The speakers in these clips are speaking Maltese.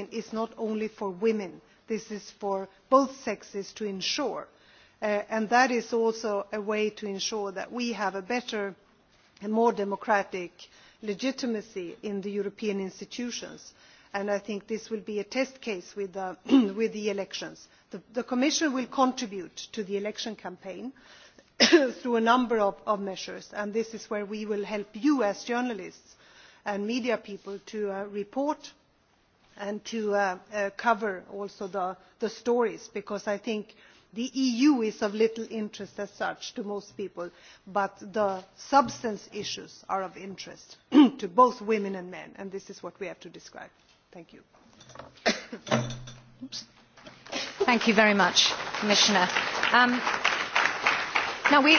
and is not only for women. This is for both sexes to ensure. Uh, and that is also a way to ensure that we have a better and more democratic legitimacy in the European institutions. And I think this will be a test case with the, with the elections. The, the Commission will contribute to the election campaign through a number of, of measures, and this is where we will help you as journalists and media people to uh, report and to uh, uh, cover also the, the stories because I think the EU is of little interest as such to most people, but the substance issues are of interest to both women and men, and this is what we have to describe. Thank you. Thank you very much, Commissioner. Um, now we,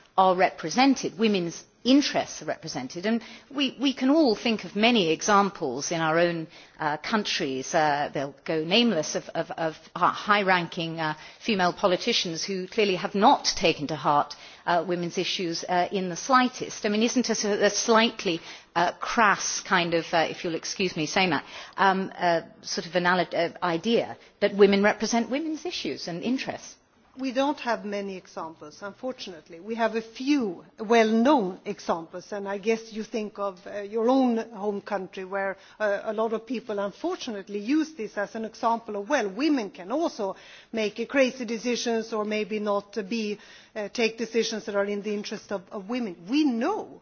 are represented, women's interests are represented. And we, we can all think of many examples in our own uh, countries, uh, they'll go nameless, of, of, of high-ranking uh, female politicians who clearly have not taken to heart uh, women's issues uh, in the slightest. I mean, isn't it a, a slightly uh, crass kind of, uh, if you'll excuse me saying that, um, uh, sort of an uh, idea that women represent women's issues and interests? we do not have many examples unfortunately. we have a few well known examples and i guess you think of uh, your own home country where uh, a lot of people unfortunately use this as an example of well women can also make crazy decisions or maybe not be, uh, take decisions that are in the interest of, of women. we know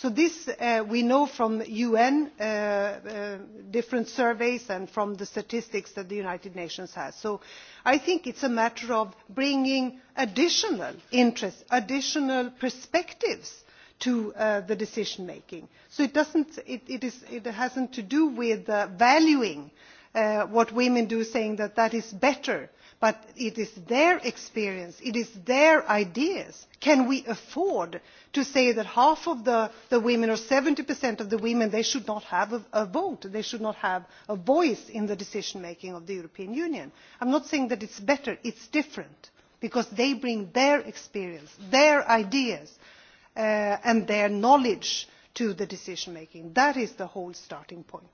So this uh, we know from UN uh, uh, different surveys and from the statistics that the United Nations has. So I think it's a matter of bringing additional interests, additional perspectives to uh, the decision making. So it, doesn't, it, it, is, it hasn't to do with uh, valuing uh, uh, what women do saying that that is better but it is their experience, it is their ideas. Can we afford to say that half of the, the women or 70% of the women, they should not have a, a vote, they should not have a voice in the decision making of the European Union? I'm not saying that it's better, it's different because they bring their experience, their ideas uh, and their knowledge to the decision making. That is the whole starting point.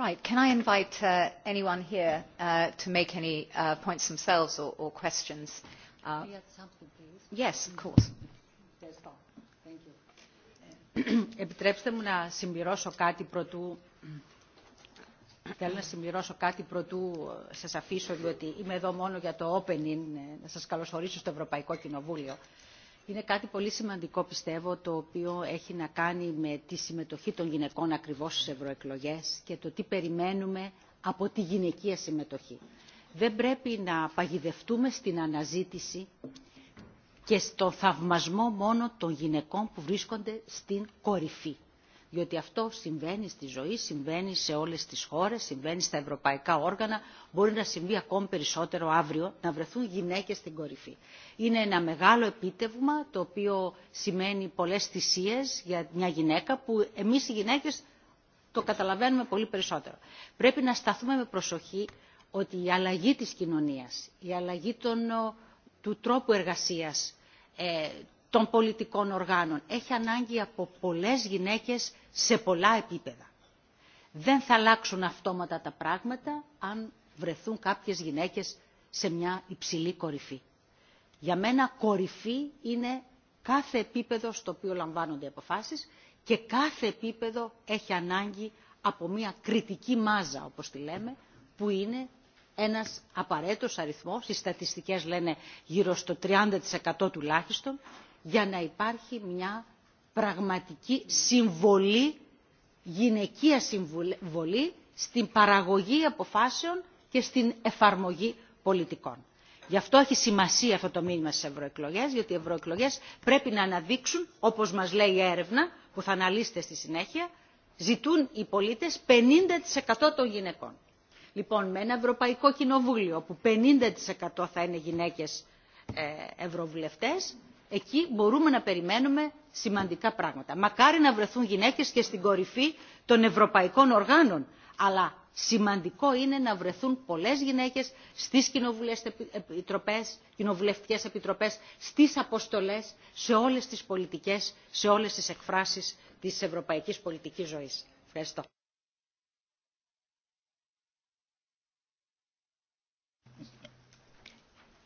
Right, can I invite uh, anyone here uh, to make any uh, points themselves or, or questions? Uh, Can we add something, please. Yes, of course. Eh, επιτρέψτε μου να συμπληρώσω κάτι πρωτού. Θέλω να συμπληρώσω κάτι πρωτού σας αφήσω, διότι είμαι εδώ μόνο για το opening, να σας καλωσορίσω στο Ευρωπαϊκό Κοινοβούλιο. Είναι κάτι πολύ σημαντικό πιστεύω το οποίο έχει να κάνει με τη συμμετοχή των γυναικών ακριβώς στις ευρωεκλογέ και το τι περιμένουμε από τη γυναικεία συμμετοχή. Δεν πρέπει να παγιδευτούμε στην αναζήτηση και στο θαυμασμό μόνο των γυναικών που βρίσκονται στην κορυφή διότι αυτό συμβαίνει στη ζωή, συμβαίνει σε όλε τι χώρε, συμβαίνει στα ευρωπαϊκά όργανα, μπορεί να συμβεί ακόμη περισσότερο αύριο, να βρεθούν γυναίκε στην κορυφή. Είναι ένα μεγάλο επίτευγμα το οποίο σημαίνει πολλέ θυσίε για μια γυναίκα που εμεί οι γυναίκε το καταλαβαίνουμε πολύ περισσότερο. Πρέπει να σταθούμε με προσοχή ότι η αλλαγή της κοινωνίας, η αλλαγή των, του τρόπου εργασίας, ε, των πολιτικών οργάνων. Έχει ανάγκη από πολλές γυναίκες σε πολλά επίπεδα. Δεν θα αλλάξουν αυτόματα τα πράγματα αν βρεθούν κάποιες γυναίκες σε μια υψηλή κορυφή. Για μένα κορυφή είναι κάθε επίπεδο στο οποίο λαμβάνονται αποφάσεις και κάθε επίπεδο έχει ανάγκη από μια κριτική μάζα, όπως τη λέμε, που είναι ένας απαραίτητος αριθμός, οι στατιστικές λένε γύρω στο 30% τουλάχιστον, για να υπάρχει μια πραγματική συμβολή, γυναικεία συμβολή στην παραγωγή αποφάσεων και στην εφαρμογή πολιτικών. Γι' αυτό έχει σημασία αυτό το μήνυμα στι ευρωεκλογέ, γιατί οι ευρωεκλογέ πρέπει να αναδείξουν, όπω μα λέει η έρευνα, που θα αναλύσετε στη συνέχεια, ζητούν οι πολίτε 50% των γυναικών. Λοιπόν, με ένα Ευρωπαϊκό Κοινοβούλιο, που 50% θα είναι γυναίκε ευρωβουλευτέ, εκεί μπορούμε να περιμένουμε σημαντικά πράγματα. Μακάρι να βρεθούν γυναίκες και στην κορυφή των ευρωπαϊκών οργάνων, αλλά σημαντικό είναι να βρεθούν πολλές γυναίκες στις επιτροπές, κοινοβουλευτικές επιτροπές, στις αποστολές, σε όλες τις πολιτικές, σε όλες τις εκφράσεις της ευρωπαϊκής πολιτικής ζωής. Ευχαριστώ.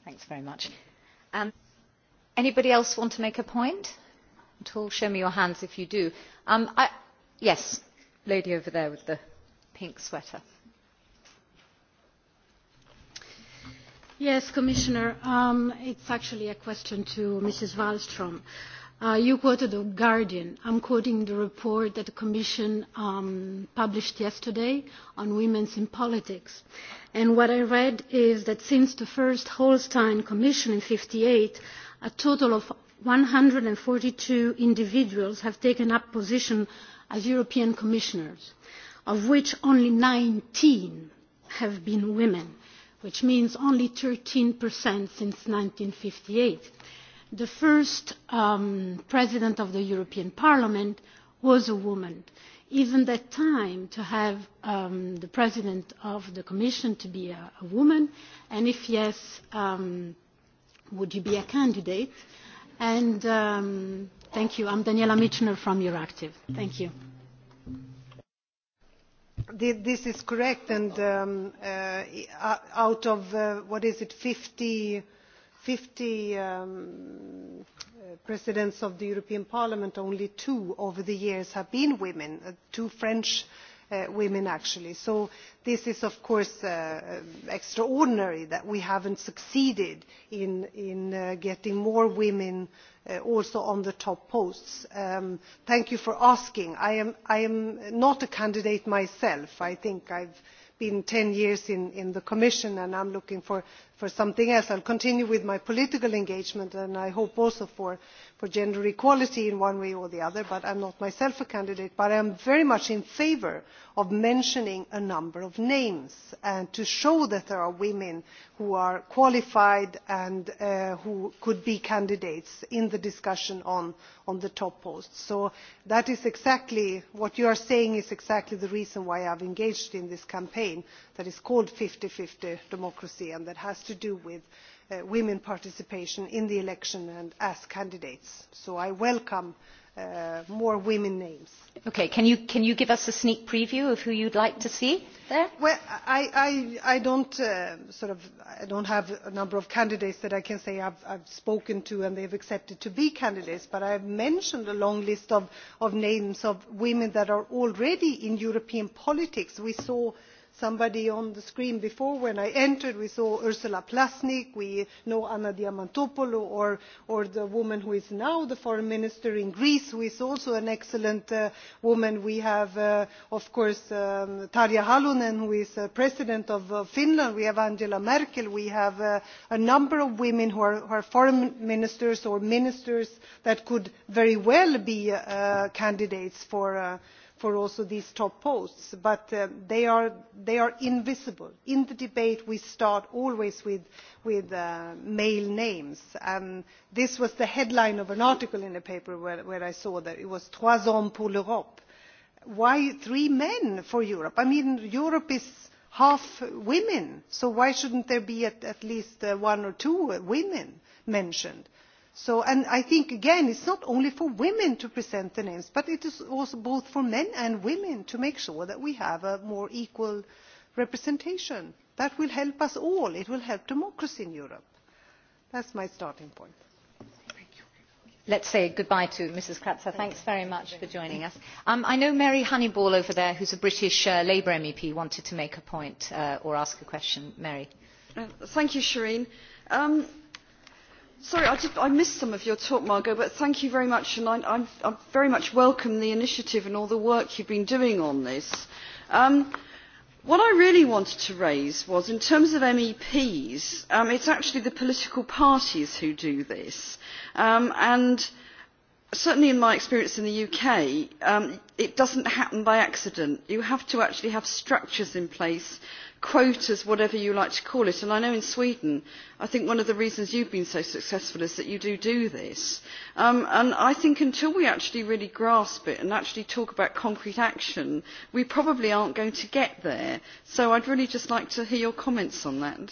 Thanks very much. Um... Anybody else want to make a point? At all, show me your hands if you do. Um, I, yes, lady over there with the pink sweater. Yes, Commissioner, um, it's actually a question to Mrs. Wallström. Uh, you quoted The Guardian. I'm quoting the report that the Commission um, published yesterday on women in politics. And what I read is that since the first Holstein Commission in 58, a total of 142 individuals have taken up position as European commissioners, of which only 19 have been women, which means only 13% since 1958. The first um, president of the European Parliament was a woman. Even that time to have um, the president of the Commission to be a, a woman, and if yes, um, would you be a candidate? And um, thank you. I'm Daniela Michener from Active. Thank you. This is correct, and um, uh, uh, out of, uh, what is it, 50, 50 um, uh, presidents of the European Parliament, only two over the years have been women, uh, two French uh, women actually. So this is of course uh, uh, extraordinary that we haven't succeeded in, in uh, getting more women uh, also on the top posts. Um, thank you for asking. I am, I am not a candidate myself. I think I've been ten years in, in the Commission and I'm looking for for something else. I will continue with my political engagement and I hope also for, for gender equality in one way or the other, but I am not myself a candidate, but I am very much in favour of mentioning a number of names and to show that there are women who are qualified and uh, who could be candidates in the discussion on, on the top posts. So that is exactly, what you are saying is exactly the reason why I have engaged in this campaign that is called 50-50 democracy and that has to do with uh, women participation in the election and as candidates. So I welcome uh, more women names. Okay, can you, can you give us a sneak preview of who you'd like to see there? Well, I, I, I, don't, uh, sort of, I don't have a number of candidates that I can say I've, I've spoken to and they've accepted to be candidates, but I've mentioned a long list of, of names of women that are already in European politics. We saw somebody on the screen before when I entered, we saw Ursula Plasnik, we know Anna Diamantopoulou, or, or the woman who is now the foreign minister in Greece, who is also an excellent uh, woman. We have, uh, of course, um, Tarja Halunen, who is uh, president of uh, Finland. We have Angela Merkel. We have uh, a number of women who are, who are foreign ministers or ministers that could very well be uh, candidates for uh, for also these top posts, but uh, they, are, they are invisible. In the debate, we start always with, with uh, male names. Um, this was the headline of an article in a paper where, where I saw that it was Trois hommes pour l'Europe. Why three men for Europe? I mean, Europe is half women, so why shouldn't there be at, at least uh, one or two women mentioned? So, and I think, again, it's not only for women to present the names, but it is also both for men and women to make sure that we have a more equal representation. That will help us all. It will help democracy in Europe. That's my starting point. Let's say goodbye to Mrs. Kratzer. Thanks very much for joining us. Um, I know Mary Honeyball over there, who's a British uh, Labour MEP, wanted to make a point uh, or ask a question. Mary. Uh, thank you, Shireen. Um, Sorry, I, did, I missed some of your talk, Margot, but thank you very much, and I, I, I very much welcome the initiative and all the work you've been doing on this. Um, what I really wanted to raise was, in terms of MEPs, um, it's actually the political parties who do this. Um, and certainly in my experience in the UK, um, it doesn't happen by accident. You have to actually have structures in place quotas, whatever you like to call it. And I know in Sweden, I think one of the reasons you've been so successful is that you do do this. Um, and I think until we actually really grasp it and actually talk about concrete action, we probably aren't going to get there. So I'd really just like to hear your comments on that.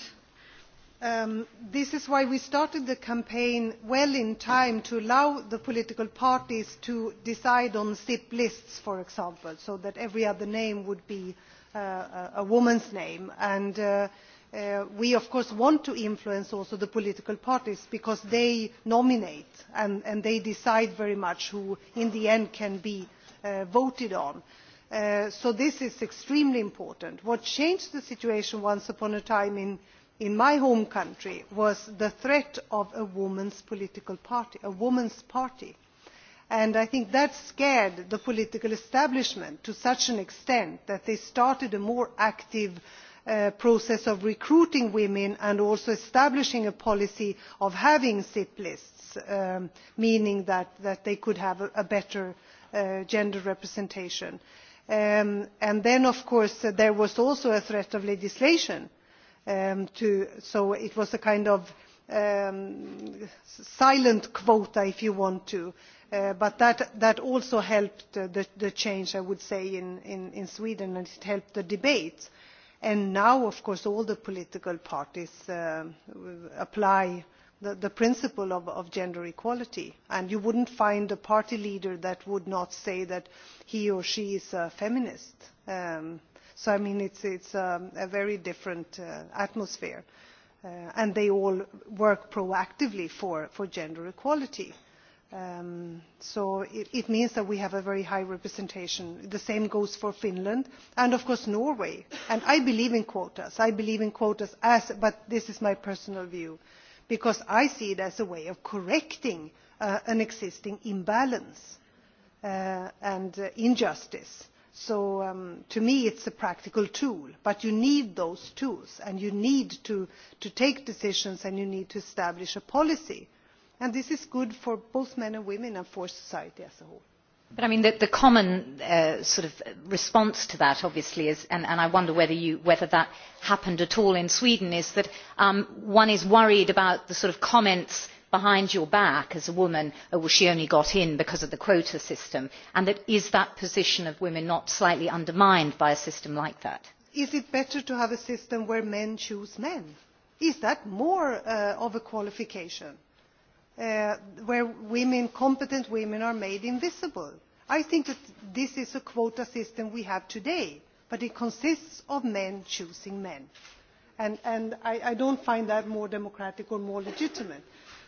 Um, this is why we started the campaign well in time to allow the political parties to decide on SIP lists, for example, so that every other name would be Uh, uh, a woman's name. And uh, uh, we, of course, want to influence also the political parties because they nominate and, and they decide very much who, in the end, can be uh, voted on. Uh, so this is extremely important. What changed the situation once upon a time in, in my home country was the threat of a woman's political party, a woman's party And I think that scared the political establishment to such an extent that they started a more active Uh, process of recruiting women and also establishing a policy of having SIP lists, um, meaning that, that they could have a, a better uh, gender representation. Um, and then, of course, uh, there was also a threat of legislation. Um, to, so it was a kind of um, silent quota if you want to. Uh, but that, that also helped uh, the, the change, I would say, in, in, in Sweden, and it helped the debate. And now, of course, all the political parties uh, apply the, the principle of, of gender equality. And you wouldn't find a party leader that would not say that he or she is a feminist. Um, so, I mean, it's, it's um, a very different uh, atmosphere uh, and they all work proactively for, for gender equality. Um, so it, it means that we have a very high representation. The same goes for Finland and, of course, Norway. And I believe in quotas. I believe in quotas as, but this is my personal view, because I see it as a way of correcting uh, an existing imbalance uh, and uh, injustice So um, to me it's a practical tool, but you need those tools and you need to, to take decisions and you need to establish a policy. And this is good for both men and women and for society as a whole. But I mean, the, the common uh, sort of response to that, obviously, is, and, and I wonder whether, you, whether that happened at all in Sweden, is that um, one is worried about the sort of comments behind your back as a woman, oh, well, she only got in because of the quota system, and that is that position of women not slightly undermined by a system like that? Is it better to have a system where men choose men? Is that more uh, of a qualification? Uh, where women, competent women are made invisible. I think that this is a quota system we have today, but it consists of men choosing men. And, and I, I don't find that more democratic or more legitimate.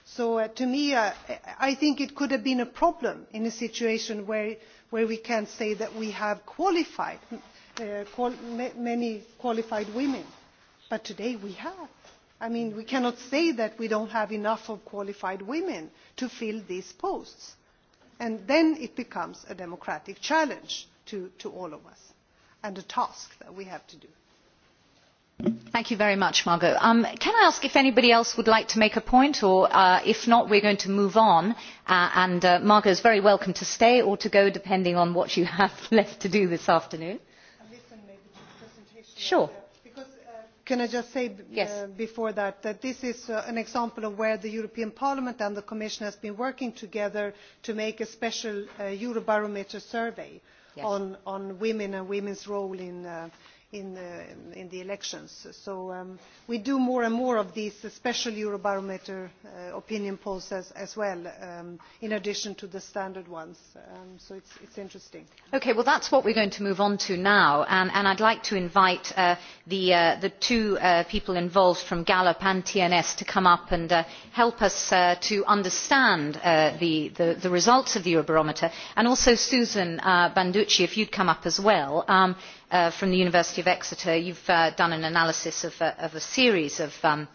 So uh, to me, uh, I think it could have been a problem in a situation where, where we can say that we have qualified, uh, qual many qualified women. But today we have. I mean, we cannot say that we don't have enough of qualified women to fill these posts. And then it becomes a democratic challenge to, to all of us and a task that we have to do. Thank you very much, Margot. Um, can I ask if anybody else would like to make a point, or uh, if not, we're going to move on. Uh, and uh, Margot is very welcome to stay or to go, depending on what you have left to do this afternoon. Listen, maybe to the presentation. Sure. Because, uh, can I just say yes. uh, before that that this is uh, an example of where the European Parliament and the Commission has been working together to make a special uh, Eurobarometer survey yes. on, on women and women's role in uh, in, uh, in the elections. So um, we do more and more of these special Eurobarometer uh, opinion polls as, as well, um, in addition to the standard ones. Um, so it's, it's interesting. Okay, well that's what we're going to move on to now. And, and I'd like to invite uh, the, uh, the two uh, people involved from Gallup and TNS to come up and uh, help us uh, to understand uh, the, the, the results of the Eurobarometer. And also Susan uh, Banducci, if you'd come up as well. Um, uh, from the University of Exeter, you've uh, done an analysis of, uh, of a series of, um,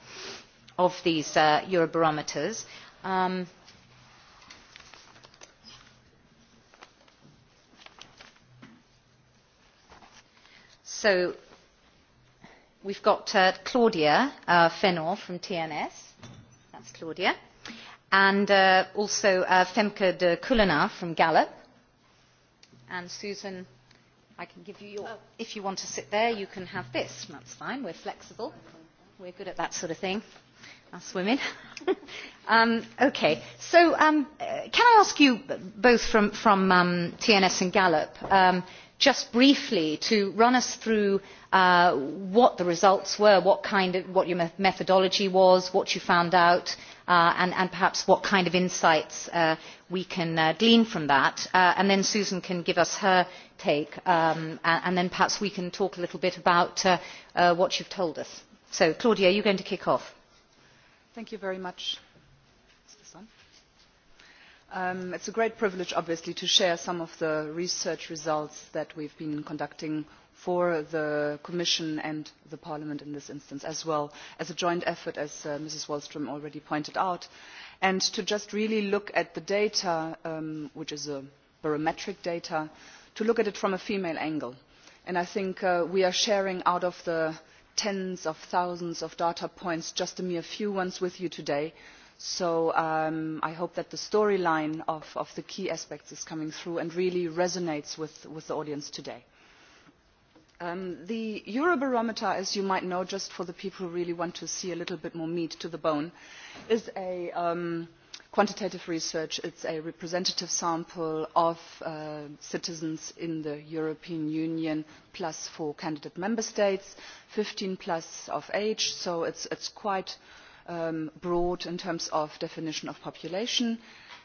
of these uh, Eurobarometers. Um, so we've got uh, Claudia uh, Fenor from TNS. That's Claudia. And uh, also uh, Femke de Kulina from Gallup. And Susan I can give you your, oh. if you want to sit there, you can have this. That's fine, we're flexible. We're good at that sort of thing, us women. um, okay, so um, uh, can I ask you both from, from um, TNS and Gallup, um, just briefly to run us through uh, what the results were, what, kind of, what your methodology was, what you found out, uh, and, and perhaps what kind of insights uh, we can uh, glean from that. Uh, and then Susan can give us her take, um, and, and then perhaps we can talk a little bit about uh, uh, what you've told us. So, Claudia, are you going to kick off. Thank you very much. Um, it's a great privilege, obviously, to share some of the research results that we've been conducting for the Commission and the Parliament in this instance, as well as a joint effort, as uh, Mrs. Wallström already pointed out, and to just really look at the data, um, which is a barometric data, to look at it from a female angle. And I think uh, we are sharing out of the tens of thousands of data points, just a mere few ones with you today. So um, I hope that the storyline of, of the key aspects is coming through and really resonates with, with the audience today. Um, the Eurobarometer, as you might know, just for the people who really want to see a little bit more meat to the bone, is a... Um, quantitative research. It's a representative sample of uh, citizens in the European Union plus four candidate member states, 15 plus of age, so it's, it's quite um, broad in terms of definition of population.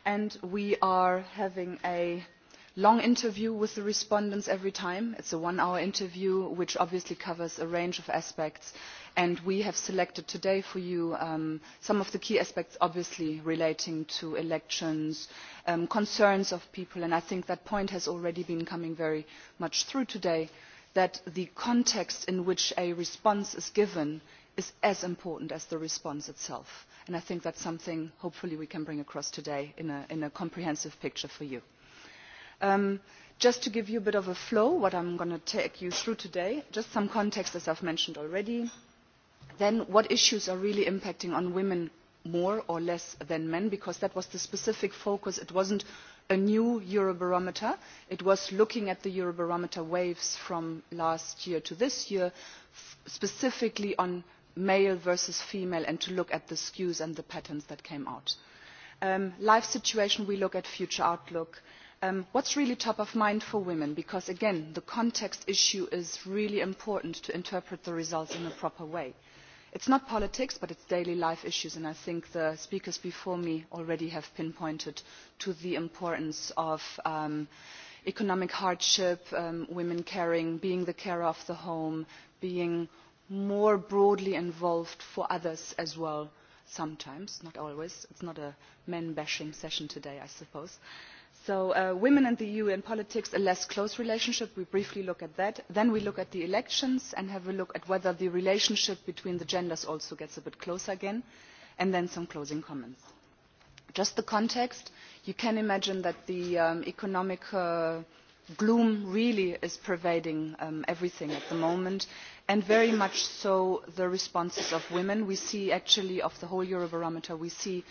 And we are having a long interview with the respondents every time. It's a one-hour interview which obviously covers a range of aspects and we have selected today for you um, some of the key aspects obviously relating to elections, um, concerns of people and I think that point has already been coming very much through today that the context in which a response is given is as important as the response itself. And I think that's something hopefully we can bring across today in a, in a comprehensive picture for you. Um, just to give you a bit of a flow, what I'm going to take you through today, just some context as I've mentioned already, then what issues are really impacting on women more or less than men because that was the specific focus. It wasn't a new Eurobarometer. It was looking at the Eurobarometer waves from last year to this year, specifically on male versus female and to look at the skews and the patterns that came out. Um, life situation, we look at future outlook, Um, What is really top of mind for women? Because again, the context issue is really important to interpret the results in a proper way. It is not politics, but it is daily life issues, and I think the speakers before me already have pinpointed to the importance of um, economic hardship, um, women caring, being the carer of the home, being more broadly involved for others as well sometimes, not always. it is not a men-bashing session today, I suppose. So uh, women and the EU and politics, a less close relationship, we briefly look at that. Then we look at the elections and have a look at whether the relationship between the genders also gets a bit closer again, and then some closing comments. Just the context, you can imagine that the um, economic uh, gloom really is pervading um, everything at the moment, and very much so the responses of women. We see actually of the whole Eurobarometer, we see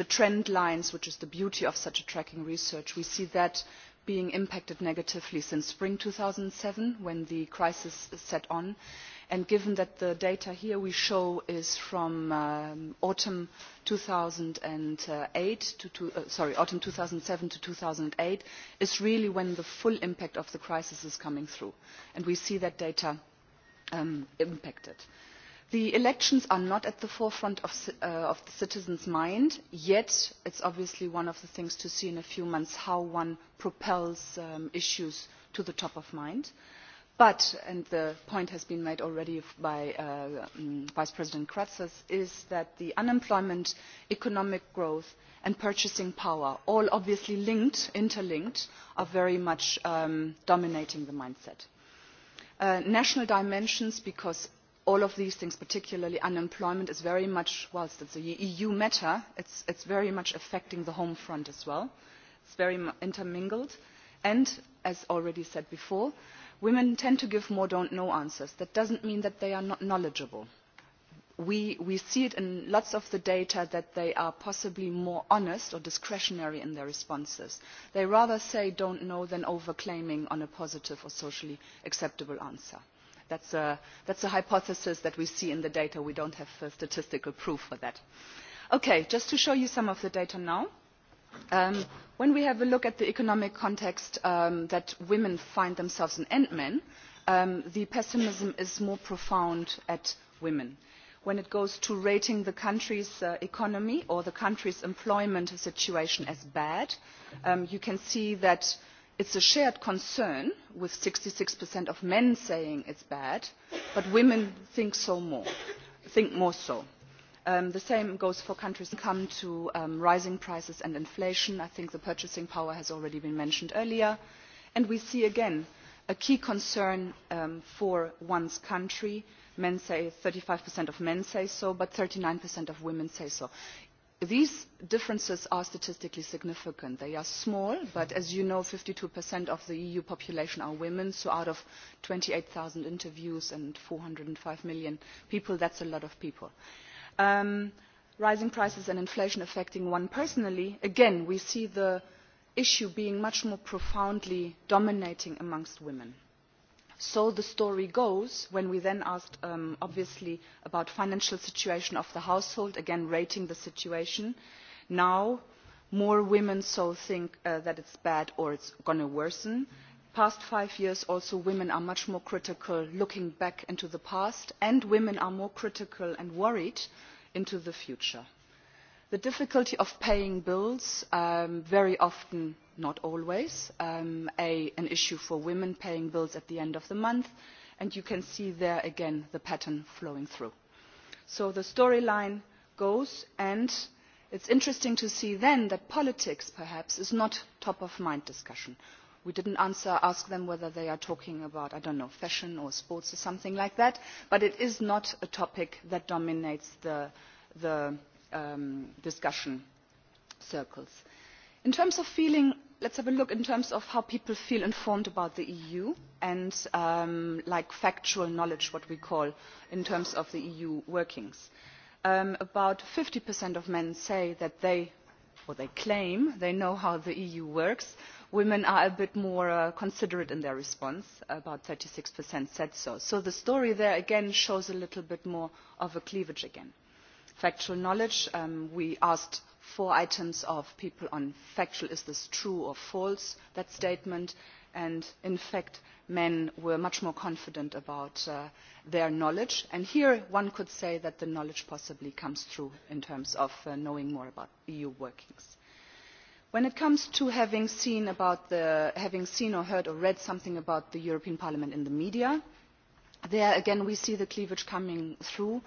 the trend lines, which is the beauty of such a tracking research. We see that being impacted negatively since spring two thousand seven when the crisis set on. And given that the data here we show is from um, autumn eight to, two uh, sorry, autumn seven to eight is really when the full impact of the crisis is coming through. And we see that data um, impacted. The elections are not at the forefront of, uh, of the citizens' mind, yet it's obviously one of the things to see in a few months how one propels um, issues to the top of mind. But, and the point has been made already by uh, um, Vice President Kratzas, is that the unemployment, economic growth and purchasing power, all obviously linked, interlinked, are very much um, dominating the mindset. Uh, national dimensions, because all of these things, particularly unemployment, is very much, whilst it's a EU matter, it's, it's very much affecting the home front as well. It's very intermingled. And, as already said before, women tend to give more don't know answers. That doesn't mean that they are not knowledgeable. We, we see it in lots of the data that they are possibly more honest or discretionary in their responses. They rather say don't know than overclaiming on a positive or socially acceptable answer. That's a, that's a hypothesis that we see in the data. We don't have uh, statistical proof for that. Okay, just to show you some of the data now. Um, when we have a look at the economic context um, that women find themselves in and men, um, the pessimism is more profound at women. When it goes to rating the country's uh, economy or the country's employment situation as bad, um, you can see that it's a shared concern with 66% of men saying it's bad, but women think so more, think more so. Um, the same goes for countries come to um, rising prices and inflation. I think the purchasing power has already been mentioned earlier. And we see again a key concern um, for one's country. Men say 35% of men say so, but 39% of women say so these differences are statistically significant. They are small, but as you know, 52% of the EU population are women, so out of 28,000 interviews and 405 million people, that's a lot of people. Um, rising prices and inflation affecting one personally, again, we see the issue being much more profoundly dominating amongst women. So the story goes when we then asked, um, obviously, about financial situation of the household, again rating the situation. Now, more women so think uh, that it's bad or it's going to worsen. Past five years also women are much more critical looking back into the past and women are more critical and worried into the future. The difficulty of paying bills, um, very often, not always, um, a, an issue for women paying bills at the end of the month, and you can see there again the pattern flowing through. So the storyline goes, and it's interesting to see then that politics, perhaps, is not top-of-mind discussion. We didn't answer, ask them whether they are talking about, I don't know, fashion or sports or something like that, but it is not a topic that dominates the, the um, discussion circles. In terms of feeling, let's have a look in terms of how people feel informed about the EU and um, like factual knowledge, what we call in terms of the EU workings. Um, about 50% of men say that they, or they claim, they know how the EU works. Women are a bit more uh, considerate in their response, about 36% said so. So the story there again shows a little bit more of a cleavage again factual knowledge. Um, we asked four items of people on factual, is this true or false, that statement. And in fact, men were much more confident about uh, their knowledge. And here one could say that the knowledge possibly comes through in terms of uh, knowing more about EU workings. When it comes to having seen, about the, having seen or heard or read something about the European Parliament in the media, there again we see the cleavage coming through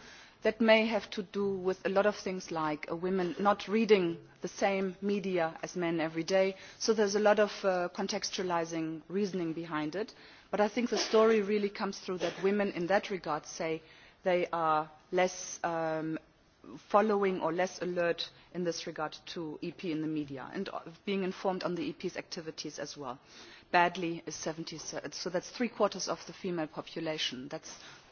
that may have to do with a lot of things like uh, women not reading the same media as men every day. So there is a lot of uh, contextualizing reasoning behind it. But I think the story really comes through that women in that regard say they are less um, following or less alert in this regard to EP in the media and uh, being informed on the EP's activities as well. Badly is 70, so that's three quarters of the female population. That's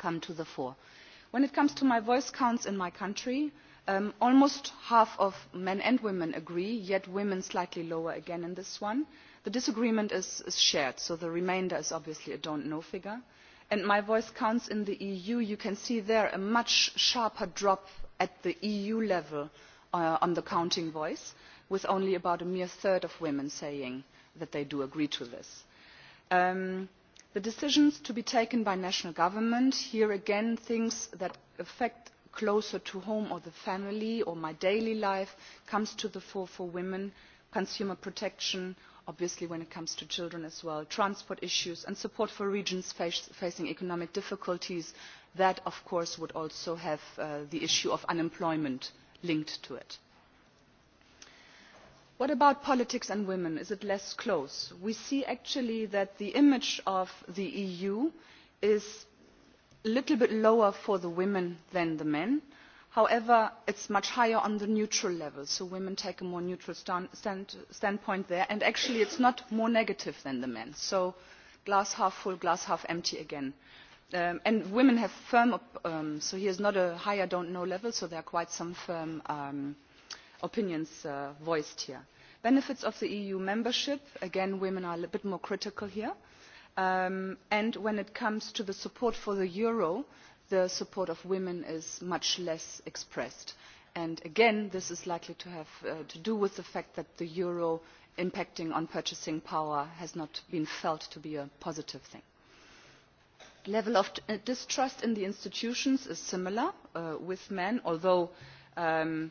come to the fore. When it comes to my voice counts in my country, um, almost half of men and women agree, yet women slightly lower again in this one. The disagreement is, is shared, so the remainder is obviously a don't know figure. And my voice counts in the EU, you can see there a much sharper drop at the EU level uh, on the counting voice, with only about a mere third of women saying that they do agree to this. Um, the decisions to be taken by national government here again things that affect closer to home or the family or my daily life comes to the fore for women consumer protection obviously when it comes to children as well transport issues and support for regions face, facing economic difficulties that of course would also have uh, the issue of unemployment linked to it What about politics and women? Is it less close? We see actually that the image of the EU is a little bit lower for the women than the men. However, it is much higher on the neutral level, so women take a more neutral stand, stand, standpoint there, and actually is not more negative than the men. So glass half full, glass half empty again. Um, and women have firm, um, so here is not a high I don't know level, so there are quite some firm um, opinions uh, voiced here. Benefits of the EU membership, again, women are a bit more critical here. Um, and when it comes to the support for the euro, the support of women is much less expressed. And again, this is likely to have uh, to do with the fact that the euro impacting on purchasing power has not been felt to be a positive thing. Level of distrust in the institutions is similar uh, with men, although um,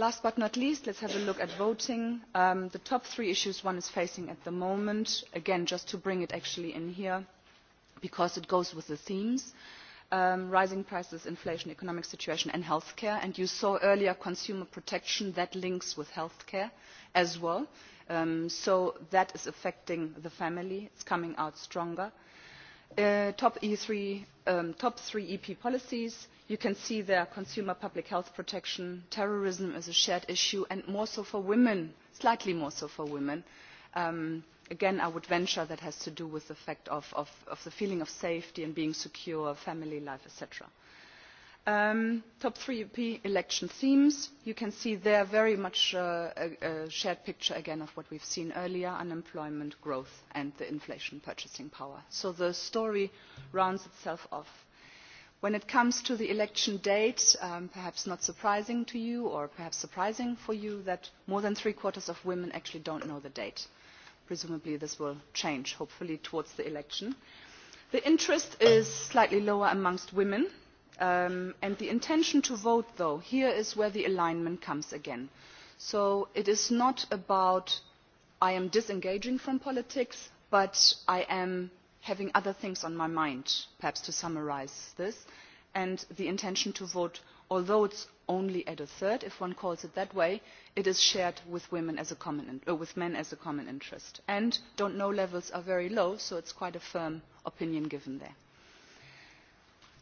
Last but not least, let's have a look at voting. Um, the top three issues one is facing at the moment, again, just to bring it actually in here, because it goes with the themes. Um, rising prices, inflation, economic situation, and healthcare. And you saw earlier consumer protection that links with healthcare as well. Um, so that is affecting the family. It's coming out stronger. Uh, top, E3, um, top three EP policies, You can see there consumer public health protection, terrorism is a shared issue, and more so for women, slightly more so for women. Um, again, I would venture that has to do with the fact of, of, of the feeling of safety and being secure, family life, etc. Um, top three European election themes. You can see there very much uh, a, a shared picture again of what we've seen earlier, unemployment, growth, and the inflation purchasing power. So the story rounds itself off. When it comes to the election date, um, perhaps not surprising to you or perhaps surprising for you that more than three quarters of women actually don't know the date. Presumably this will change, hopefully, towards the election. The interest is slightly lower amongst women, um, and the intention to vote, though, here is where the alignment comes again. So it is not about I am disengaging from politics, but I am having other things on my mind, perhaps to summarize this, and the intention to vote, although it's only at a third, if one calls it that way, it is shared with, women as a common uh, with men as a common interest. And don't know levels are very low, so it's quite a firm opinion given there.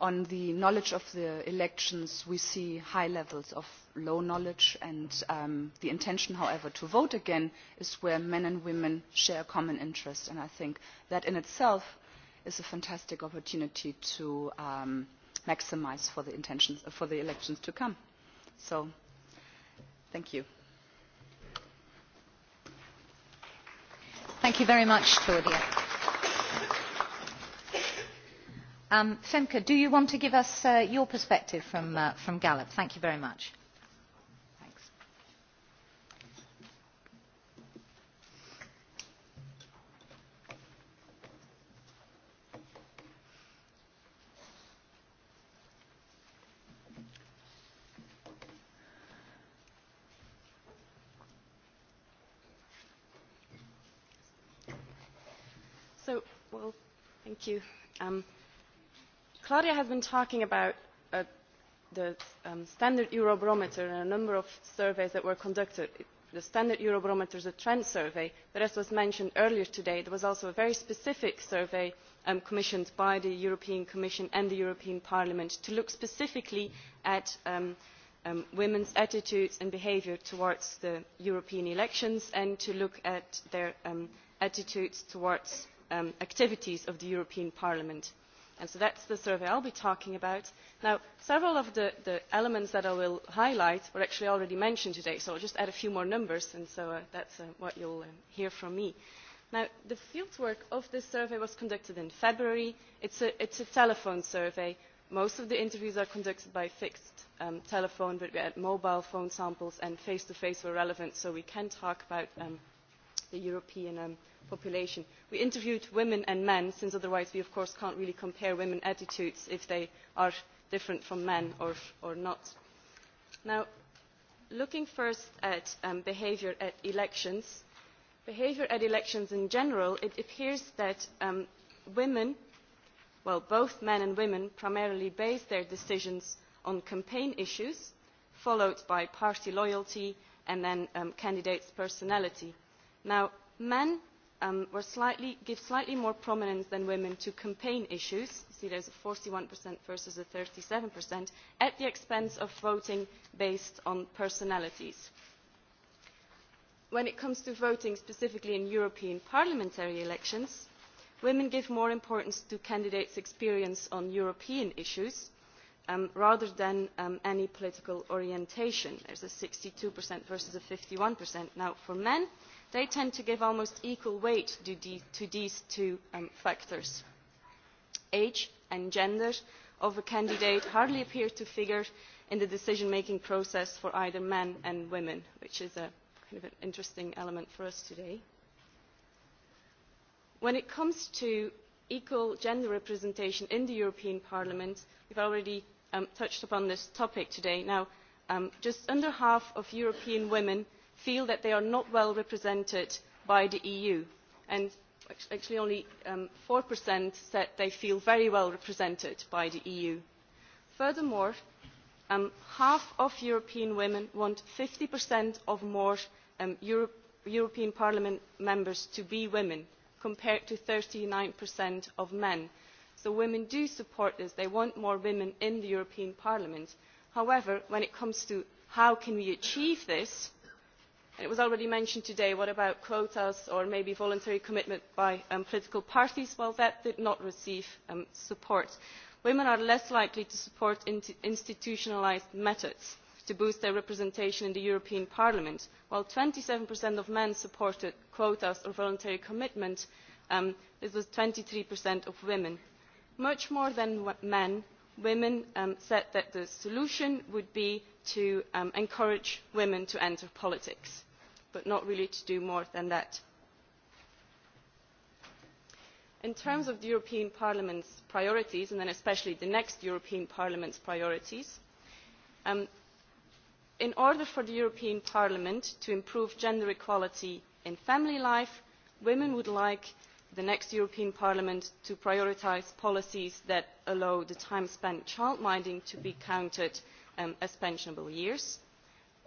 on the knowledge of the elections, we see high levels of low knowledge, and um, the intention, however, to vote again is where men and women share a common interest. And I think that in itself is a fantastic opportunity to um, maximize for the, intentions, for the elections to come. So, thank you. Thank you very much, Claudia. Um, Femke, do you want to give us uh, your perspective from, uh, from Gallup? Thank you very much. Thanks. So, well, thank you. Um, Claudia has been talking about uh, the um, standard Eurobarometer and a number of surveys that were conducted. The standard Eurobarometer is a trend survey, but as was mentioned earlier today, there was also a very specific survey um, commissioned by the European Commission and the European Parliament to look specifically at um, um, women's attitudes and behaviour towards the European elections and to look at their um, attitudes towards um, activities of the European Parliament. And so that's the survey I'll be talking about. Now, several of the, the elements that I will highlight were actually already mentioned today, so I'll just add a few more numbers, and so uh, that's uh, what you'll uh, hear from me. Now, the fieldwork of this survey was conducted in February. It's a, it's a telephone survey. Most of the interviews are conducted by fixed um, telephone, but we had mobile phone samples, and face-to-face -face were relevant, so we can talk about um, the European um, population. We interviewed women and men, since otherwise we of course can't really compare women's attitudes if they are different from men or, or not. Now, looking first at um, behaviour at elections, behaviour at elections in general, it appears that um, women, well, both men and women primarily base their decisions on campaign issues, followed by party loyalty and then um, candidates' personality. Now, men um, were slightly, give slightly more prominence than women to campaign issues. You see, there's a 41% versus a 37% at the expense of voting based on personalities. When it comes to voting specifically in European parliamentary elections, women give more importance to candidates' experience on European issues um, rather than um, any political orientation. There's a 62% versus a 51%. Now, for men, they tend to give almost equal weight to, these two um, factors. Age and gender of a candidate hardly appear to figure in the decision-making process for either men and women, which is a kind of an interesting element for us today. When it comes to equal gender representation in the European Parliament, we've already um, touched upon this topic today. Now, um, just under half of European women feel that they are not well represented by the EU. And actually only um, 4% said they feel very well represented by the EU. Furthermore, um, half of European women want 50% of more um, European Parliament members to be women, compared to 39% of men. So women do support this. They want more women in the European Parliament. However, when it comes to how can we achieve this, It was already mentioned today, what about quotas or maybe voluntary commitment by um, political parties? Well, that did not receive um, support. Women are less likely to support institutionalised methods to boost their representation in the European Parliament, while twenty seven of men supported quotas or voluntary commitment, um, this was twenty three of women. Much more than men, women said that the solution would be to encourage women to enter politics but not really to do more than that. In terms of the European Parliament's priorities, and then especially the next European Parliament's priorities, um, in order for the European Parliament to improve gender equality in family life, women would like the next European Parliament to prioritise policies that allow the time spent childminding to be counted um, as pensionable years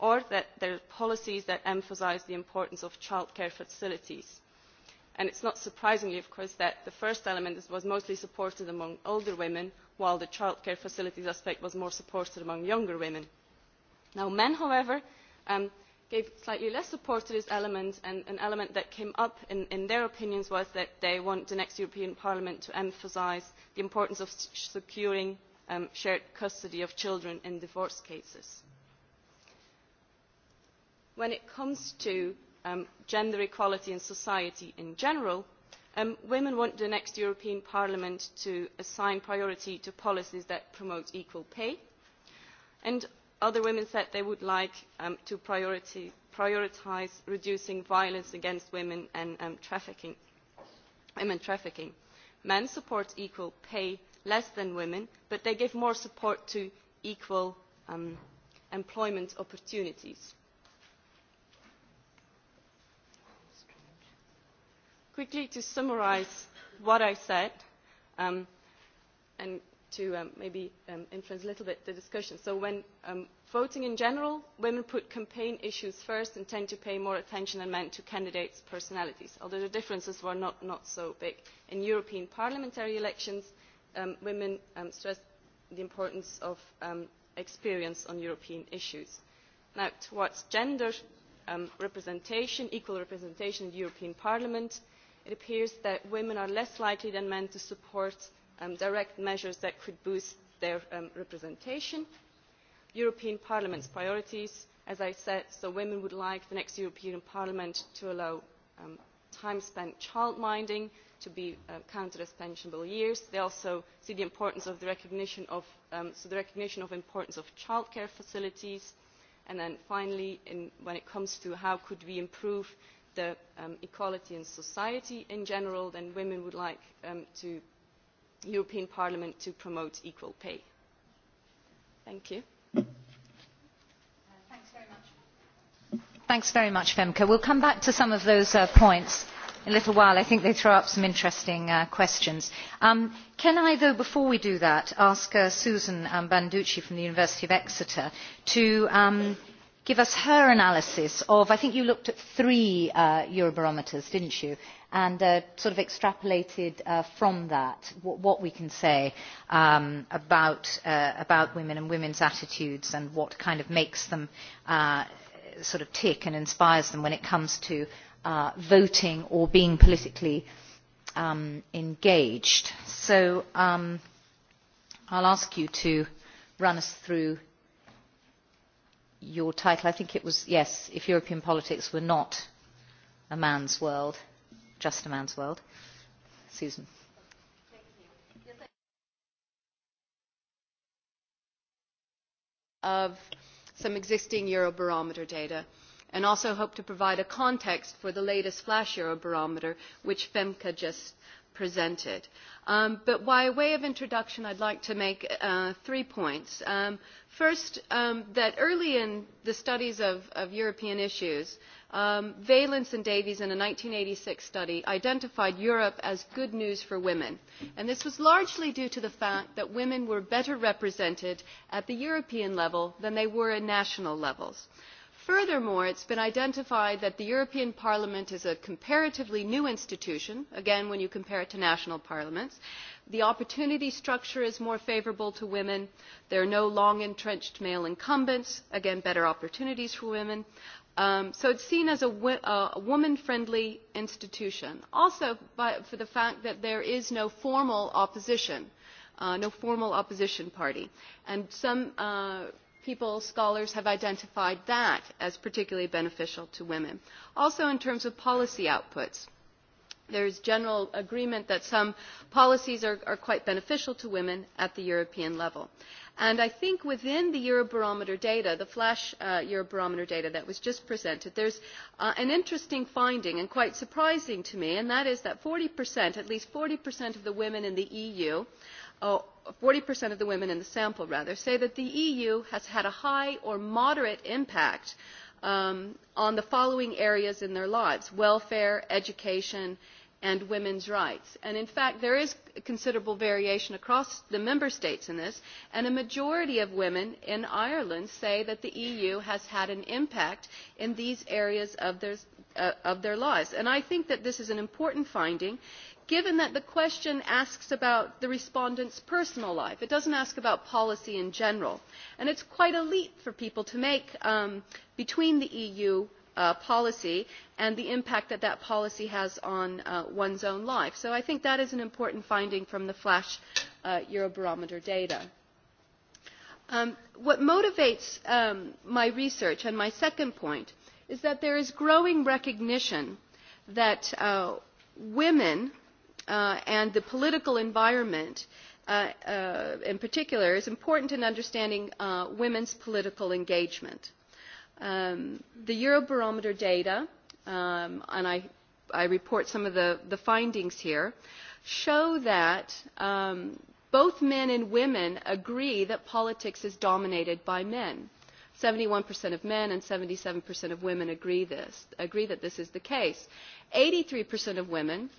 or that there are policies that emphasise the importance of childcare facilities. And it's not surprisingly, of course, that the first element was mostly supported among older women, while the childcare facilities aspect was more supported among younger women. Now, men, however, um, gave slightly less support to this element, and an element that came up in, in their opinions was that they want the next European Parliament to emphasise the importance of securing um, shared custody of children in divorce cases when it comes to um, gender equality in society in general, um, women want the next European Parliament to assign priority to policies that promote equal pay. And other women said they would like um, to priority, prioritise reducing violence against women and um, trafficking. Women trafficking. Men support equal pay less than women, but they give more support to equal um, employment opportunities quickly to summarize what I said um, and to um, maybe um, influence a little bit the discussion. So when um, voting in general, women put campaign issues first and tend to pay more attention than men to candidates' personalities, although the differences were not, not so big. In European parliamentary elections, um, women um, stressed the importance of um, experience on European issues. Now, towards gender um, representation, equal representation in the European Parliament, it appears that women are less likely than men to support um, direct measures that could boost their um, representation. European Parliament's priorities, as I said, so women would like the next European Parliament to allow um, time spent childminding to be uh, counted as pensionable years. They also see the importance of the recognition of, um, so the recognition of importance of childcare facilities. And then finally, in, when it comes to how could we improve the um, equality in society in general, then women would like um, to European Parliament to promote equal pay. Thank you. Thanks very much, Femke. We'll come back to some of those uh, points in a little while. I think they throw up some interesting uh, questions. Um, can I, though, before we do that, ask uh, Susan um, Banducci from the University of Exeter to um, give us her analysis of, I think you looked at three uh, Eurobarometers, didn't you? And uh, sort of extrapolated uh, from that what, what we can say um, about, uh, about women and women's attitudes and what kind of makes them uh, sort of tick and inspires them when it comes to uh, voting or being politically um, engaged. So um, I'll ask you to run us through your title, I think it was, yes, if European politics were not a man's world, just a man's world. Susan. Of some existing Eurobarometer data and also hope to provide a context for the latest Flash Eurobarometer, which FEMCA just presented. Um, but by way of introduction, I'd like to make uh, three points. Um, first, um, that early in the studies of, of European issues, um, Valence and Davies in a 1986 study identified Europe as good news for women. And this was largely due to the fact that women were better represented at the European level than they were at national levels. Furthermore, it has been identified that the European Parliament is a comparatively new institution, again, when you compare it to national parliaments. The opportunity structure is more favourable to women. There are no long entrenched male incumbents, again, better opportunities for women. Um, so it is seen as a, uh, a woman-friendly institution. Also, by, for the fact that there is no formal opposition, uh, no formal opposition party. And some uh, people, scholars have identified that as particularly beneficial to women. Also in terms of policy outputs, there is general agreement that some policies are, are quite beneficial to women at the European level. And I think within the Eurobarometer data, the flash uh, Eurobarometer data that was just presented, there's uh, an interesting finding and quite surprising to me, and that is that 40%, at least 40% of the women in the EU oh, 40% of the women in the sample rather say that the EU has had a high or moderate impact um, on the following areas in their lives, welfare, education, and women's rights. And in fact, there is considerable variation across the member states in this, and a majority of women in Ireland say that the EU has had an impact in these areas of their, uh, of their lives. And I think that this is an important finding given that the question asks about the respondent's personal life. It doesn't ask about policy in general. And it's quite a leap for people to make um, between the EU uh, policy and the impact that that policy has on uh, one's own life. So I think that is an important finding from the Flash uh, Eurobarometer data. Um, what motivates um, my research and my second point is that there is growing recognition that uh, women – uh, and the political environment uh, uh, in particular is important in understanding uh, women's political engagement. Um, the Eurobarometer data, um, and I, I report some of the, the findings here, show that um, both men and women agree that politics is dominated by men. 71% of men and 77% of women agree, this, agree that this is the case. 83% of women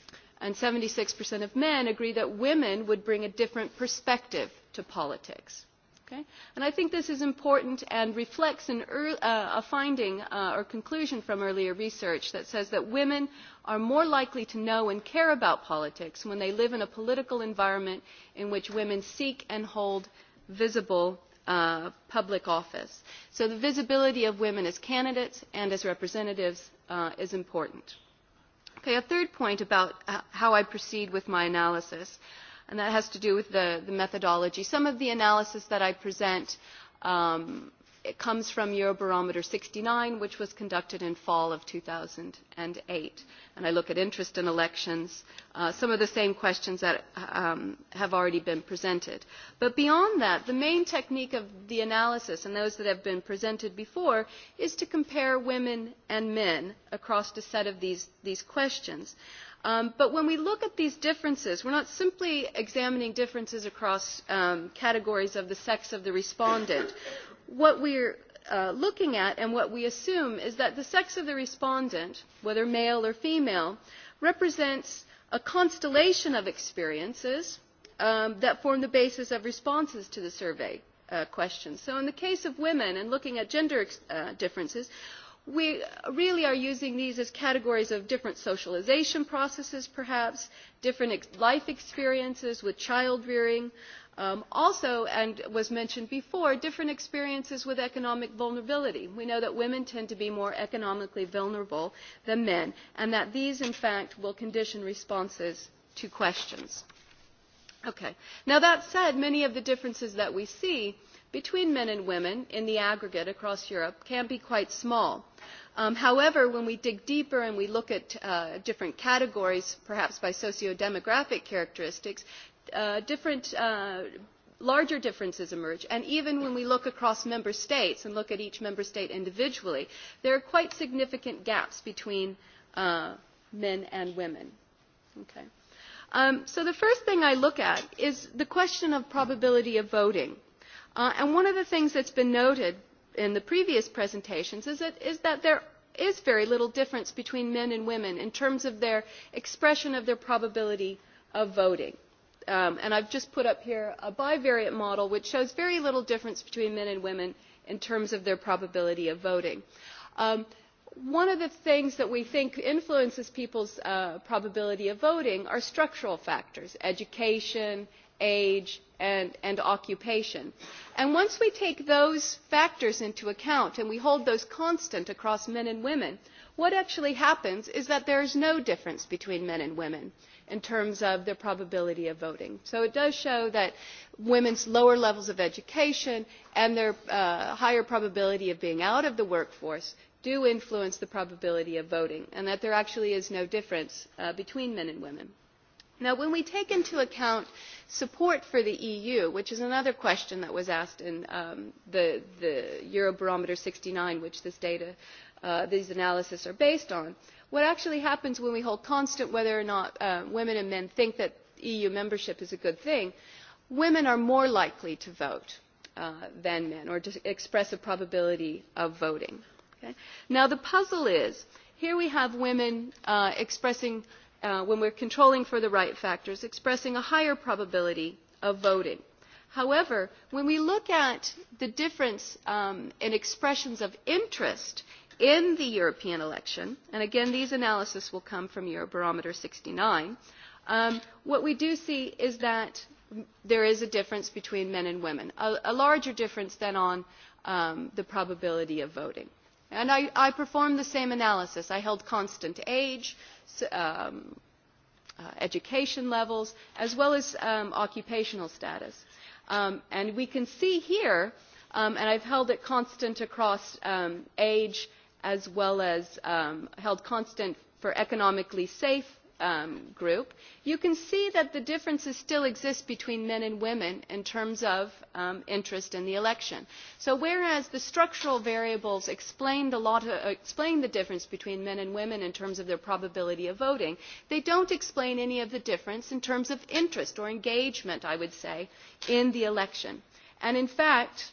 and 76% of men agree that women would bring a different perspective to politics. Okay? And I think this is important and reflects an er, uh, a finding uh, or conclusion from earlier research that says that women are more likely to know and care about politics when they live in a political environment in which women seek and hold visible uh, public office. So the visibility of women as candidates and as representatives uh, is important. Okay, a third point about how I proceed with my analysis, and that has to do with the, the methodology. Some of the analysis that I present um, it comes from Eurobarometer 69, which was conducted in fall of 2008. And I look at interest in elections, uh, some of the same questions that um, have already been presented. But beyond that, the main technique of the analysis, and those that have been presented before, is to compare women and men across a set of these, these questions. Um, but when we look at these differences, we're not simply examining differences across um, categories of the sex of the respondent what we're uh, looking at and what we assume is that the sex of the respondent, whether male or female, represents a constellation of experiences um, that form the basis of responses to the survey uh, questions. So in the case of women and looking at gender uh, differences, we really are using these as categories of different socialization processes perhaps, different ex life experiences with child rearing, Um, also, and was mentioned before, different experiences with economic vulnerability. We know that women tend to be more economically vulnerable than men, and that these, in fact, will condition responses to questions. Okay. Now, that said, many of the differences that we see between men and women in the aggregate across Europe can be quite small. Um, however, when we dig deeper and we look at uh, different categories, perhaps by socio-demographic characteristics, uh, different, uh, larger differences emerge. And even when we look across member states and look at each member state individually, there are quite significant gaps between uh, men and women. Okay. Um, so the first thing I look at is the question of probability of voting. Uh, and one of the things that's been noted in the previous presentations is that, is that there is very little difference between men and women in terms of their expression of their probability of voting um, and I've just put up here a bivariate model which shows very little difference between men and women in terms of their probability of voting. Um, one of the things that we think influences people's uh, probability of voting are structural factors, education, age, and, and occupation. And once we take those factors into account and we hold those constant across men and women, what actually happens is that there is no difference between men and women in terms of their probability of voting. So it does show that women's lower levels of education and their uh, higher probability of being out of the workforce do influence the probability of voting and that there actually is no difference uh, between men and women. Now, when we take into account support for the EU, which is another question that was asked in um, the, the Eurobarometer 69, which this data, uh, these analysis are based on, What actually happens when we hold constant whether or not uh, women and men think that EU membership is a good thing, women are more likely to vote uh, than men or to express a probability of voting. Okay? Now the puzzle is, here we have women uh, expressing, uh, when we're controlling for the right factors, expressing a higher probability of voting. However, when we look at the difference um, in expressions of interest in the European election, and again, these analyses will come from Eurobarometer 69, um, what we do see is that there is a difference between men and women, a, a larger difference than on um, the probability of voting. And I, I performed the same analysis. I held constant age, um, uh, education levels, as well as um, occupational status. Um, and we can see here, um, and I've held it constant across um, age as well as um, held constant for economically safe um, group, you can see that the differences still exist between men and women in terms of um, interest in the election. So whereas the structural variables explain the lot of, uh, explain the difference between men and women in terms of their probability of voting, they don't explain any of the difference in terms of interest or engagement, I would say, in the election. And in fact,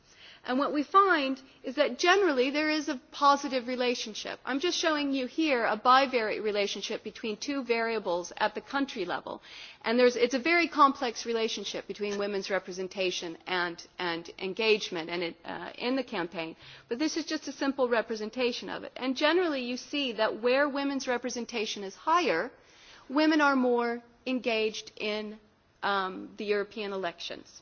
And what we find is that generally there is a positive relationship. I'm just showing you here a bivariate relationship between two variables at the country level. And there's, it's a very complex relationship between women's representation and, and engagement and it, uh, in the campaign. But this is just a simple representation of it. And generally you see that where women's representation is higher, women are more engaged in um, the European elections.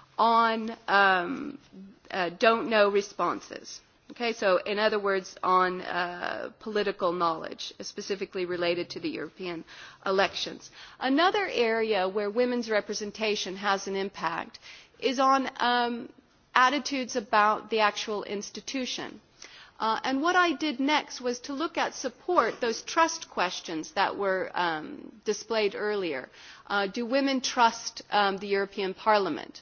on um, uh, don't know responses. Okay, so in other words, on uh, political knowledge, specifically related to the European elections. Another area where women's representation has an impact is on um, attitudes about the actual institution. Uh, and what I did next was to look at support, those trust questions that were um, displayed earlier. Uh, do women trust um, the European Parliament?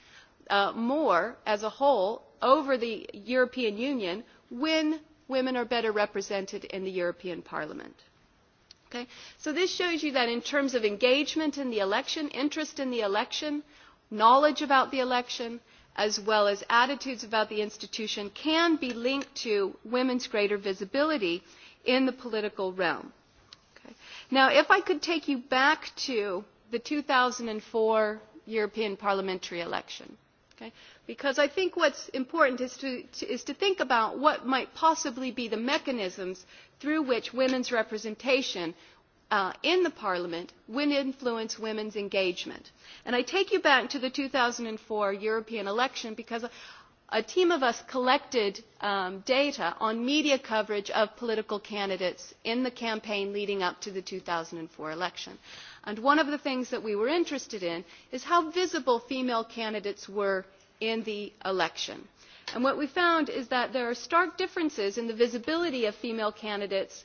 uh, more as a whole over the European Union when women are better represented in the European Parliament. Okay? So this shows you that in terms of engagement in the election, interest in the election, knowledge about the election, as well as attitudes about the institution can be linked to women's greater visibility in the political realm. Okay. Now, if I could take you back to the 2004 European parliamentary election. Okay? Because I think what's important is to, to, is to think about what might possibly be the mechanisms through which women's representation uh, in the parliament would influence women's engagement. And I take you back to the 2004 European election because a team of us collected um, data on media coverage of political candidates in the campaign leading up to the 2004 election. And one of the things that we were interested in is how visible female candidates were in the election. And what we found is that there are stark differences in the visibility of female candidates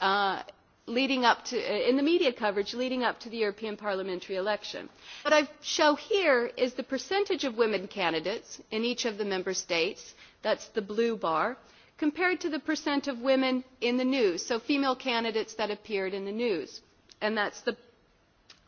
uh, leading up to, uh, in the media coverage leading up to the European parliamentary election. What I show here is the percentage of women candidates in each of the member states, that's the blue bar, compared to the percent of women in the news, so female candidates that appeared in the news, and that's the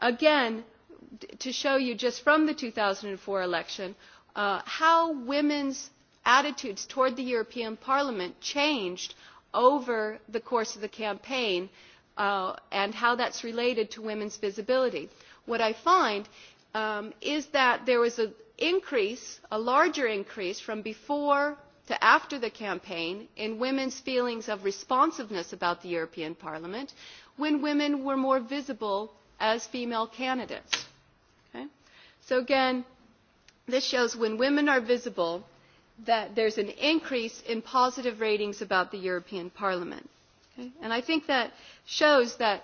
Again, to show you just from the 2004 election uh, how women's attitudes toward the European Parliament changed over the course of the campaign uh, and how that's related to women's visibility. What I find um, is that there was an increase, a larger increase from before to after the campaign in women's feelings of responsiveness about the European Parliament when women were more visible as female candidates. Okay? So again, this shows when women are visible that there's an increase in positive ratings about the European Parliament. Okay? And I think that shows that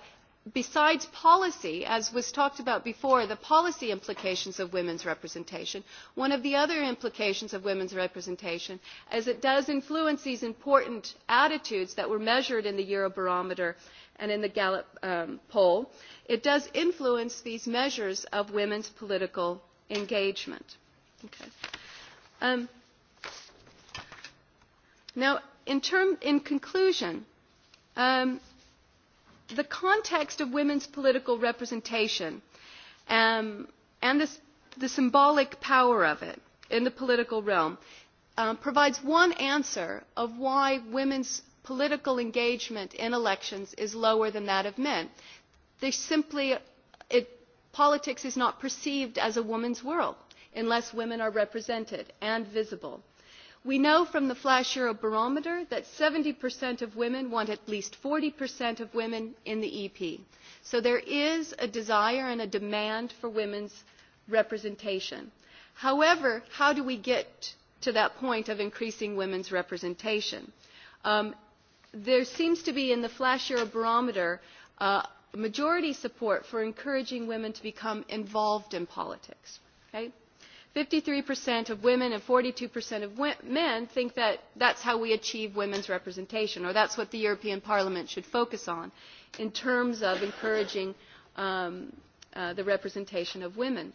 besides policy, as was talked about before, the policy implications of women's representation, one of the other implications of women's representation is it does influence these important attitudes that were measured in the Eurobarometer and in the Gallup um, poll, it does influence these measures of women's political engagement. Okay. Um, now, in, term, in conclusion, um, the context of women's political representation um, and this, the symbolic power of it in the political realm um, provides one answer of why women's political engagement in elections is lower than that of men. They simply, it, politics is not perceived as a woman's world unless women are represented and visible. We know from the Flash Eurobarometer that 70% of women want at least 40% of women in the EP. So there is a desire and a demand for women's representation. However, how do we get to that point of increasing women's representation? Um, there seems to be in the Flash Euro Barometer uh, majority support for encouraging women to become involved in politics. Okay? 53% of women and 42% of men think that that's how we achieve women's representation, or that's what the European Parliament should focus on in terms of encouraging um, uh, the representation of women.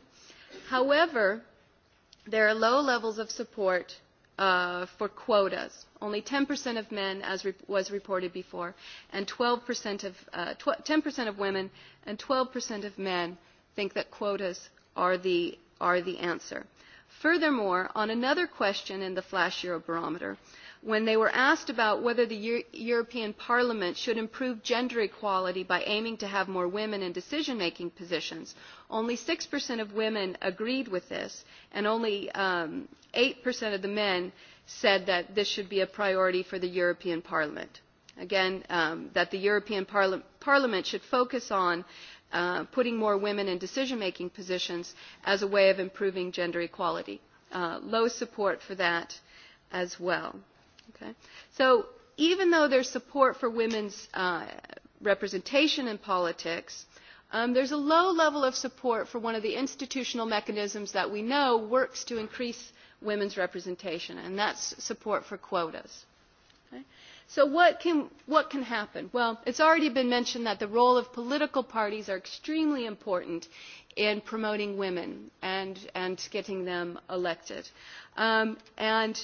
However, there are low levels of support uh, for quotas. Only 10% of men, as re was reported before, and 12% of, uh, 10% of women and 12% of men think that quotas are the, are the answer. Furthermore, on another question in the Flash Eurobarometer, barometer, when they were asked about whether the Euro European Parliament should improve gender equality by aiming to have more women in decision-making positions, only 6% of women agreed with this, and only um, 8% of the men said that this should be a priority for the European Parliament. Again, um, that the European Parli Parliament should focus on uh, putting more women in decision-making positions as a way of improving gender equality. Uh, low support for that as well. Okay? So even though there's support for women's uh, representation in politics, um, there's a low level of support for one of the institutional mechanisms that we know works to increase women's representation, and that's support for quotas. Okay? So what can, what can happen? Well, it's already been mentioned that the role of political parties are extremely important in promoting women and, and getting them elected. Um, and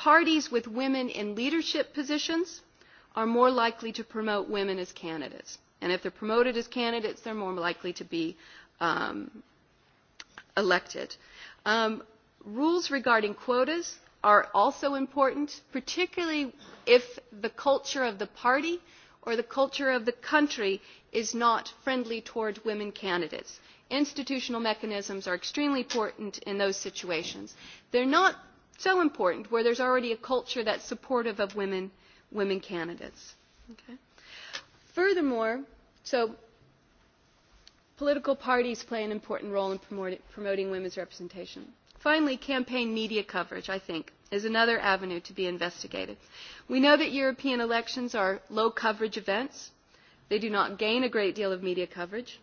Parties with women in leadership positions are more likely to promote women as candidates. And if they're promoted as candidates, they're more likely to be um, elected. Um, rules regarding quotas are also important, particularly if the culture of the party or the culture of the country is not friendly toward women candidates. Institutional mechanisms are extremely important in those situations. They're not so important, where there's already a culture that's supportive of women, women candidates. Okay? Furthermore, so political parties play an important role in promoting women's representation. Finally, campaign media coverage, I think, is another avenue to be investigated. We know that European elections are low coverage events. They do not gain a great deal of media coverage.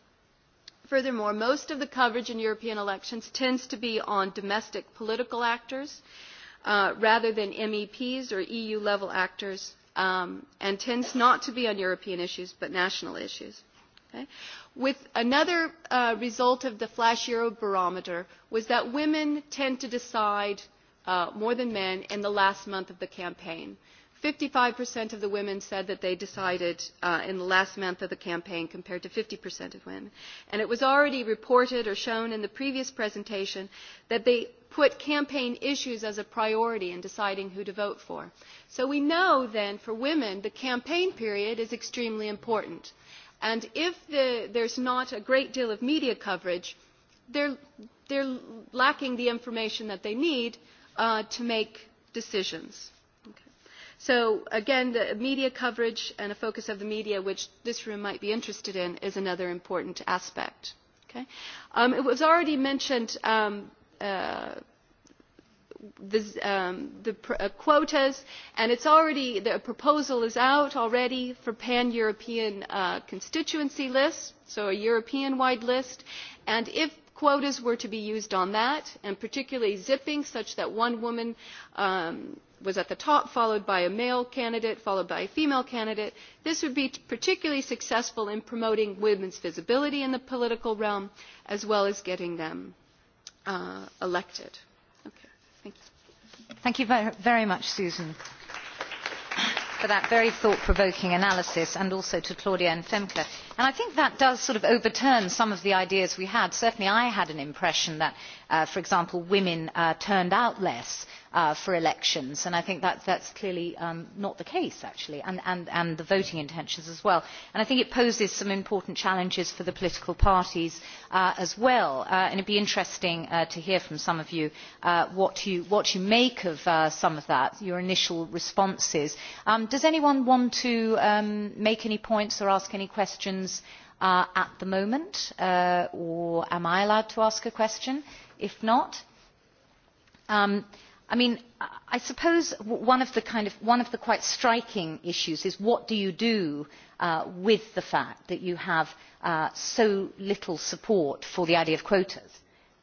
Furthermore, most of the coverage in European elections tends to be on domestic political actors uh, rather than MEPs or EU-level actors um, and tends not to be on European issues but national issues. Okay? With another uh, result of the Flash Eurobarometer was that women tend to decide uh, more than men in the last month of the campaign. 55% of the women said that they decided uh, in the last month of the campaign compared to 50% of women. And it was already reported or shown in the previous presentation that they put campaign issues as a priority in deciding who to vote for. So we know then for women the campaign period is extremely important. And if the, there's not a great deal of media coverage, they're, they're lacking the information that they need uh, to make decisions. So again, the media coverage and a focus of the media, which this room might be interested in, is another important aspect. Okay? Um, it was already mentioned um, uh, the, um, the pr uh, quotas, and it's already, the proposal is out already for pan-European uh, constituency lists, so a European-wide list, and if quotas were to be used on that, and particularly zipping such that one woman um, was at the top, followed by a male candidate, followed by a female candidate. This would be particularly successful in promoting women's visibility in the political realm, as well as getting them uh, elected. Okay, thank you. Thank you very, very much, Susan, for that very thought-provoking analysis, and also to Claudia and Femke. And I think that does sort of overturn some of the ideas we had. Certainly I had an impression that Uh, for example, women uh, turned out less uh, for elections, and I think that, that's clearly um, not the case, actually, and, and, and the voting intentions as well. And I think it poses some important challenges for the political parties uh, as well, uh, and it would be interesting uh, to hear from some of you, uh, what, you what you make of uh, some of that, your initial responses. Um, does anyone want to um, make any points or ask any questions uh, at the moment, uh, or am I allowed to ask a question? if not? Um, I mean, I suppose one of the kind of one of the quite striking issues is what do you do uh, with the fact that you have uh, so little support for the idea of quotas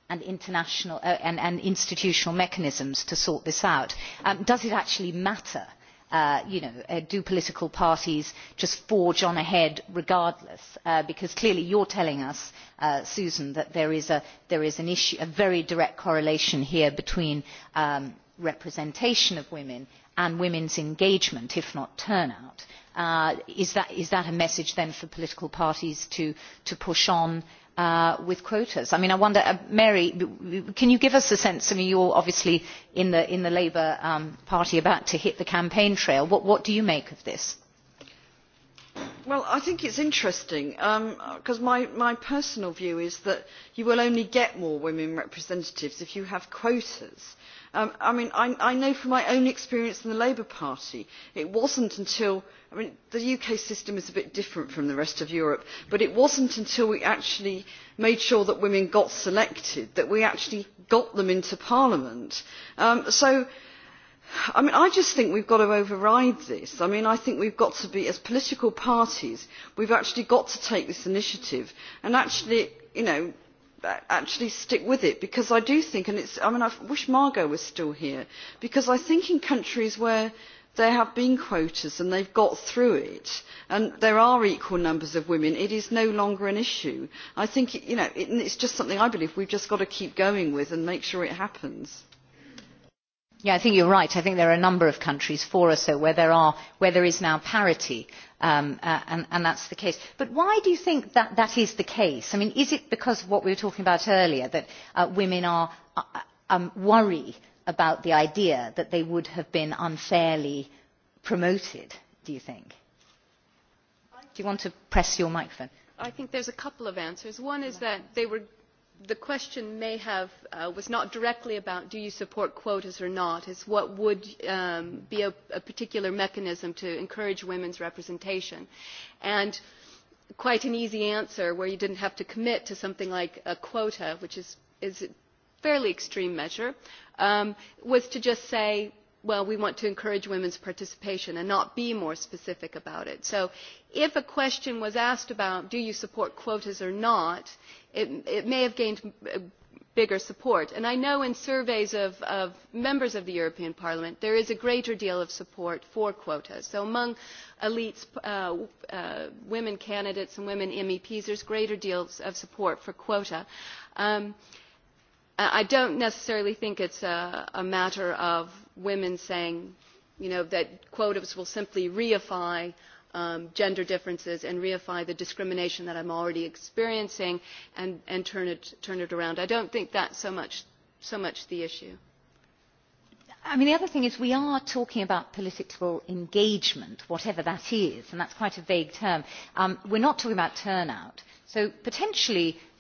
and international uh, and, and institutional mechanisms to sort this out? Um, does it actually matter? uh, you know, uh, do political parties just forge on ahead regardless? Uh, because clearly you're telling us, uh, Susan, that there is, a, there is an issue, a very direct correlation here between um, representation of women and women's engagement, if not turnout. Uh, is, that, is that a message then for political parties to, to push on uh, with quotas. I mean, I wonder, uh, Mary, can you give us a sense? I mean, you're obviously in the, in the Labour um, Party about to hit the campaign trail. What, what do you make of this? Well, I think it's interesting because um, my, my personal view is that you will only get more women representatives if you have quotas. Um, I mean, I, I know from my own experience in the Labour Party, it wasn't until, I mean, the UK system is a bit different from the rest of Europe, but it was not until we actually made sure that women got selected that we actually got them into Parliament. Um, so, I mean, I just think we have got to override this. I mean, I think have got to be, as political parties, we have actually got to take this initiative and actually, you know, actually stick with it because I do think, and it's, I mean, I wish Margot was still here, because I think in countries where there have been quotas and they've got through it and there are equal numbers of women it is no longer an issue i think you know it, it's just something i believe we've just got to keep going with and make sure it happens Yeah, I think you're right. I think there are a number of countries, four or so, where there, are, where there is now parity, um, uh, and, and that's the case. But why do you think that that is the case? I mean, is it because of what we were talking about earlier, that uh, women are, uh, uh um, worry about the idea that they would have been unfairly promoted, do you think? Do you want to press your microphone? I think there's a couple of answers. One is that they were the question may have uh, was not directly about do you support quotas or not is what would um, be a, a particular mechanism to encourage women's representation and quite an easy answer where you didn't have to commit to something like a quota which is is a fairly extreme measure um, was to just say well, we want to encourage women's participation and not be more specific about it. So if a question was asked about do you support quotas or not, it, it may have gained uh, bigger support. And I know in surveys of, of members of the European Parliament, there is a greater deal of support for quotas. So among elites, uh, uh, women candidates and women MEPs, there's greater deals of support for quota. Um, I don't necessarily think it's a, a matter of women saying, you know, that quotas will simply reify um, gender differences and reify the discrimination that I'm already experiencing and, and turn, it, turn it around. I don't think that's so much, so much the issue. I mean, the other thing is we are talking about political engagement, whatever that is, and that's quite a vague term. Um, we're not talking about turnout. So potentially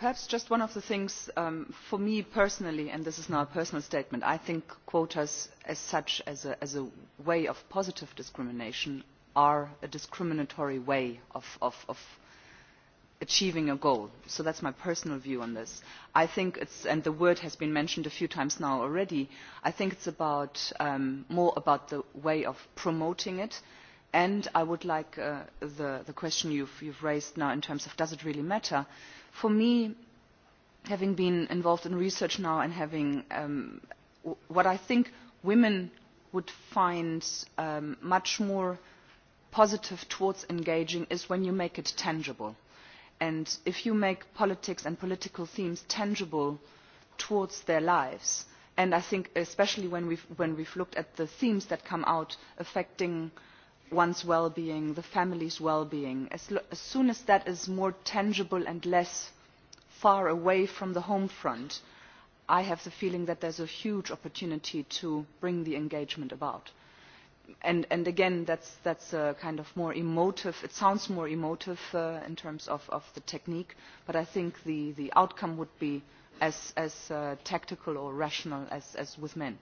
Perhaps just one of the things um, for me personally, and this is now a personal statement, I think quotas as such, as a, as a way of positive discrimination, are a discriminatory way of, of, of achieving a goal. So that's my personal view on this. I think it's, and the word has been mentioned a few times now already, I think it's about, um, more about the way of promoting it And I would like uh, the, the question you've, you've raised now in terms of does it really matter? For me, having been involved in research now and having um, what I think women would find um, much more positive towards engaging is when you make it tangible. And if you make politics and political themes tangible towards their lives, and I think especially when we've, when we've looked at the themes that come out affecting one's well-being, the family's well-being, as, as soon as that is more tangible and less far away from the home front, I have the feeling that there's a huge opportunity to bring the engagement about. And, and again, that's, that's a kind of more emotive, it sounds more emotive uh, in terms of, of the technique, but I think the, the outcome would be as, as uh, tactical or rational as, as with men.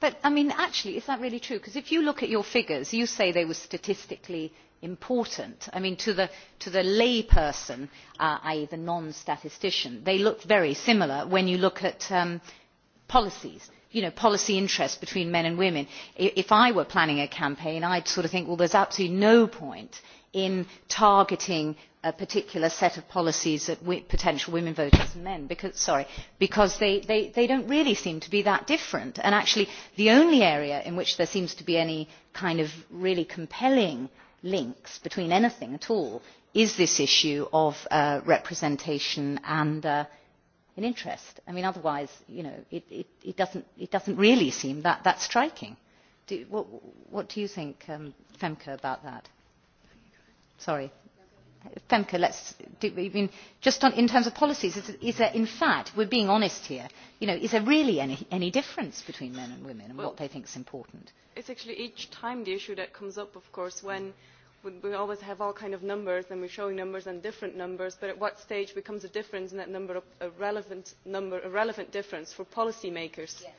But, I mean, actually, is that really true? Because if you look at your figures, you say they were statistically important. I mean, to the, to the layperson, uh, i.e. the non-statistician, they look very similar when you look at um, policies you know, policy interest between men and women. If I were planning a campaign, I'd sort of think, well, there's absolutely no point in targeting a particular set of policies at we, potential women voters and men because, sorry, because they, they, they don't really seem to be that different. And actually, the only area in which there seems to be any kind of really compelling links between anything at all is this issue of uh, representation and uh, an interest. I mean, otherwise, you know, it, it, it, doesn't, it doesn't really seem that, that striking. Do, what, what do you think, um, Femke, about that? Sorry. Femke, let's do, I mean, just on, in terms of policies, is, is there, in fact, we're being honest here, you know, is there really any, any difference between men and women and well, what they think is important? It's actually each time the issue that comes up, of course, when we always have all kind of numbers and we're showing numbers and different numbers, but at what stage becomes a difference in that number, of a relevant number, a relevant difference for policymakers? Yes.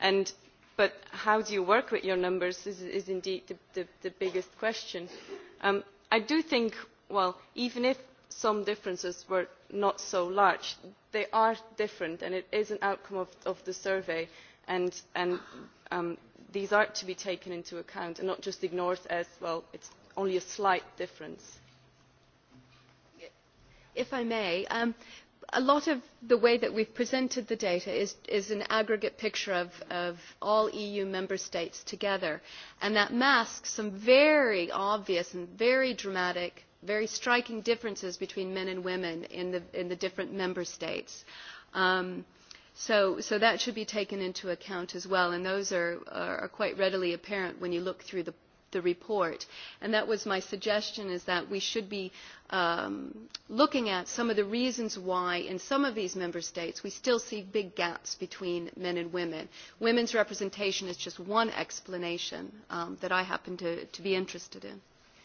And but how do you work with your numbers is, is indeed the, the, the biggest question. Um, I do think well, even if some differences were not so large, they are different and it is an outcome of, of the survey and, and um, these are to be taken into account and not just ignored as, well, it's only a slight difference. If I may, um, a lot of the way that we've presented the data is, is an aggregate picture of, of all EU member states together, and that masks some very obvious and very dramatic very striking differences between men and women in the, in the different member states. Um, so, so that should be taken into account as well, and those are, are, are quite readily apparent when you look through the, the report. And that was my suggestion, is that we should be um, looking at some of the reasons why in some of these member states we still see big gaps between men and women. Women's representation is just one explanation um, that I happen to, to be interested in.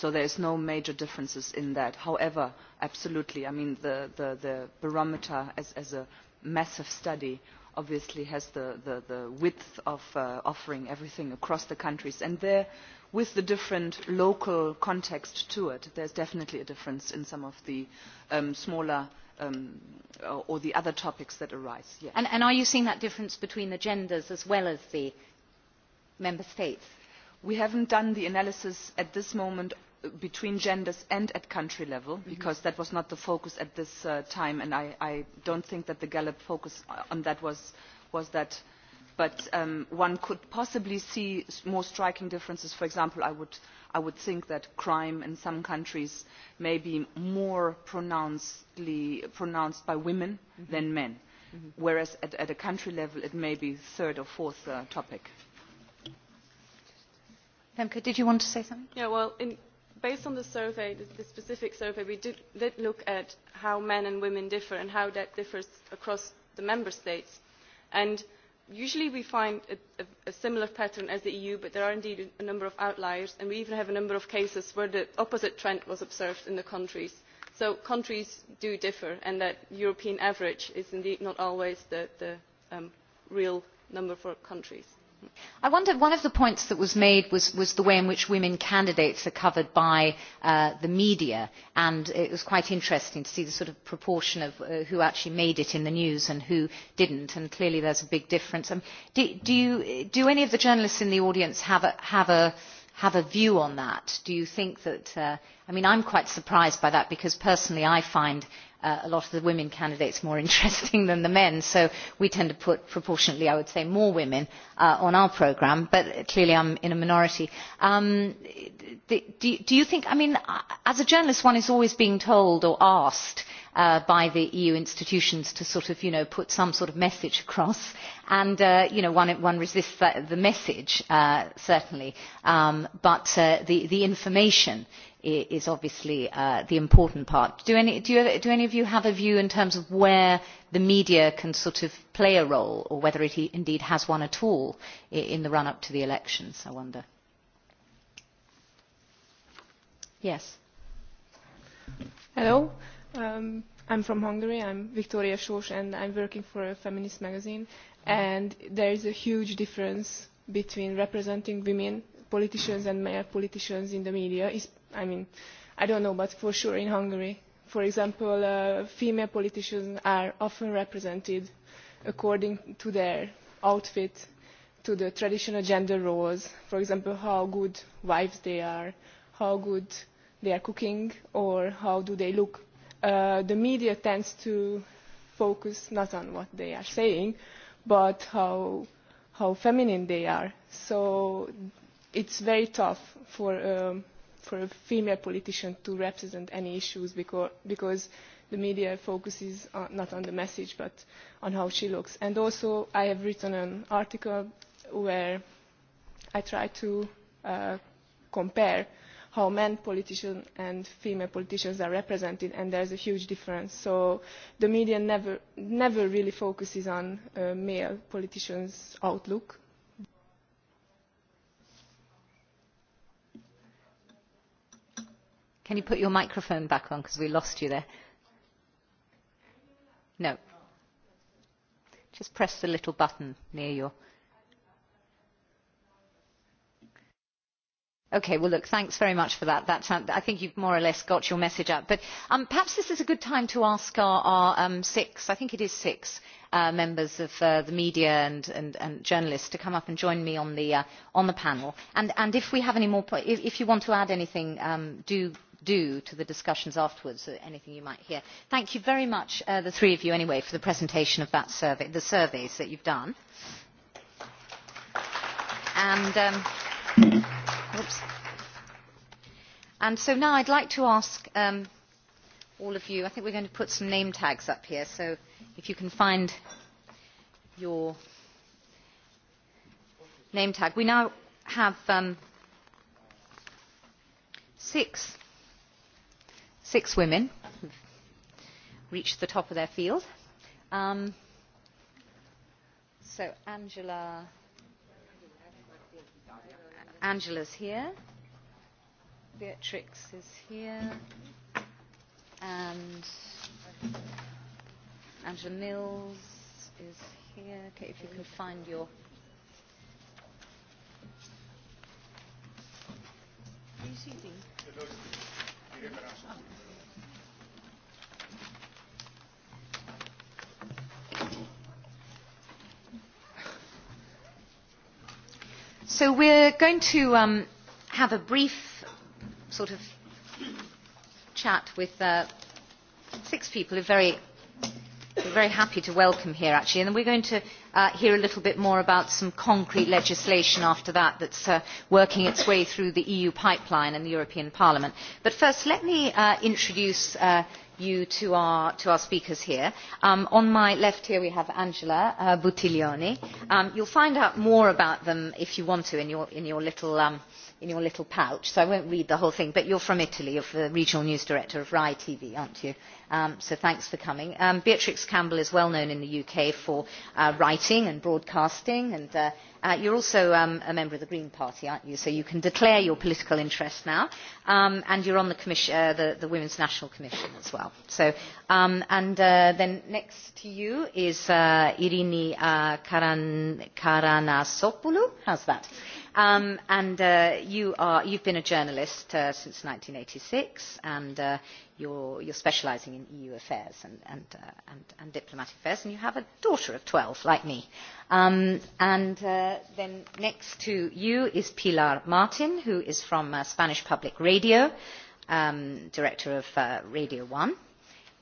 So there is no major differences in that. However, absolutely, I mean, the, the, the barometer as, as a massive study obviously has the, the, the width of uh, offering everything across the countries. And there, with the different local context to it, there's definitely a difference in some of the um, smaller um, or the other topics that arise. Yes. And, and are you seeing that difference between the genders as well as the member states? We haven't done the analysis at this moment between genders and at country level, mhm. because that was not the focus at this uh, time, and I, I don't think that the Gallup focus on that was, was that. But um, one could possibly see more striking differences. For example, I would, I would think that crime in some countries may be more pronouncedly, pronounced by women mm -hmm. than men, mm -hmm. whereas at, at a country level it may be third or fourth uh, topic. Lemke, did you want to say something? Yeah, well, in, based on the survey, the, the specific survey, we did, did look at how men and women differ and how that differs across the member states. And usually we find a, a, a similar pattern as the EU, but there are indeed a number of outliers, and we even have a number of cases where the opposite trend was observed in the countries. So countries do differ, and that European average is indeed not always the, the um, real number for countries. I wonder, one of the points that was made was, was the way in which women candidates are covered by uh, the media, and it was quite interesting to see the sort of proportion of uh, who actually made it in the news and who didn't, and clearly there's a big difference. Um, do, do, you, do any of the journalists in the audience have a, have a, have a view on that? Do you think that, uh, I mean, I'm quite surprised by that because personally I find uh, a lot of the women candidates more interesting than the men, so we tend to put proportionately, I would say, more women uh, on our programme, but clearly I'm in a minority. Um, do, do you think, I mean, uh, as a journalist, one is always being told or asked uh, by the EU institutions to sort of, you know, put some sort of message across. And, uh, you know, one, one resists the the message, uh, certainly, um, but uh, the, the information is obviously uh, the important part. Do any, do, you, do any of you have a view in terms of where the media can sort of play a role or whether it indeed has one at all in the run-up to the elections, I wonder? Yes. Hello. Um, I'm from Hungary. I'm Victoria Sors and I'm working for a feminist magazine. And there is a huge difference between representing women politicians and male politicians in the media, I mean, I don't know, but for sure in Hungary, for example, uh, female politicians are often represented according to their outfit, to the traditional gender roles, for example, how good wives they are, how good they are cooking, or how do they look. Uh, the media tends to focus not on what they are saying, but how, how feminine they are. So it's very tough for... Um, for a female politician to represent any issues because, because the media focuses on, not on the message but on how she looks. And also I have written an article where I try to uh, compare how men politicians and female politicians are represented and there's a huge difference. So the media never, never really focuses on uh, male politicians' outlook Can you put your microphone back on because we lost you there? No. Just press the little button near your. Okay, well, look, thanks very much for that. That's, I think you've more or less got your message out. But um, perhaps this is a good time to ask our, our um, six, I think it is six, uh, members of uh, the media and, and, and journalists to come up and join me on the, uh, on the panel. And, and if we have any more, if, if you want to add anything, um, do do to the discussions afterwards, anything you might hear. Thank you very much, uh, the three of you anyway, for the presentation of that survey, the surveys that you've done. And, um, oops. and so now I'd like to ask um, all of you, I think we're going to put some name tags up here, so if you can find your name tag. We now have um, six six women have reached the top of their field. Um, so Angela, Angela's here. Beatrix is here. And Angela Mills is here. Okay, if you can find your... Thank you So we're going to um, have a brief sort of chat with uh, six people who very very happy to welcome here actually and we're going to uh, hear a little bit more about some concrete legislation after that that's uh, working its way through the EU pipeline and the European Parliament. But first let me uh, introduce uh, you to our, to our speakers here. Um, on my left here we have Angela uh, Buttiglioni. Um, you'll find out more about them if you want to in your, in your little um, uh, in your little pouch, so I won't read the whole thing, but you're from Italy, you're the regional news director of RAI TV, aren't you? Um, so thanks for coming. Um, Beatrix Campbell is well known in the UK for uh, writing and broadcasting, and uh, uh, you're also um, a member of the Green Party, aren't you? So you can declare your political interest now, um, and you're on the, commission, uh, the, the Women's National Commission as well. So, um, and uh, then next to you is uh, Irini uh, Karan Karanasopoulou. How's that? Um, and uh, you are, you've been a journalist uh, since 1986, and uh, you're, you're specialising in EU affairs and, and, uh, and, and diplomatic affairs, and you have a daughter of 12, like me. Um, and uh, then next to you is Pilar Martin, who is from uh, Spanish Public Radio, um, director of uh, Radio 1.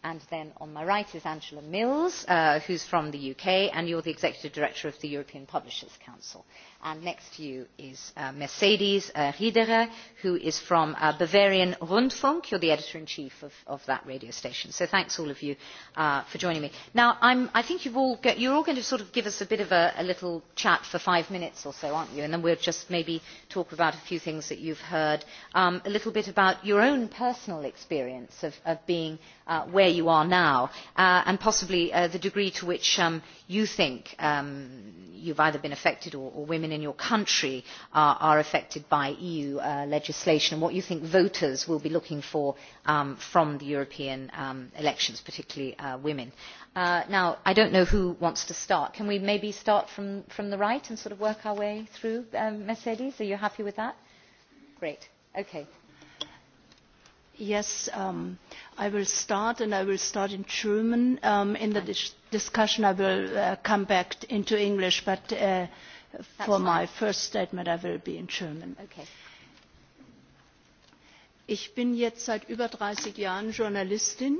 And then on my right is Angela Mills, uh, who's from the UK, and you're the executive director of the European Publishers Council. And next to you is uh, Mercedes uh, Riederer, who is from uh, Bavarian Rundfunk. You're the editor-in-chief of, of that radio station. So thanks all of you uh, for joining me. Now, I'm, I think you've all get, you're all going to sort of give us a bit of a, a little chat for five minutes or so, aren't you? And then we'll just maybe talk about a few things that you've heard, um, a little bit about your own personal experience of, of being uh, where you are now, uh, and possibly uh, the degree to which um, you think um, you've either been affected or, or women in your country are, uh, are affected by EU uh, legislation and what you think voters will be looking for um, from the European um, elections, particularly uh, women. Uh, now, I don't know who wants to start. Can we maybe start from, from the right and sort of work our way through? Um, Mercedes, are you happy with that? Great. Okay. Yes, um, I will start and I will start in German. Um, in the dis discussion I will uh, come back into English, but uh, That's for my first statement, I will be in German. Okay. Ich bin jetzt seit über 30 Jahren Journalistin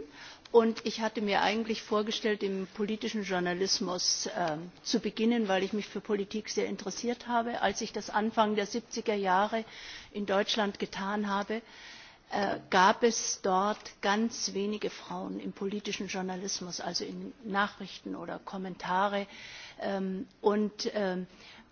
und ich hatte mir eigentlich vorgestellt, im politischen Journalismus äh, zu beginnen, weil ich mich für Politik sehr interessiert habe. Als ich das Anfang der 70er Jahre in Deutschland getan habe, äh, gab es dort ganz wenige Frauen im politischen Journalismus, also in Nachrichten oder Kommentare. Ähm, und äh,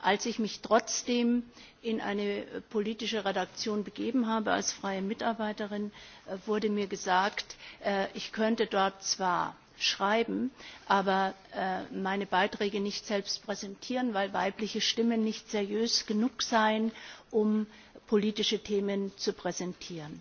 als ich mich trotzdem in eine politische Redaktion begeben habe als freie Mitarbeiterin, äh, wurde mir gesagt, äh, ich könnte dort zwar schreiben, aber äh, meine Beiträge nicht selbst präsentieren, weil weibliche Stimmen nicht seriös genug seien, um politische Themen zu präsentieren.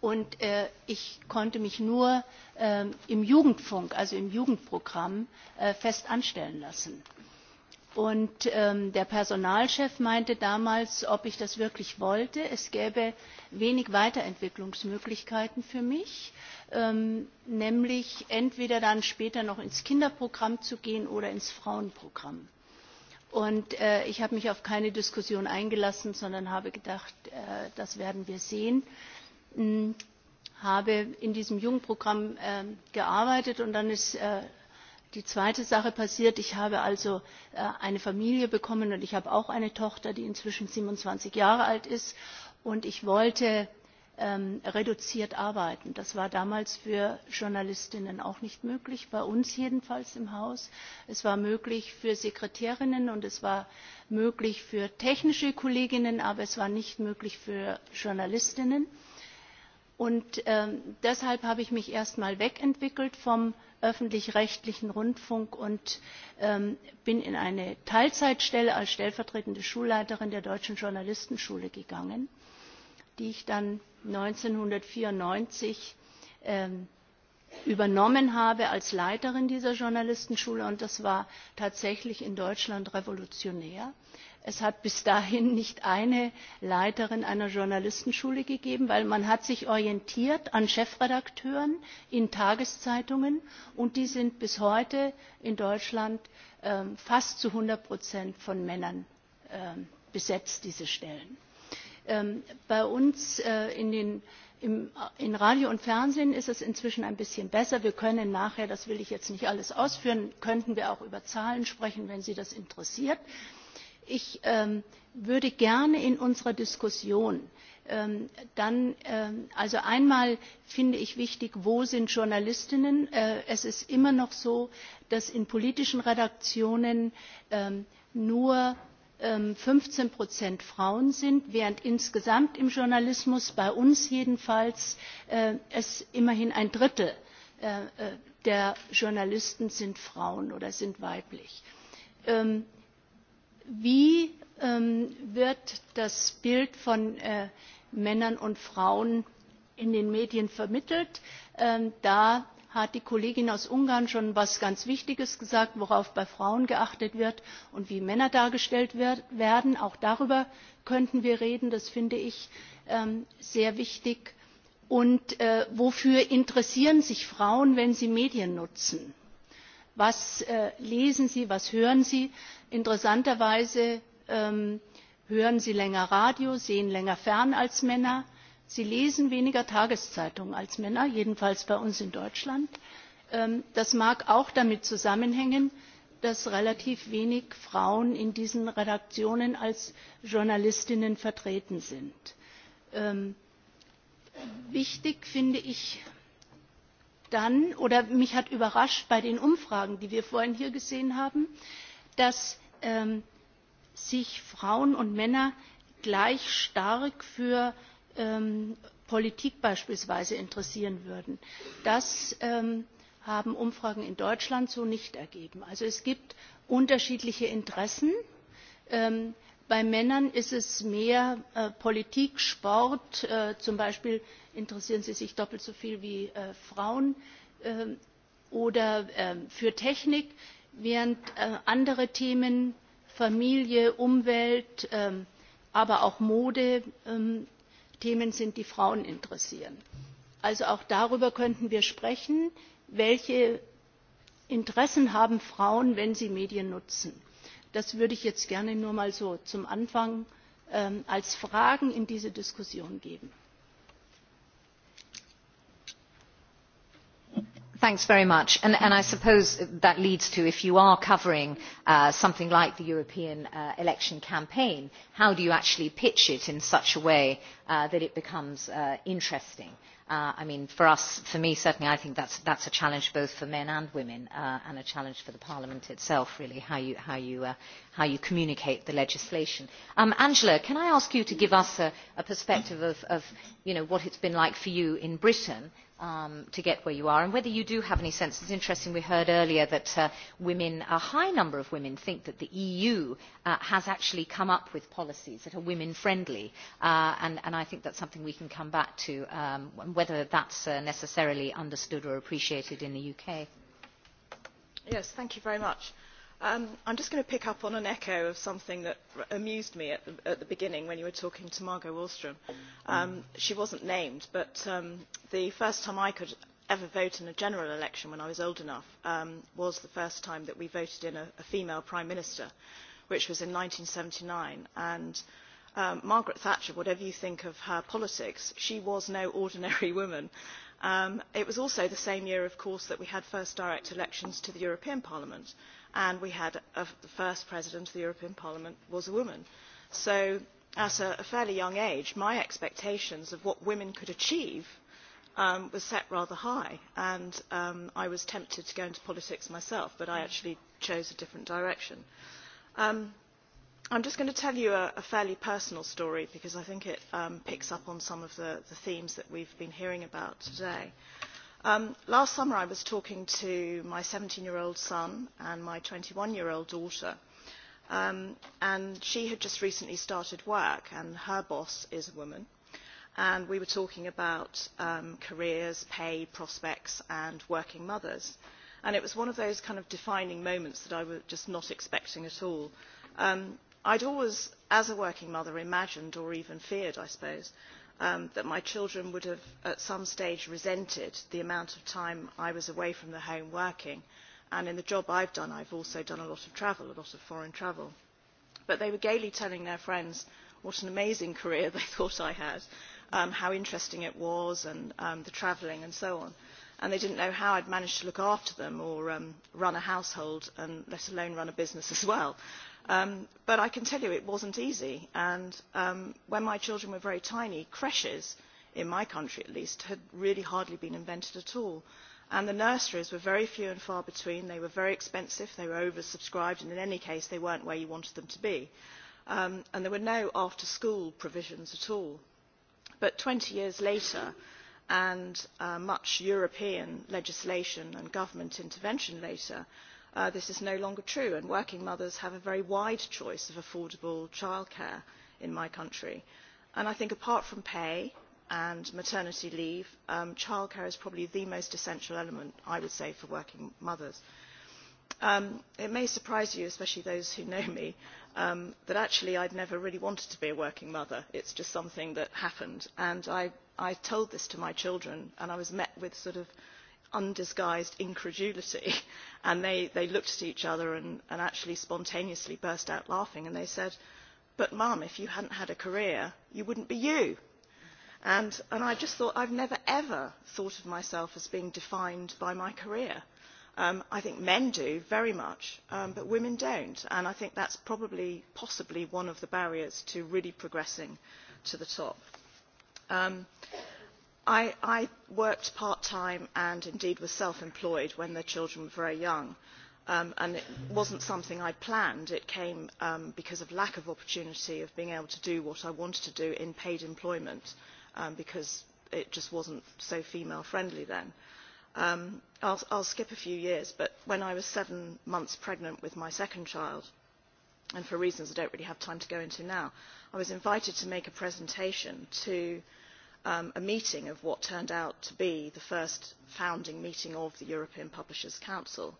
Und äh, ich konnte mich nur äh, im Jugendfunk, also im Jugendprogramm, äh, fest anstellen lassen. Und ähm, der Personalchef meinte damals, ob ich das wirklich wollte. Es gäbe wenig Weiterentwicklungsmöglichkeiten für mich, ähm, nämlich entweder dann später noch ins Kinderprogramm zu gehen oder ins Frauenprogramm. Und äh, ich habe mich auf keine Diskussion eingelassen, sondern habe gedacht, äh, das werden wir sehen. Äh, Ähm, habe in diesem Jugendprogramm äh, gearbeitet und dann ist äh, die zweite Sache passiert. Ich habe also äh, eine Familie bekommen und ich habe auch eine Tochter, die inzwischen 27 Jahre alt ist und ich wollte ähm, reduziert arbeiten. Das war damals für Journalistinnen auch nicht möglich, bei uns jedenfalls im Haus. Es war möglich für Sekretärinnen und es war möglich für technische Kolleginnen, aber es war nicht möglich für Journalistinnen. Und ähm, deshalb habe ich mich erst mal wegentwickelt vom öffentlich-rechtlichen Rundfunk und ähm, bin in eine Teilzeitstelle als stellvertretende Schulleiterin der Deutschen Journalistenschule gegangen, die ich dann 1994 ähm, übernommen habe als Leiterin dieser Journalistenschule und das war tatsächlich in Deutschland revolutionär Es hat bis dahin nicht eine Leiterin einer Journalistenschule gegeben, weil man hat sich orientiert an Chefredakteuren in Tageszeitungen und die sind bis heute in Deutschland ähm, fast zu 100 Prozent von Männern ähm, besetzt, diese Stellen. Ähm, bei uns äh, in den Im, in Radio und Fernsehen ist es inzwischen ein bisschen besser. Wir können nachher, das will ich jetzt nicht alles ausführen, könnten wir auch über Zahlen sprechen, wenn Sie das interessiert. Ich ähm, würde gerne in unserer Diskussion ähm, dann, ähm, also einmal finde ich wichtig, wo sind Journalistinnen? Äh, es ist immer noch so, dass in politischen Redaktionen ähm, nur 15 ähm, Prozent Frauen sind, während insgesamt im Journalismus, bei uns jedenfalls, äh, es immerhin ein Drittel äh, äh der Journalisten sind Frauen oder sind weiblich. Ähm, wie ähm, wird das Bild von äh, Männern und Frauen in den Medien vermittelt? Ähm, da hat die Kollegin aus Ungarn schon etwas ganz Wichtiges gesagt, worauf bei Frauen geachtet wird und wie Männer dargestellt wird, werden. Auch darüber könnten wir reden, das finde ich ähm, sehr wichtig. Und äh, wofür interessieren sich Frauen, wenn sie Medien nutzen? was äh, lesen Sie, was hören Sie? Interessanterweise ähm, hören Sie länger Radio, sehen länger fern als Männer. Sie lesen weniger Tageszeitungen als Männer, jedenfalls bei uns in Deutschland. Ähm, das mag auch damit zusammenhängen, dass relativ wenig Frauen in diesen Redaktionen als Journalistinnen vertreten sind. Ähm, wichtig finde ich dann oder mich hat überrascht bei den Umfragen, die wir vorhin hier gesehen haben, dass ähm, sich Frauen und Männer gleich stark für ähm, Politik beispielsweise interessieren würden. Das ähm, haben Umfragen in Deutschland so nicht ergeben. Also es gibt unterschiedliche Interessen. Ähm, Bei Männern ist es mehr äh, Politik, Sport, äh, zum Beispiel interessieren sie sich doppelt so viel wie äh, Frauen äh, oder äh, für Technik, während äh, andere Themen, Familie, Umwelt, äh, aber auch Mode, äh, Themen sind, die Frauen interessieren. Also auch darüber könnten wir sprechen, welche Interessen haben Frauen, wenn sie Medien nutzen. Das würde ich jetzt gerne nur mal so zum Anfang ähm, als Fragen in diese Diskussion geben. Thanks very much. And, and I suppose that leads to if you are covering uh, something like the European uh, election campaign, how do you actually pitch it in such a way uh, that it becomes uh, interesting? Uh, Uh, I mean, for us, for me, certainly, I think that's, that's a challenge both for men and women, uh, and a challenge for the Parliament itself, really, how you, how you, uh, how you communicate the legislation. Um, Angela, can I ask you to give us a, a perspective of, of you know, what it's been like for you in Britain um, to get where you are, and whether you do have any sense. It's interesting, we heard earlier that uh, women, a high number of women think that the EU uh, has actually come up with policies that are women-friendly, uh, and, and I think that's something we can come back to um, whether that's uh, necessarily understood or appreciated in the UK. Yes, thank you very much. Um, I'm just going to pick up on an echo of something that amused me at the, at the beginning when you were talking to Margot Wallström. Um, she wasn't named, but um, the first time I could ever vote in a general election when I was old enough um, was the first time that we voted in a, a female prime minister, which was in 1979. And um, Margaret Thatcher, whatever you think of her politics, she was no ordinary woman. Um, it was also the same year, of course, that we had first direct elections to the European Parliament, and we had a, the first president of the European Parliament was a woman. So at a, a fairly young age, my expectations of what women could achieve um, was set rather high, and um, I was tempted to go into politics myself, but I actually chose a different direction. Um, I'm just going to tell you a, a fairly personal story because I think it um, picks up on some of the, the themes that we've been hearing about today. Um, last summer I was talking to my 17-year-old son and my 21-year-old daughter um, and she had just recently started work and her boss is a woman and we were talking about um, careers, pay, prospects and working mothers and it was one of those kind of defining moments that I was just not expecting at all. Um, I'd always, as a working mother, imagined or even feared, I suppose, um, that my children would have at some stage resented the amount of time I was away from the home working. And in the job I've done, I've also done a lot of travel, a lot of foreign travel. But they were gaily telling their friends what an amazing career they thought I had, um, how interesting it was, and um, the travelling and so on. And they didn't know how I'd managed to look after them or um, run a household, and let alone run a business as well. Um, but I can tell you it wasn't easy. And um, when my children were very tiny, creches, in my country at least, had really hardly been invented at all. And the nurseries were very few and far between. They were very expensive. They were oversubscribed. And in any case, they weren't where you wanted them to be. Um, and there were no after-school provisions at all. But 20 years later, and uh, much European legislation and government intervention later, Uh, this is no longer true and working mothers have a very wide choice of affordable childcare in my country. And I think apart from pay and maternity leave, um, childcare is probably the most essential element, I would say, for working mothers. Um, it may surprise you, especially those who know me, um, that actually I'd never really wanted to be a working mother. It's just something that happened. And I, I told this to my children, and I was met with sort of undisguised incredulity and they, they looked at each other and, and actually spontaneously burst out laughing and they said, but mum, if you hadn't had a career, you wouldn't be you. And, and I just thought, I've never ever thought of myself as being defined by my career. Um, I think men do very much, um, but women don't. And I think that's probably, possibly one of the barriers to really progressing to the top. Um, I, I worked part-time and indeed was self-employed when the children were very young. Um, and it wasn't something I planned. It came um, because of lack of opportunity of being able to do what I wanted to do in paid employment um, because it just wasn't so female-friendly then. Um, I'll, I'll skip a few years, but when I was seven months pregnant with my second child, and for reasons I don't really have time to go into now, I was invited to make a presentation to um, a meeting of what turned out to be the first founding meeting of the European Publishers Council.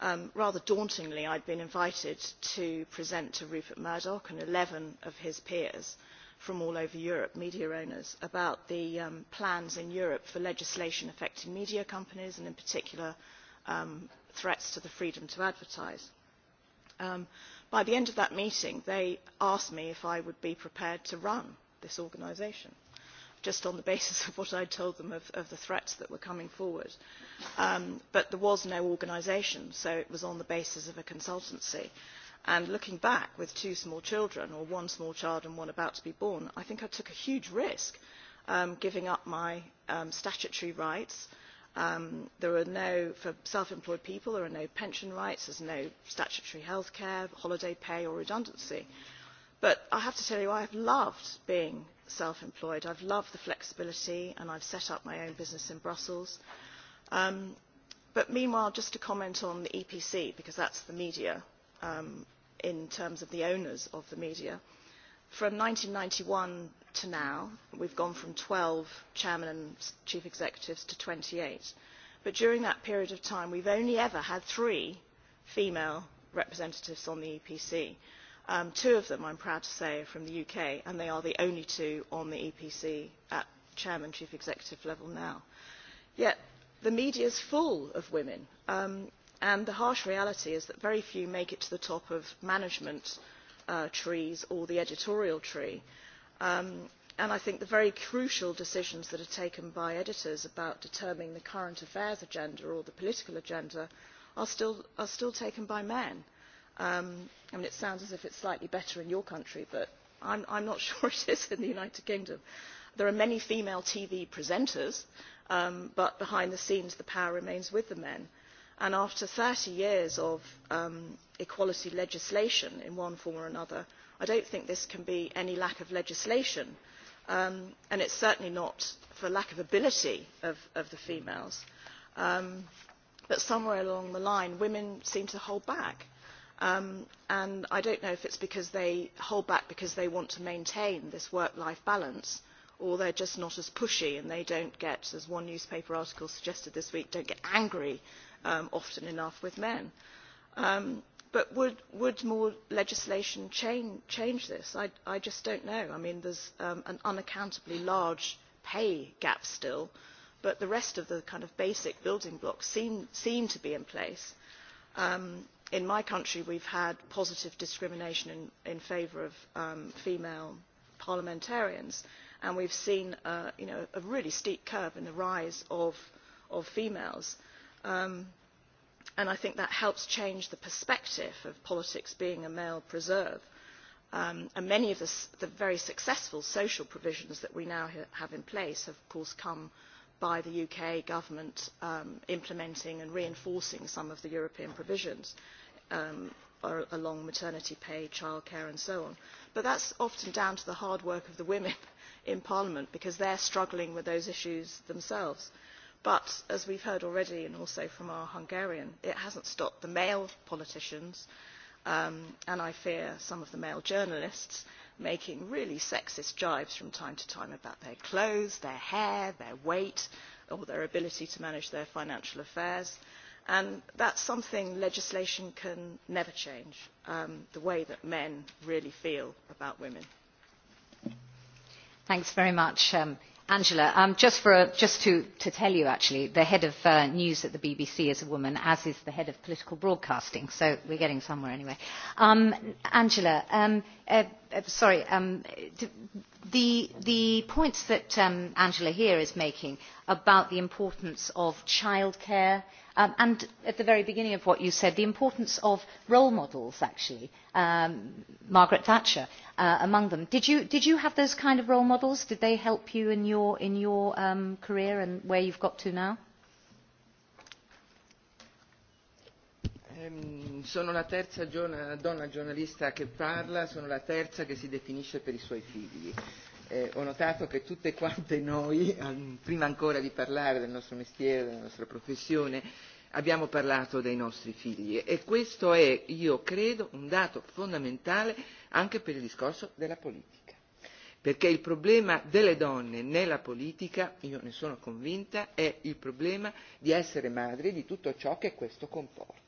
Um, rather dauntingly, I'd been invited to present to Rupert Murdoch and 11 of his peers from all over Europe, media owners, about the um, plans in Europe for legislation affecting media companies and in particular um, threats to the freedom to advertise. Um, by the end of that meeting, they asked me if I would be prepared to run this organisation just on the basis of what I told them of, of the threats that were coming forward. Um, but there was no organisation, so it was on the basis of a consultancy. And looking back with two small children, or one small child and one about to be born, I think I took a huge risk um, giving up my um, statutory rights. Um, there are no, for self-employed people, there are no pension rights, there's no statutory health care, holiday pay or redundancy. But I have to tell you, I have loved being self-employed. I've loved the flexibility and I've set up my own business in Brussels. Um, but meanwhile, just to comment on the EPC, because that's the media um, in terms of the owners of the media. From 1991 to now, we've gone from 12 chairmen and chief executives to 28. But during that period of time, we've only ever had three female representatives on the EPC. Um, two of them, I'm proud to say, are from the UK, and they are the only two on the EPC at chairman, chief executive level now. Yet the media is full of women, um, and the harsh reality is that very few make it to the top of management uh, trees or the editorial tree. Um, and I think the very crucial decisions that are taken by editors about determining the current affairs agenda or the political agenda are still, are still taken by men. Um, I mean, it sounds as if it's slightly better in your country, but I'm, I'm not sure it is in the United Kingdom. There are many female TV presenters, um, but behind the scenes the power remains with the men. And after 30 years of um, equality legislation in one form or another, I don't think this can be any lack of legislation. Um, and it's certainly not for lack of ability of, of the females. Um, but somewhere along the line, women seem to hold back. Um, and I don't know if it's because they hold back because they want to maintain this work-life balance or they're just not as pushy and they don't get, as one newspaper article suggested this week, don't get angry um, often enough with men. Um, but would, would more legislation change, change this? I, I just don't know. I mean, there's um, an unaccountably large pay gap still, but the rest of the kind of basic building blocks seem, seem to be in place. Um, in my country we have had positive discrimination in, in favour of um, female parliamentarians and we have seen uh, you know, a really steep curve in the rise of, of females. Um, and I think that helps change the perspective of politics being a male preserve. Um, and many of the, the very successful social provisions that we now ha have in place have, of course, come by the UK government um, implementing and reinforcing some of the European provisions um, along maternity pay, childcare and so on. But that's often down to the hard work of the women in Parliament because they're struggling with those issues themselves. But as we've heard already and also from our Hungarian, it hasn't stopped the male politicians um, and I fear some of the male journalists making really sexist jibes from time to time about their clothes, their hair, their weight, or their ability to manage their financial affairs. And that's something legislation can never change, um, the way that men really feel about women. Thanks very much, um, Angela. Um, just for a, just to, to tell you, actually, the head of uh, news at the BBC is a woman, as is the head of political broadcasting, so we're getting somewhere anyway. Um, Angela, um, uh, Uh, sorry, um, the, the points that um, Angela here is making about the importance of childcare um, and at the very beginning of what you said, the importance of role models, actually, um, Margaret Thatcher uh, among them. Did you, did you have those kind of role models? Did they help you in your, in your um, career and where you've got to now? Ehm, sono la terza donna giornalista che parla, sono la terza che si definisce per i suoi figli. Eh, ho notato che tutte quante noi, prima ancora di parlare del nostro mestiere, della nostra professione, abbiamo parlato dei nostri figli e questo è, io credo, un dato fondamentale anche per il discorso della politica. Perché il problema delle donne nella politica, io ne sono convinta, è il problema di essere madri di tutto ciò che questo comporta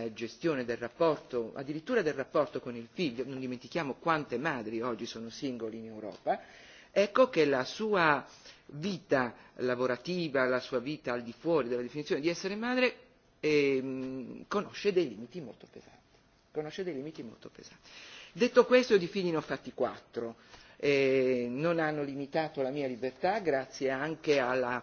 eh, gestione del rapporto, addirittura del rapporto con il figlio, non dimentichiamo quante madri oggi sono singoli in Europa, ecco che la sua vita lavorativa, la sua vita al di fuori della definizione di essere madre ehm, conosce dei limiti molto pesanti. Conosce dei limiti molto pesanti. Detto questo, di figli ne ho fatti quattro. Eh, non hanno limitato la mia libertà, grazie anche alla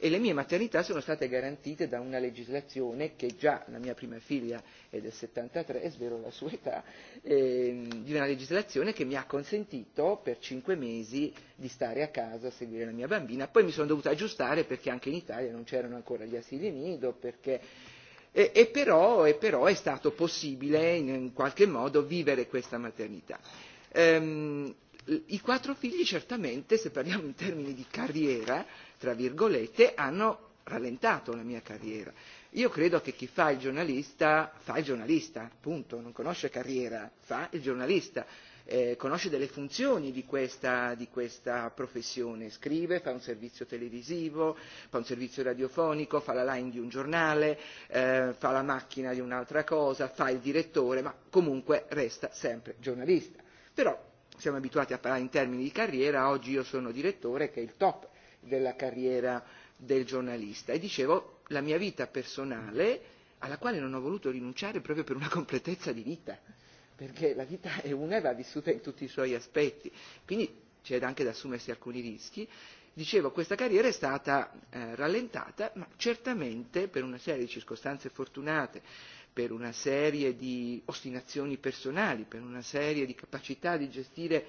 e le mie maternità sono state garantite da una legislazione che già la mia prima figlia è del 73, è svero la sua età, ehm, di una legislazione che mi ha consentito per cinque mesi di stare a casa a seguire la mia bambina. Poi mi sono dovuta aggiustare perché anche in Italia non c'erano ancora gli asili nido, perché E, e, però, e però è stato possibile in, in qualche modo vivere questa maternità. Ehm, I quattro figli certamente, se parliamo in termini di carriera, tra virgolette, hanno rallentato la mia carriera. Io credo che chi fa il giornalista fa il giornalista, punto, non conosce carriera, fa il giornalista. Eh, conosce delle funzioni di questa, di questa professione, scrive, fa un servizio televisivo, fa un servizio radiofonico, fa la line di un giornale, eh, fa la macchina di un'altra cosa, fa il direttore, ma comunque resta sempre giornalista. Però siamo abituati a parlare in termini di carriera, oggi io sono direttore che è il top della carriera del giornalista e dicevo la mia vita personale alla quale non ho voluto rinunciare proprio per una completezza di vita, perché la vita è una e va vissuta in tutti i suoi aspetti, quindi c'è anche da assumersi alcuni rischi. Dicevo, questa carriera è stata eh, rallentata, ma certamente per una serie di circostanze fortunate per una serie di ostinazioni personali, per una serie di capacità di gestire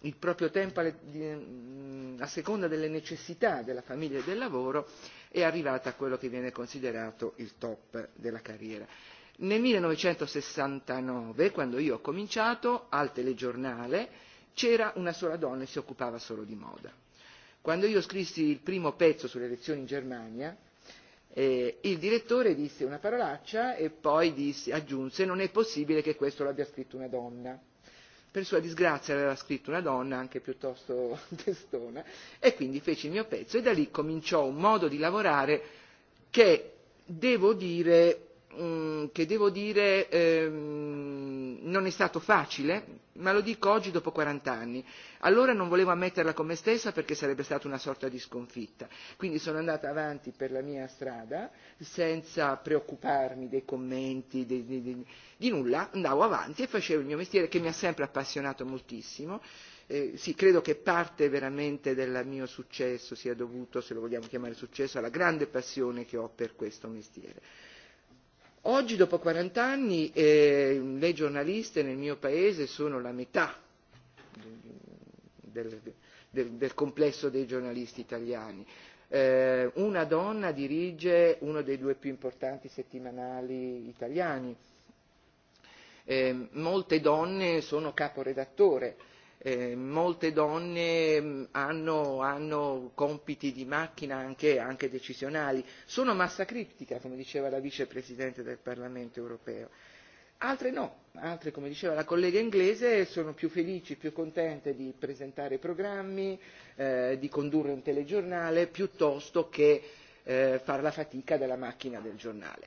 il proprio tempo mm, a seconda delle necessità della famiglia e del lavoro, è arrivata a quello che viene considerato il top della carriera. Nel 1969, quando io ho cominciato, al telegiornale c'era una sola donna e si occupava solo di moda. Quando io scrissi il primo pezzo sulle elezioni in Germania, Eh, il direttore disse una parolaccia e poi disse, aggiunse non è possibile che questo l'abbia scritto una donna. Per sua disgrazia l'aveva scritto una donna, anche piuttosto testona, e quindi feci il mio pezzo e da lì cominciò un modo di lavorare che, devo dire, Mm, che devo dire ehm, non è stato facile, ma lo dico oggi dopo 40 anni. Allora non volevo ammetterla con me stessa perché sarebbe stata una sorta di sconfitta. Quindi sono andata avanti per la mia strada senza preoccuparmi dei commenti, di, di, di, di nulla, andavo avanti e facevo il mio mestiere che mi ha sempre appassionato moltissimo. Eh, sì, credo che parte veramente del mio successo sia dovuto, se lo vogliamo chiamare successo, alla grande passione che ho per questo mestiere Oggi, dopo 40 anni, eh, le giornaliste nel mio paese sono la metà del, del, del complesso dei giornalisti italiani. Eh, una donna dirige uno dei due più importanti settimanali italiani. Eh, molte donne sono caporedattore Eh, molte donne mm, hanno, hanno compiti di macchina anche, anche decisionali, sono massa critica, come diceva la vicepresidente del Parlamento europeo. Altre no, altre come diceva la collega inglese sono più felici, più contente di presentare programmi, eh, di condurre un telegiornale piuttosto che eh, far la fatica della macchina del giornale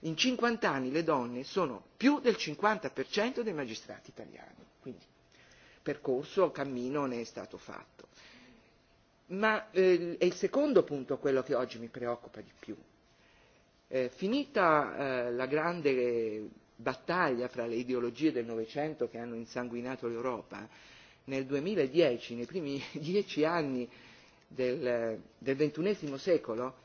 in 50 anni le donne sono più del 50% dei magistrati italiani. Quindi percorso, cammino ne è stato fatto. Ma eh, è il secondo punto quello che oggi mi preoccupa di più. Eh, finita eh, la grande battaglia fra le ideologie del Novecento che hanno insanguinato l'Europa, nel 2010, nei primi dieci anni del, del XXI secolo,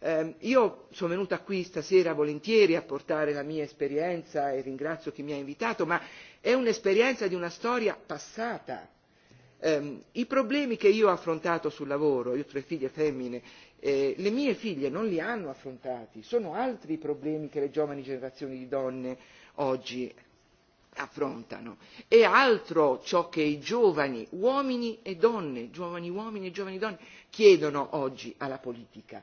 Ehm, io sono venuta qui stasera volentieri a portare la mia esperienza e ringrazio chi mi ha invitato, ma è un'esperienza di una storia passata. Ehm, I problemi che io ho affrontato sul lavoro, io ho tre figlie femmine, e le mie figlie non li hanno affrontati, sono altri i problemi che le giovani generazioni di donne oggi affrontano. È e altro ciò che i giovani uomini e donne, giovani uomini e giovani donne, chiedono oggi alla politica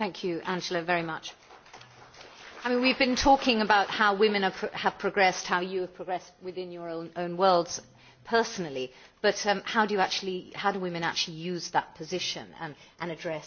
Thank you, Angela, very much. I mean, we've been talking about how women are, have progressed, how you have progressed within your own, own worlds personally, but um, how, do you actually, how do women actually use that position and, and address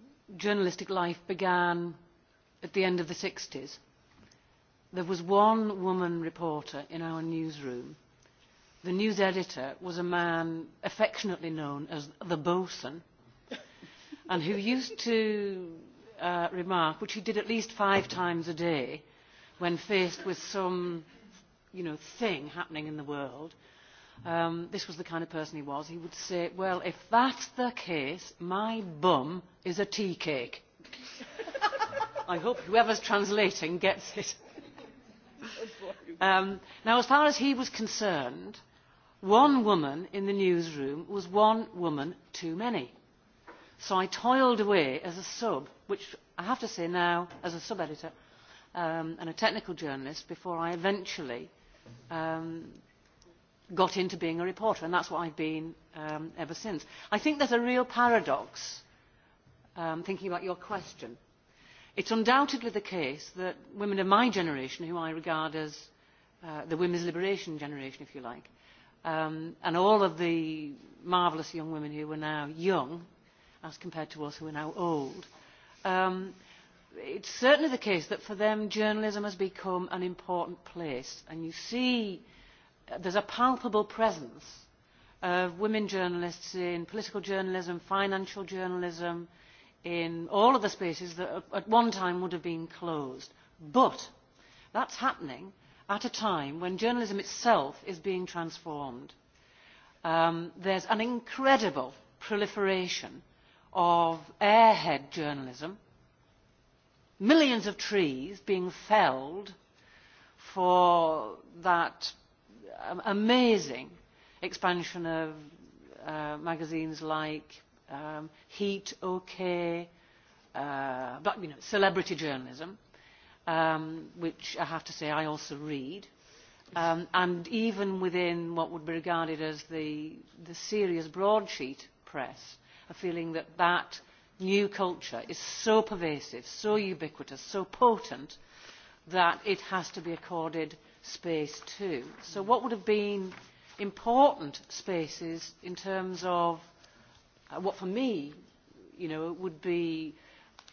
journalistic life began at the end of the 60s. There was one woman reporter in our newsroom. The news editor was a man affectionately known as the bosun, and who used to uh, remark, which he did at least five times a day, when faced with some you know, thing happening in the world, um, this was the kind of person he was, he would say, well, if that's the case, my bum is a tea cake. I hope whoever's translating gets it. um, now, as far as he was concerned, one woman in the newsroom was one woman too many. So I toiled away as a sub, which I have to say now, as a sub-editor um, and a technical journalist, before I eventually um, got into being a reporter, and that's what I've been um, ever since. I think there's a real paradox, um, thinking about your question. It's undoubtedly the case that women of my generation, who I regard as uh, the women's liberation generation, if you like, um, and all of the marvellous young women who are now young, as compared to us who are now old, um, it's certainly the case that for them journalism has become an important place. And you see there's a palpable presence of women journalists in political journalism, financial journalism, in all of the spaces that at one time would have been closed. But that's happening at a time when journalism itself is being transformed. Um, there's an incredible proliferation of airhead journalism, millions of trees being felled for that Um, amazing expansion of uh, magazines like um, Heat, OK, uh, but, you know, celebrity journalism, um, which I have to say I also read. Um, and even within what would be regarded as the, the serious broadsheet press, a feeling that that new culture is so pervasive, so ubiquitous, so potent, that it has to be accorded – space too. So what would have been important spaces in terms of uh, what for me, you know, would be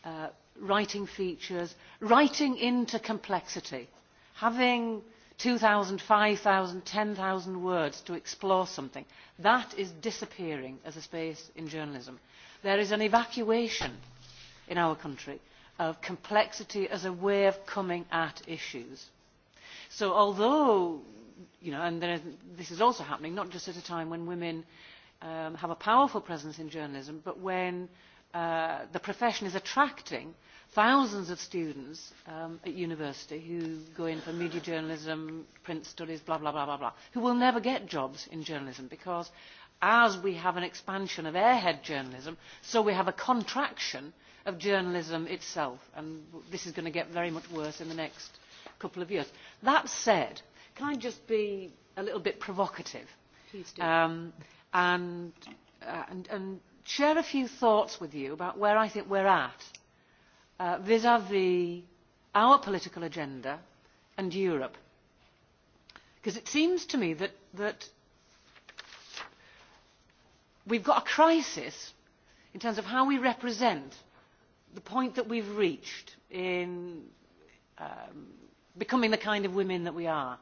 uh, writing features, writing into complexity, having 2,000, 5,000, 10,000 words to explore something. That is disappearing as a space in journalism. There is an evacuation in our country of complexity as a way of coming at issues So although, you know, and there, this is also happening not just at a time when women um, have a powerful presence in journalism, but when uh, the profession is attracting thousands of students um, at university who go in for media journalism, print studies, blah, blah, blah, blah, blah, who will never get jobs in journalism because as we have an expansion of airhead journalism, so we have a contraction of journalism itself. And this is going to get very much worse in the next couple of years. That said, can I just be a little bit provocative? Please do. Um, and, uh, and, and share a few thoughts with you about where I think we're at vis-à-vis uh, -vis our political agenda and Europe. Because it seems to me that, that we've got a crisis in terms of how we represent the point that we've reached in um, becoming the kind of women that we are.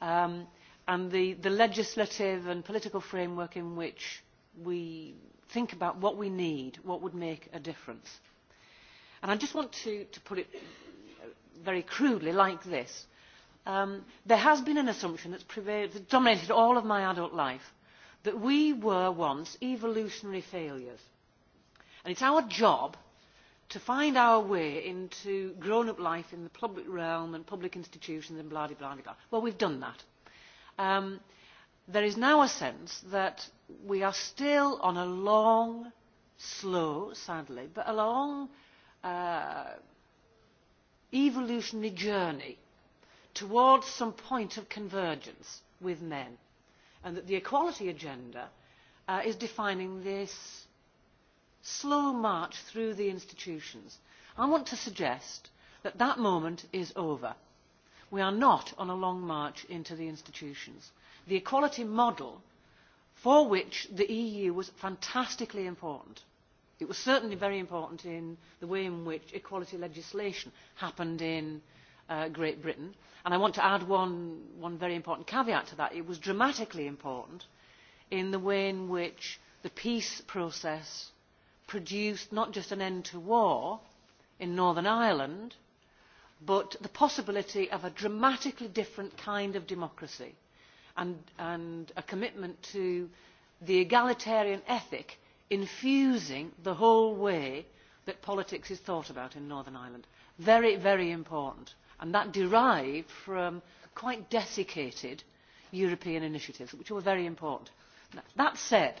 Um, and the, the legislative and political framework in which we think about what we need, what would make a difference. And I just want to, to put it very crudely like this. Um, there has been an assumption that's prevailed, that dominated all of my adult life that we were once evolutionary failures. And it's our job to find our way into grown-up life in the public realm and public institutions and blah, blah, blah, blah. Well, we've done that. Um, there is now a sense that we are still on a long, slow, sadly, but a long uh, evolutionary journey towards some point of convergence with men and that the equality agenda uh, is defining this slow march through the institutions. I want to suggest that that moment is over. We are not on a long march into the institutions. The equality model for which the EU was fantastically important. It was certainly very important in the way in which equality legislation happened in uh, Great Britain. And I want to add one, one very important caveat to that. It was dramatically important in the way in which the peace process produced not just an end to war in Northern Ireland, but the possibility of a dramatically different kind of democracy and, and a commitment to the egalitarian ethic infusing the whole way that politics is thought about in Northern Ireland. Very, very important. And that derived from quite desiccated European initiatives, which were very important. That said,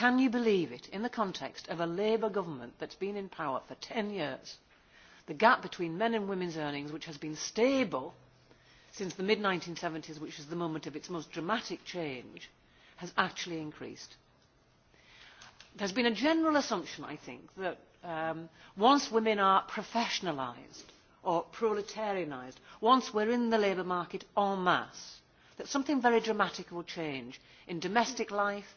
Can you believe it, in the context of a Labour government that's been in power for 10 years, the gap between men and women's earnings, which has been stable since the mid-1970s, which is the moment of its most dramatic change, has actually increased. There's been a general assumption, I think, that um, once women are professionalised or proletarianised, once we're in the labour market en masse, that something very dramatic will change in domestic life,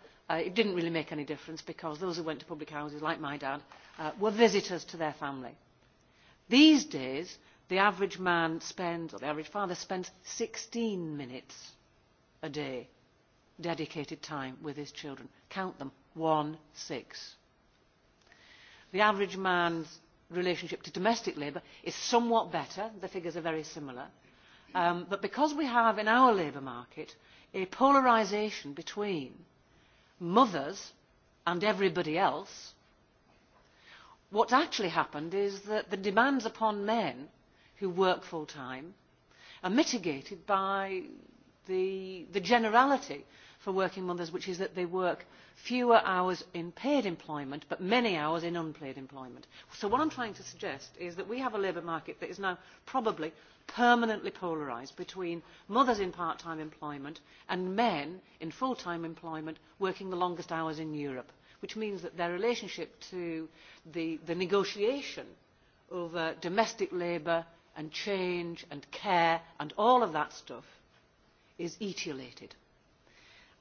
uh, it didn't really make any difference because those who went to public houses, like my dad, uh, were visitors to their family. These days, the average man spends, or the average father spends 16 minutes a day dedicated time with his children. Count them, one, six. The average man's relationship to domestic labour is somewhat better. The figures are very similar. Um, but because we have in our labour market a polarisation between mothers and everybody else, what's actually happened is that the demands upon men who work full time are mitigated by the, the generality for working mothers, which is that they work fewer hours in paid employment, but many hours in unpaid employment. So what I'm trying to suggest is that we have a labour market that is now probably permanently polarised between mothers in part-time employment and men in full-time employment working the longest hours in Europe, which means that their relationship to the, the negotiation over uh, domestic labour and change and care and all of that stuff is etiolated.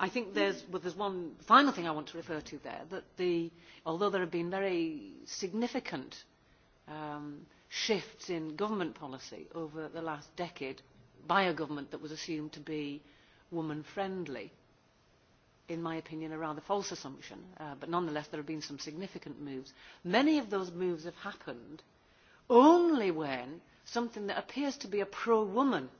I think there's, well, there's one final thing I want to refer to there, that the, although there have been very significant um, shifts in government policy over the last decade by a government that was assumed to be woman-friendly, in my opinion, a rather false assumption, uh, but nonetheless there have been some significant moves. Many of those moves have happened only when something that appears to be a pro-woman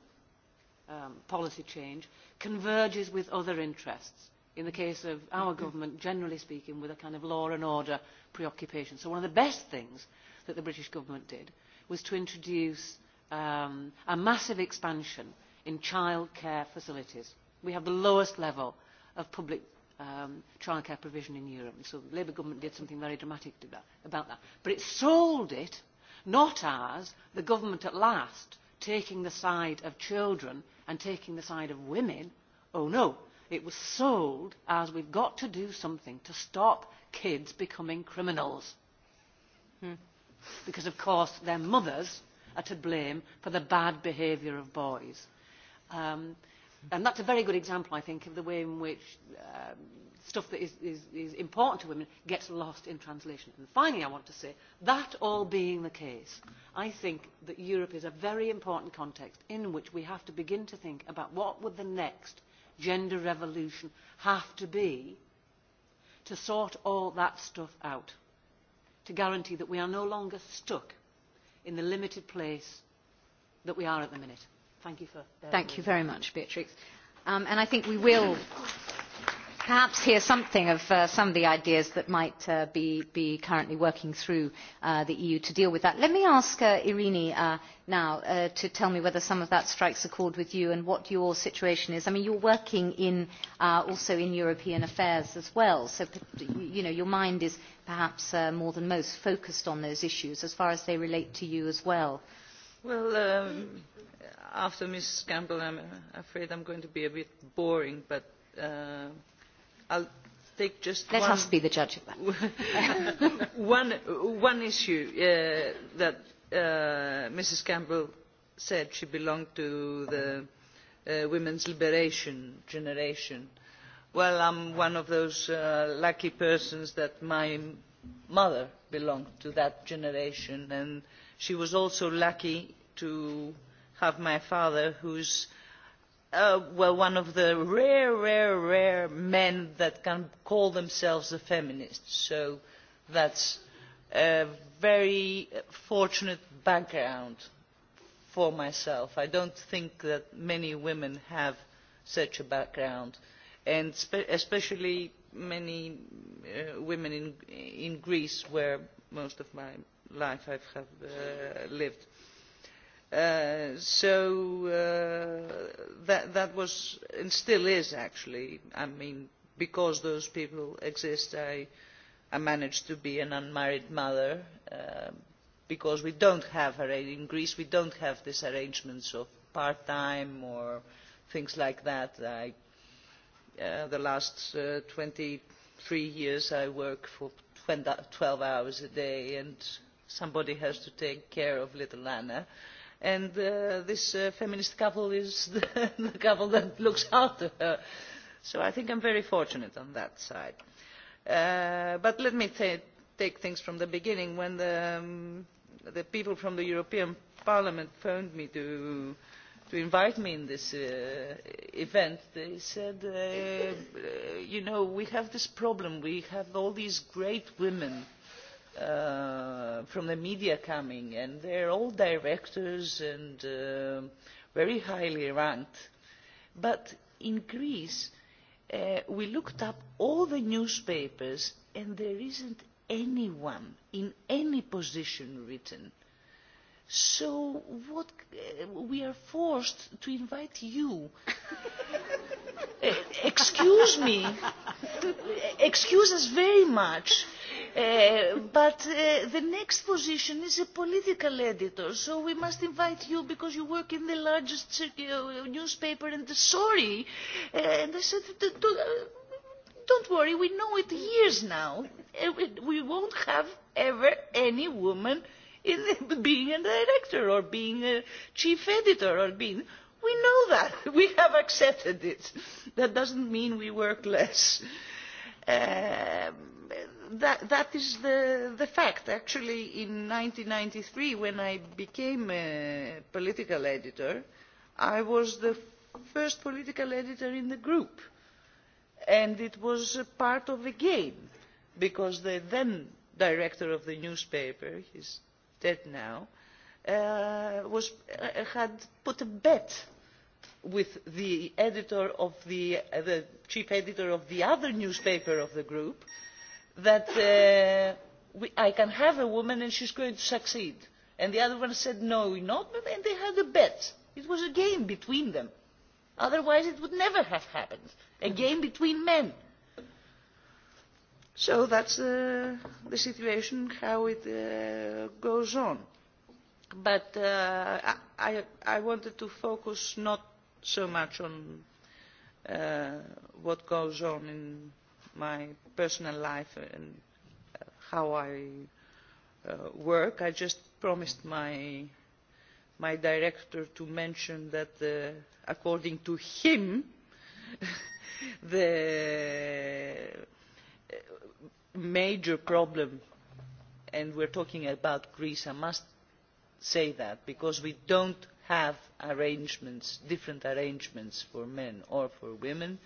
um, policy change converges with other interests. In the case of our mm-hmm. government, generally speaking, with a kind of law and order preoccupation. So one of the best things that the British government did was to introduce um, a massive expansion in childcare facilities. We have the lowest level of public um, childcare provision in Europe. So the Labour government did something very dramatic about that. But it sold it, not as the government at last taking the side of children and taking the side of women, oh no, it was sold as we've got to do something to stop kids becoming criminals. Hmm. Because of course their mothers are to blame for the bad behaviour of boys. Um, and that's a very good example, I think, of the way in which um, stuff that is, is, is important to women gets lost in translation. And finally, I want to say, that all being the case, I think that Europe is a very important context in which we have to begin to think about what would the next gender revolution have to be to sort all that stuff out, to guarantee that we are no longer stuck in the limited place that we are at the minute. Thank you for... Thank you very much, Beatrix. Um, and I think we will perhaps hear something of uh, some of the ideas that might uh, be, be currently working through uh, the EU to deal with that. Let me ask uh, Irini uh, now uh, to tell me whether some of that strikes a chord with you and what your situation is. I mean, you're working in, uh, also in European affairs as well, so you know, your mind is perhaps uh, more than most focused on those issues as far as they relate to you as well. Well, um, after Ms. Campbell, I'm afraid I'm going to be a bit boring, but... Uh, I'll take just Let one, us be the judge of that. one, one issue uh, that uh, Mrs. Campbell said she belonged to the uh, women's liberation generation. Well, I'm one of those uh, lucky persons that my mother belonged to that generation and she was also lucky to have my father who's uh, well, one of the rare, rare, rare men that can call themselves a feminist. So that's a very fortunate background for myself. I don't think that many women have such a background, and spe especially many uh, women in, in Greece, where most of my life I've have uh, lived. Uh, so uh, that, that was and still is actually, I mean, because those people exist, I, I managed to be an unmarried mother uh, because we don't have, in Greece, we don't have these arrangements of part-time or things like that. I, uh, the last uh, 23 years I work for 12 hours a day and somebody has to take care of little Anna. Uh, and uh, this uh, feminist couple is the, the couple that looks after her. So I think I'm very fortunate on that side. Uh, but let me ta take things from the beginning. When the, um, the people from the European Parliament phoned me to, to invite me in this uh, event, they said, uh, uh you know, we have this problem. We have all these great women uh, from the media coming, and they're all directors and uh, very highly ranked. But in Greece, uh, we looked up all the newspapers, and there isn't anyone in any position written. So what uh, we are forced to invite you. uh, excuse me. Excuse us very much Uh, but uh, the next position is a political editor, so we must invite you because you work in the largest uh, newspaper and the sorry. Uh, and I said, D -d uh, don't worry, we know it years now. We won't have ever any woman in the, being a director or being a chief editor or being... We know that. We have accepted it. That doesn't mean we work less. Um, that, that is the, the fact. Actually, in 1993, when I became a political editor, I was the first political editor in the group. And it was a part of a game, because the then director of the newspaper, he's dead now, uh, was, uh, had put a bet with the editor of the, uh, the chief editor of the other newspaper of the group that uh, we, I can have a woman and she's going to succeed. And the other one said, no, we're not, and they had a bet. It was a game between them. Otherwise it would never have happened. A mm-hmm. game between men. So that's uh, the situation, how it uh, goes on. But uh, I, I wanted to focus not so much on uh, what goes on in my personal life and uh, how I uh, work. I just promised my, my director to mention that uh, according to him, the uh, major problem, and we're talking about Greece, I must say that, because we don't have arrangements, different arrangements for men or for women, uh,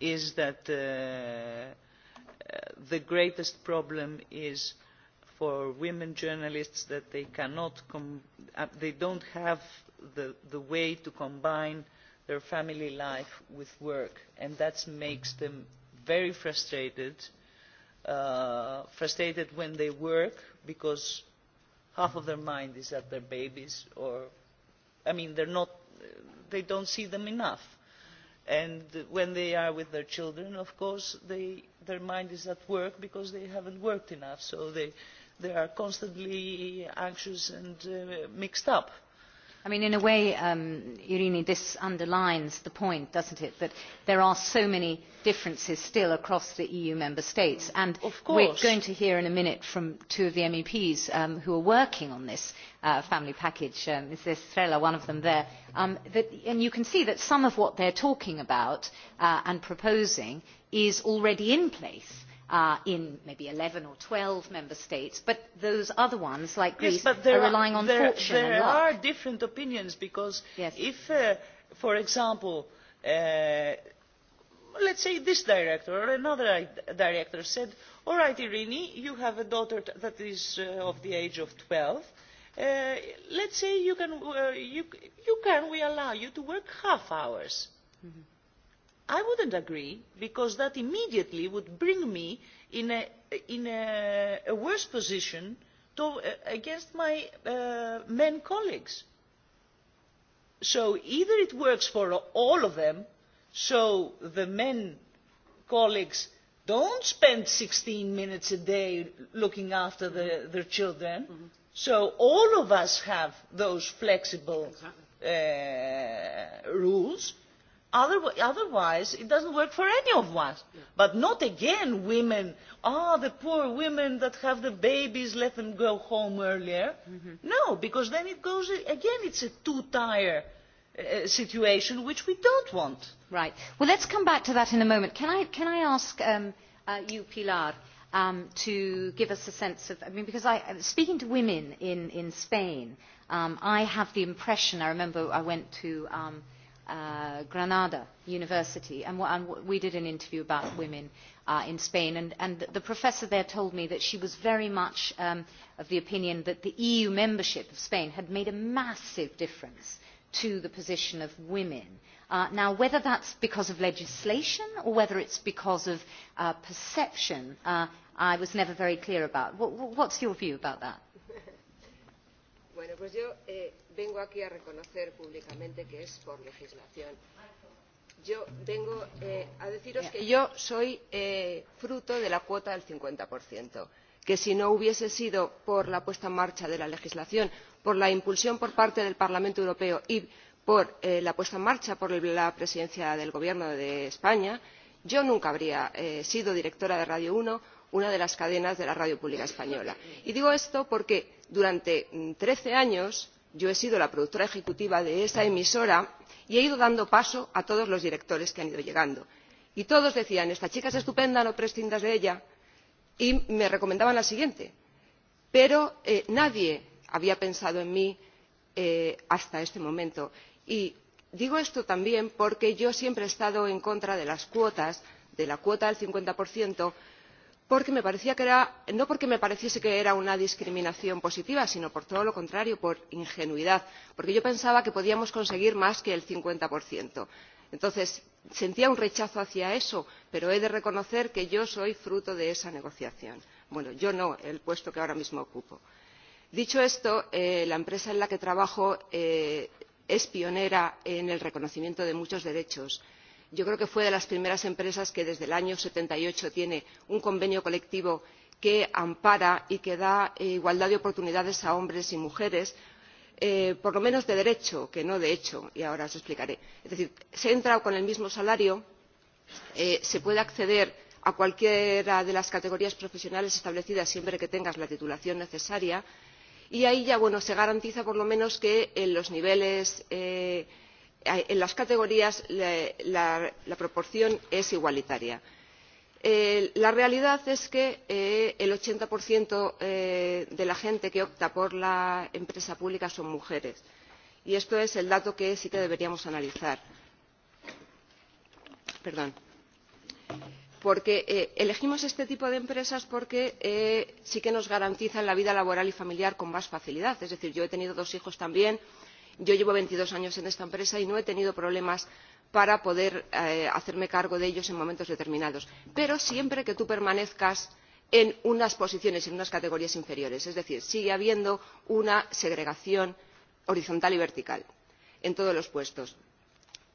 is that uh, the greatest problem is for women journalists that they cannot com uh, they don't have the, the way to combine their family life with work and that makes them very frustrated uh, frustrated when they work because half of their mind is at their babies or I mean they're not they don't see them enough and when they are with their children, of course, they, their mind is at work because they haven't worked enough, so they, they are constantly anxious and uh, mixed up. I mean, in a way, um, Irini, this underlines the point, doesn't it, that there are so many differences still across the EU member states. And of course. we're going to hear in a minute from two of the MEPs um, who are working on this uh, family package, um, uh, Ms. Estrella, one of them there. Um, that, and you can see that some of what they're talking about uh, and proposing is already in place uh, in maybe 11 or 12 member states, but those other ones, like Greece, there are relying on there, fortune there and luck. are different opinions because yes. if, uh, for example, uh, let's say this director or another director said, all right, Irini, you have a daughter that is uh, of the age of 12, uh, let's say you can, uh, you, you can, we allow you to work half hours. Mm -hmm I wouldn't agree because that immediately would bring me in a, in a, a worse position to, uh, against my uh, men colleagues. So either it works for all of them, so the men colleagues don't spend 16 minutes a day looking after the, mm-hmm. their children. Mm -hmm. So all of us have those flexible exactly. uh, rules Other, otherwise, it doesn't work for any of us. Yeah. But not again women, ah, oh, the poor women that have the babies, let them go home earlier. Mm-hmm. No, because then it goes, again, it's a two-tire uh, uh, situation, which we don't want. Right. Well, let's come back to that in a moment. Can I, can I ask um, uh, you, Pilar, um, to give us a sense of, I mean, because I, uh, speaking to women in, in Spain, um, I have the impression, I remember I went to... Um, uh, Granada University, and, w and w we did an interview about women uh, in Spain, and, and the professor there told me that she was very much um, of the opinion that the EU membership of Spain had made a massive difference to the position of women. Uh, now, whether that's because of legislation or whether it's because of uh, perception, uh, I was never very clear about. w what's your view about that? Bueno, pues yo eh, vengo aquí a reconocer públicamente que es por legislación. Yo vengo eh, a deciros que yo soy eh, fruto de la cuota del 50%, que si no hubiese sido por la puesta en marcha de la legislación, por la impulsión por parte del Parlamento Europeo y por eh, la puesta en marcha por la presidencia del Gobierno de España, yo nunca habría eh, sido directora de Radio 1 una de las cadenas de la radio pública española. Y digo esto porque durante mm, trece años Yo he sido la productora ejecutiva de esa emisora y he ido dando paso a todos los directores que han ido llegando. Y todos decían, esta chica es estupenda, no prescindas de ella. Y me recomendaban la siguiente. Pero eh, nadie había pensado en mí eh, hasta este momento. Y digo esto también porque yo siempre he estado en contra de las cuotas, de la cuota del cincuenta porque me parecía que era, no porque me pareciese que era una discriminación positiva, sino por todo lo contrario, por ingenuidad, porque yo pensaba que podíamos conseguir más que el 50%. Entonces, sentía un rechazo hacia eso, pero he de reconocer que yo soy fruto de esa negociación. Bueno, yo no, el puesto que ahora mismo ocupo. Dicho esto, eh, la empresa en la que trabajo eh, es pionera en el reconocimiento de muchos derechos yo creo que fue de las primeras empresas que desde el año setenta y ocho tiene un convenio colectivo que ampara y que da eh, igualdad de oportunidades a hombres y mujeres eh, por lo menos de derecho que no de hecho y ahora os explicaré. es decir se entra con el mismo salario eh, se puede acceder a cualquiera de las categorías profesionales establecidas siempre que tengas la titulación necesaria y ahí ya bueno, se garantiza por lo menos que en los niveles en las categorías la, la, la proporción es igualitaria. Eh, la realidad es que eh, el 80% eh, de la gente que opta por la empresa pública son mujeres. Y esto es el dato que sí que deberíamos analizar. Perdón. Porque eh, elegimos este tipo de empresas porque eh, sí que nos garantizan la vida laboral y familiar con más facilidad. Es decir, yo he tenido dos hijos también yo llevo veintidós años en esta empresa y no he tenido problemas para poder eh, hacerme cargo de ellos en momentos determinados pero siempre que tú permanezcas en unas posiciones en unas categorías inferiores es decir sigue habiendo una segregación horizontal y vertical en todos los puestos.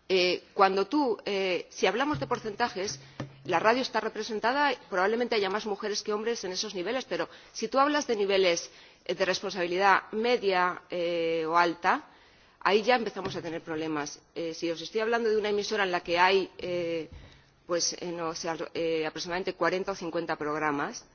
Eh, cuando tú eh, si hablamos de porcentajes la radio está representada probablemente haya más mujeres que hombres en esos niveles pero si tú hablas de niveles eh, de responsabilidad media eh, o alta ahí ya empezamos a tener problemas. Eh, si os estoy hablando de una emisora en la que hay eh, pues, eh, no, o sea, eh, aproximadamente 40 o 50 programas,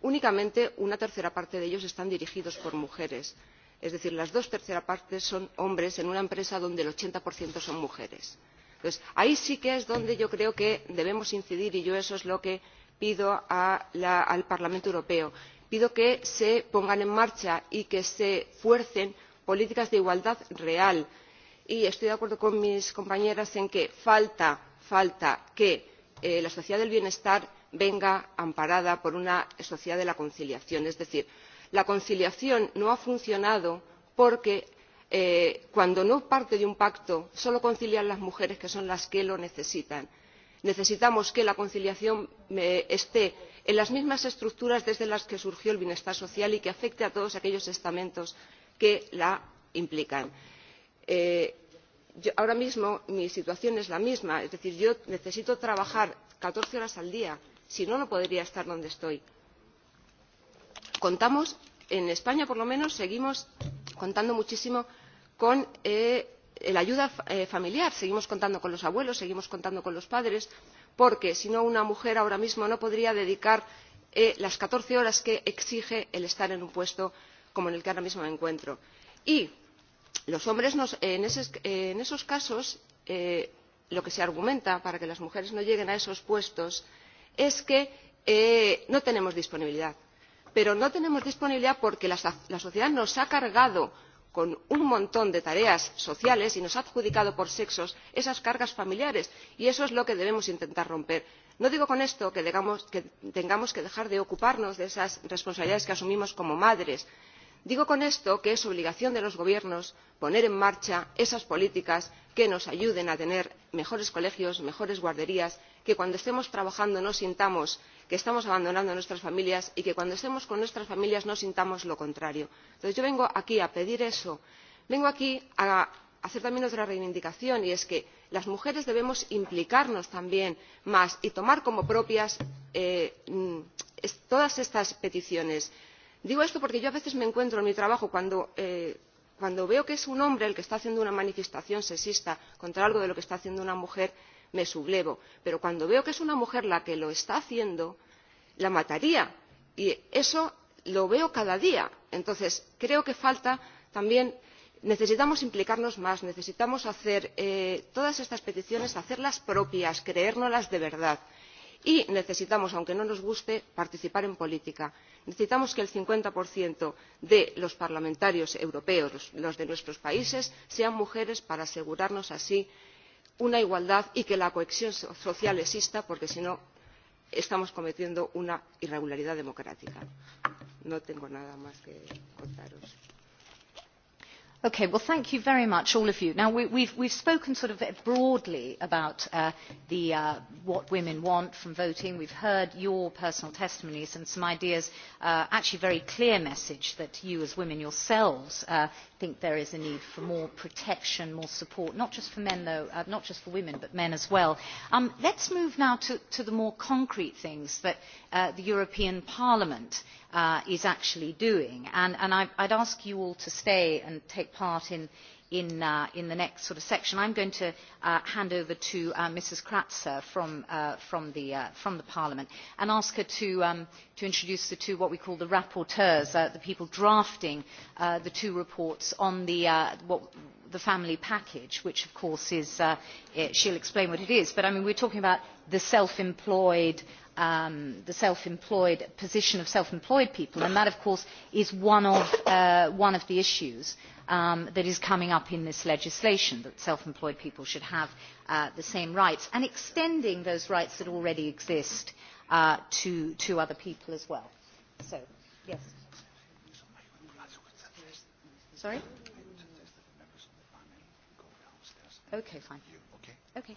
únicamente una tercera parte de ellos están dirigidos por mujeres. Es decir, las dos terceras partes son hombres en una empresa donde el 80% son mujeres. Entonces, ahí sí que es donde yo creo que debemos incidir y yo eso es lo que pido a la, al Parlamento Europeo. Pido que se pongan en marcha y que se fuercen políticas de igualdad real y estoy de acuerdo con mis compañeras en que falta, falta que eh, la sociedad del bienestar venga amparada por una sociedad de la conciliación. Es decir, la conciliación no ha funcionado porque eh, cuando no parte de un pacto solo concilian las mujeres que son las que lo necesitan. Necesitamos que la conciliación eh, esté en las mismas estructuras desde las que surgió el bienestar social y que afecte a todos aquellos estamentos que la implican. Eh, ahora mismo mi situación es la misma, es decir, yo necesito trabajar 14 horas al día, si no, no podría estar donde estoy. Contamos, en España por lo menos, seguimos contando muchísimo con eh, la ayuda eh, familiar, seguimos contando con los abuelos, seguimos contando con los padres, porque si no una mujer ahora mismo no podría dedicar eh, las 14 horas que exige el estar en un puesto como en el que ahora mismo me encuentro. Y los hombres nos, en, ese, en esos casos eh, lo que se argumenta para que las mujeres no lleguen a esos puestos es que eh, no tenemos disponibilidad. Pero no tenemos disponibilidad porque la, la sociedad nos ha cargado con un montón de tareas sociales y nos ha adjudicado por sexos esas cargas familiares y eso es lo que debemos intentar romper. no digo con esto que, digamos, que tengamos que dejar de ocuparnos de esas responsabilidades que asumimos como madres digo con esto que es obligación de los gobiernos poner en marcha esas políticas que nos ayuden a tener mejores colegios mejores guarderías que cuando estemos trabajando no sintamos que estamos abandonando a nuestras familias y que cuando estemos con nuestras familias no sintamos lo contrario. entonces yo vengo aquí a pedir eso vengo aquí a hacer también otra reivindicación y es que las mujeres debemos implicarnos también más y tomar como propias eh, mm, todas estas peticiones digo esto porque yo a veces me encuentro en mi trabajo cuando, eh, cuando veo que es un hombre el que está haciendo una manifestación sexista contra algo de lo que está haciendo una mujer me sublevo pero cuando veo que es una mujer la que lo está haciendo la mataría y eso lo veo cada día entonces creo que falta también necesitamos implicarnos más necesitamos hacer eh, todas estas peticiones hacerlas propias creérnoslas de verdad y necesitamos, aunque no nos guste, participar en política. Necesitamos que el cincuenta de los parlamentarios europeos, los de nuestros países, sean mujeres para asegurarnos así una igualdad y que la cohesión social exista, porque si no estamos cometiendo una irregularidad democrática. No tengo nada más que contaros. Okay, well, thank you very much, all of you. Now, we, we've, we've spoken sort of broadly about uh, the, uh, what women want from voting. We've heard your personal testimonies and some ideas, uh, actually very clear message that you as women yourselves uh, think there is a need for more protection, more support, not just for men, though, uh, not just for women, but men as well. Um, let's move now to, to the more concrete things that uh, the European Parliament uh, is actually doing. And, and I, I'd ask you all to stay and take part in, in, uh, in the next sort of section. I'm going to uh, hand over to uh, Mrs. Kratzer from, uh, from, the, uh, from the Parliament and ask her to, um, to introduce the two, what we call the rapporteurs, uh, the people drafting uh, the two reports on the, uh, what, the family package, which of course is, uh, it, she'll explain what it is, but I mean we're talking about the self-employed, um, the self-employed position of self-employed people, and that, of course, is one of, uh, one of the issues um, that is coming up in this legislation, that self-employed people should have uh, the same rights, and extending those rights that already exist uh, to, to other people as well. So, yes. Sorry? Okay, fine. Okay. okay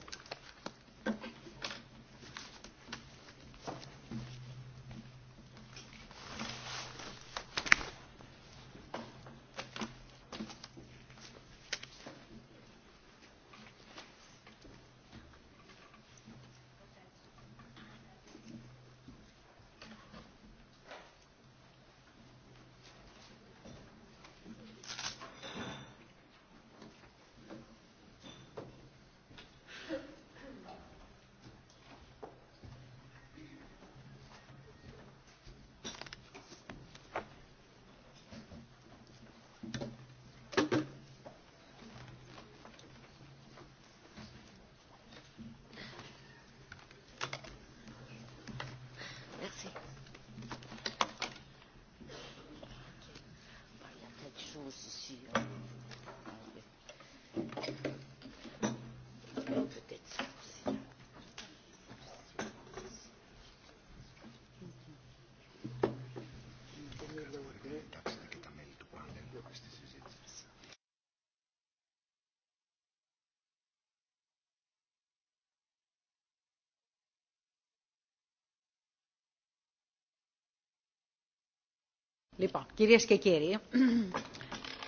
Λοιπόν, κυρίες και κύριοι,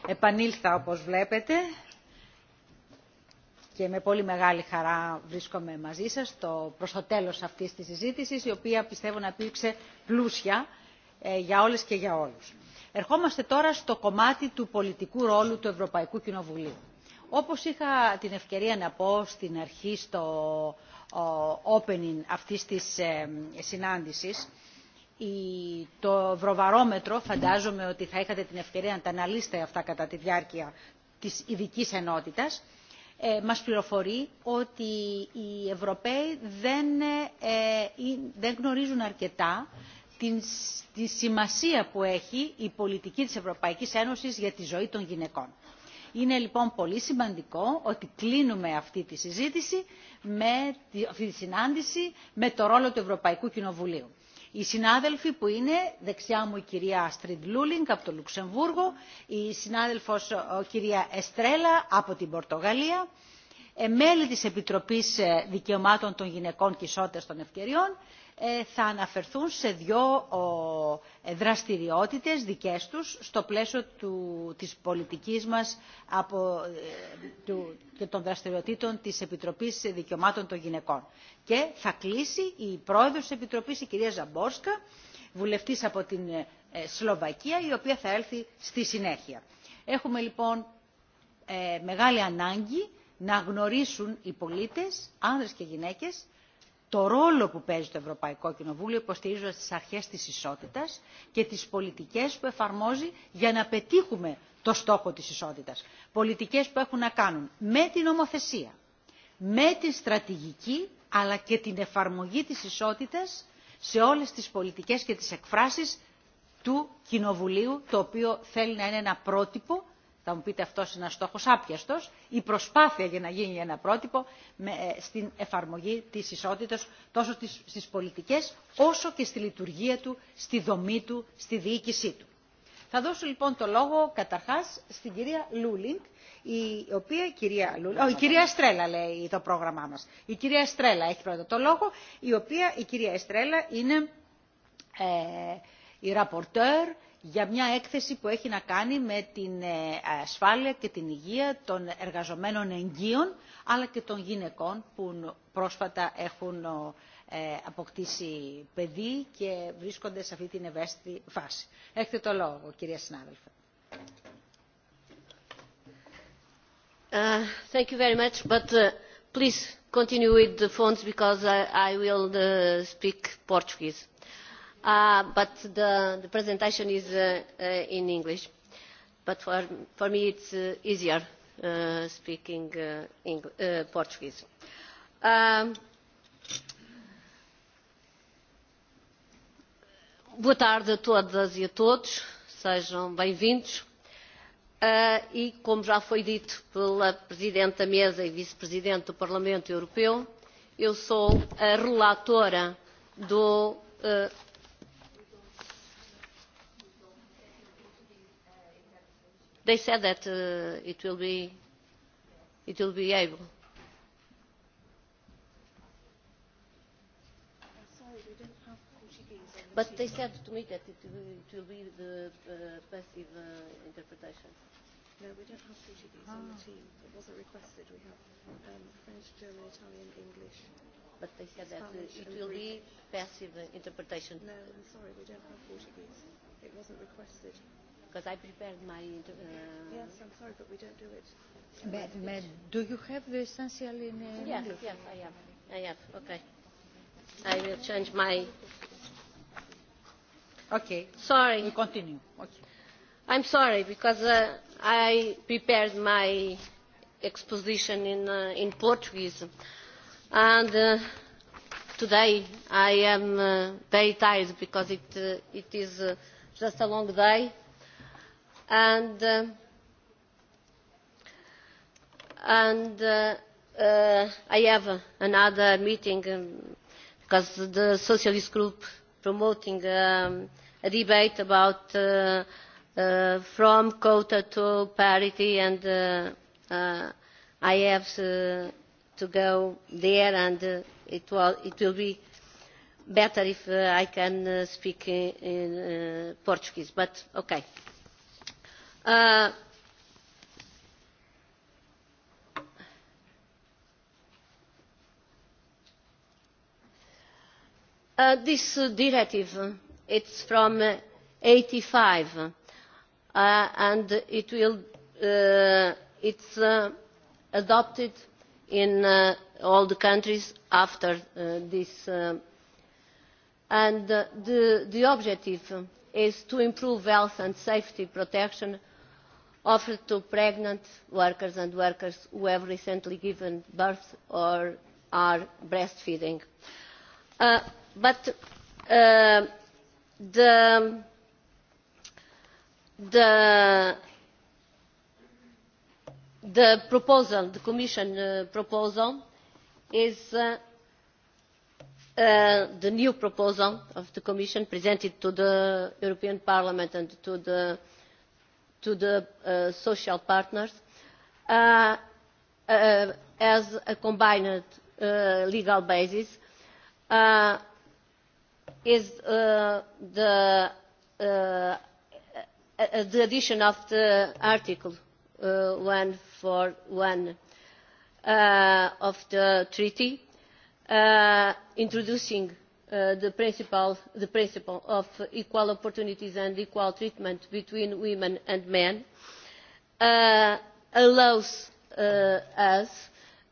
επανήλθα όπως βλέπετε και με πολύ μεγάλη χαρά βρίσκομαι μαζί σας το, προς το τέλος αυτής της συζήτησης, η οποία πιστεύω να πήξε πλούσια ε, για όλες και για όλους. Ερχόμαστε τώρα στο κομμάτι του πολιτικού ρόλου του Ευρωπαϊκού Κοινοβουλίου. Όπως είχα την ευκαιρία να πω στην αρχή στο ο, opening αυτής της ε, συνάντησης, το Ευρωβαρόμετρο, φαντάζομαι ότι θα είχατε την ευκαιρία να τα αναλύσετε αυτά κατά τη διάρκεια της ειδική ενότητας, ε, μας πληροφορεί ότι οι Ευρωπαίοι δεν, ε, δεν γνωρίζουν αρκετά την, τη σημασία που έχει η πολιτική της Ευρωπαϊκής Ένωσης για τη ζωή των γυναικών. Είναι λοιπόν πολύ σημαντικό ότι κλείνουμε αυτή τη συζήτηση, με, αυτή τη συνάντηση με το ρόλο του Ευρωπαϊκού Κοινοβουλίου. Οι συνάδελφοι που είναι, δεξιά μου η κυρία Αστριντ Λούλινγκ από το Λουξεμβούργο, η συνάδελφος ο κυρία Εστρέλα από την Πορτογαλία, μέλη της Επιτροπής Δικαιωμάτων των Γυναικών και Ισότητας των Ευκαιριών θα αναφερθούν σε δύο δραστηριότητες δικές τους στο πλαίσιο του, της πολιτικής μας από, του, και των δραστηριοτήτων της Επιτροπής Δικαιωμάτων των Γυναικών. Και θα κλείσει η πρόεδρος της Επιτροπής, η κυρία Ζαμπόρσκα, βουλευτής από την Σλοβακία, η οποία θα έλθει στη συνέχεια. Έχουμε λοιπόν ε, μεγάλη ανάγκη να γνωρίσουν οι πολίτες, άνδρες και γυναίκες, το ρόλο που παίζει το Ευρωπαϊκό Κοινοβούλιο υποστηρίζω στις αρχές της ισότητας και τις πολιτικές που εφαρμόζει για να πετύχουμε το στόχο της ισότητας. Πολιτικές που έχουν να κάνουν με την ομοθεσία, με την στρατηγική αλλά και την εφαρμογή της ισότητας σε όλες τις πολιτικές και τις εκφράσεις του Κοινοβουλίου, το οποίο θέλει να είναι ένα πρότυπο θα μου πείτε αυτός είναι ένας στόχος άπιαστος, η προσπάθεια για να γίνει ένα πρότυπο με, ε, στην εφαρμογή της ισότητας τόσο στις, στις πολιτικές όσο και στη λειτουργία του, στη δομή του, στη διοίκησή του. Θα δώσω λοιπόν το λόγο καταρχάς στην κυρία Λούλινγκ, η οποία κυρία, Λούλινγκ, η κυρία Στρέλα λέει το πρόγραμμά μας. Η κυρία Στρέλα έχει πρώτα το λόγο, η οποία η κυρία Στρέλα είναι ε, η ραπορτέρ για μια έκθεση που έχει να κάνει με την ασφάλεια και την υγεία των εργαζομένων εγγύων αλλά και των γυναικών που πρόσφατα έχουν αποκτήσει παιδί και βρίσκονται σε αυτή την ευαίσθητη φάση. Έχετε το λόγο, κυρία συνάδελφε. Uh, thank you very much, but uh, please continue with the phones because I, I will uh, speak Portuguese. Uh, but the, the presentation is uh, uh, in English. But for, for me it's uh, easier uh, speaking uh, uh, Portuguese. Um, boa tarde a todas e a todos, sejam bem-vindos. Uh, e, como já foi dito pela Presidente da Mesa e Vice-Presidente do Parlamento Europeu, eu sou a relatora do uh, They said that uh, it, will be, it will be able. But they said to me that it will, it will be the uh, passive uh, interpretation. No, we don't have Portuguese ah. on the ah. team. It wasn't requested. We have um, French, German, Italian, English. But they said Spanish that uh, it will Greek. be passive uh, interpretation. No, I'm sorry, we don't have Portuguese. It wasn't requested because I prepared my... Uh, yes, I'm sorry, but we don't do it. But, but do you have the essential in uh, Yes, English? yes, I have. I have, okay. I will change my... Okay. Sorry. We continue. Okay. I'm sorry, because uh, I prepared my exposition in, uh, in Portuguese. And... Uh, today I am uh, very tired because it, uh, it is uh, just a long day and uh, and uh, uh, I have another meeting um, because the socialist group promoting um, a debate about uh, uh, from quota to parity and uh, uh, I have uh, to go there and uh, it, will, it will be better if uh, I can uh, speak in, in uh, Portuguese, but okay. Uh, Uh, this uh, directive, it's from uh, 85, uh, and it will, uh, it's uh, adopted in uh, all the countries after uh, this. Uh, and uh, the, the objective is to improve health and safety protection offered to pregnant workers and workers who have recently given birth or are breastfeeding. Uh, but uh, the, the, the proposal, the Commission uh, proposal, is uh, uh, the new proposal of the Commission presented to the European Parliament and to the to the uh, social partners uh, uh, as a combined uh, legal basis uh, is uh, the, uh, uh, the addition of the Article uh, 141 uh, of the treaty uh, introducing Uh, the principle, the principle of equal opportunities and equal treatment between women and men uh, allows uh, us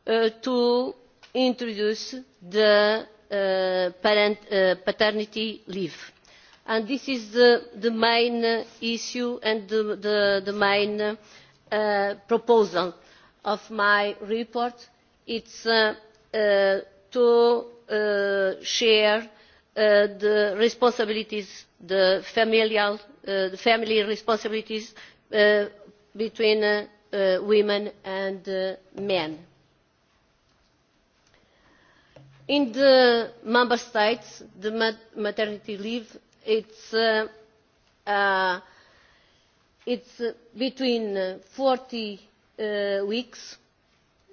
uh, to introduce the uh, parent, uh, paternity leave. And this is the, the main issue and the, the, the main uh, proposal of my report. It's uh, uh, to uh, share uh, the responsibilities, the familial, uh, the family responsibilities uh, between uh, uh, women and uh, men. In the member states, the mat maternity leave, it's, uh, uh, it's uh, between 40 uh, weeks,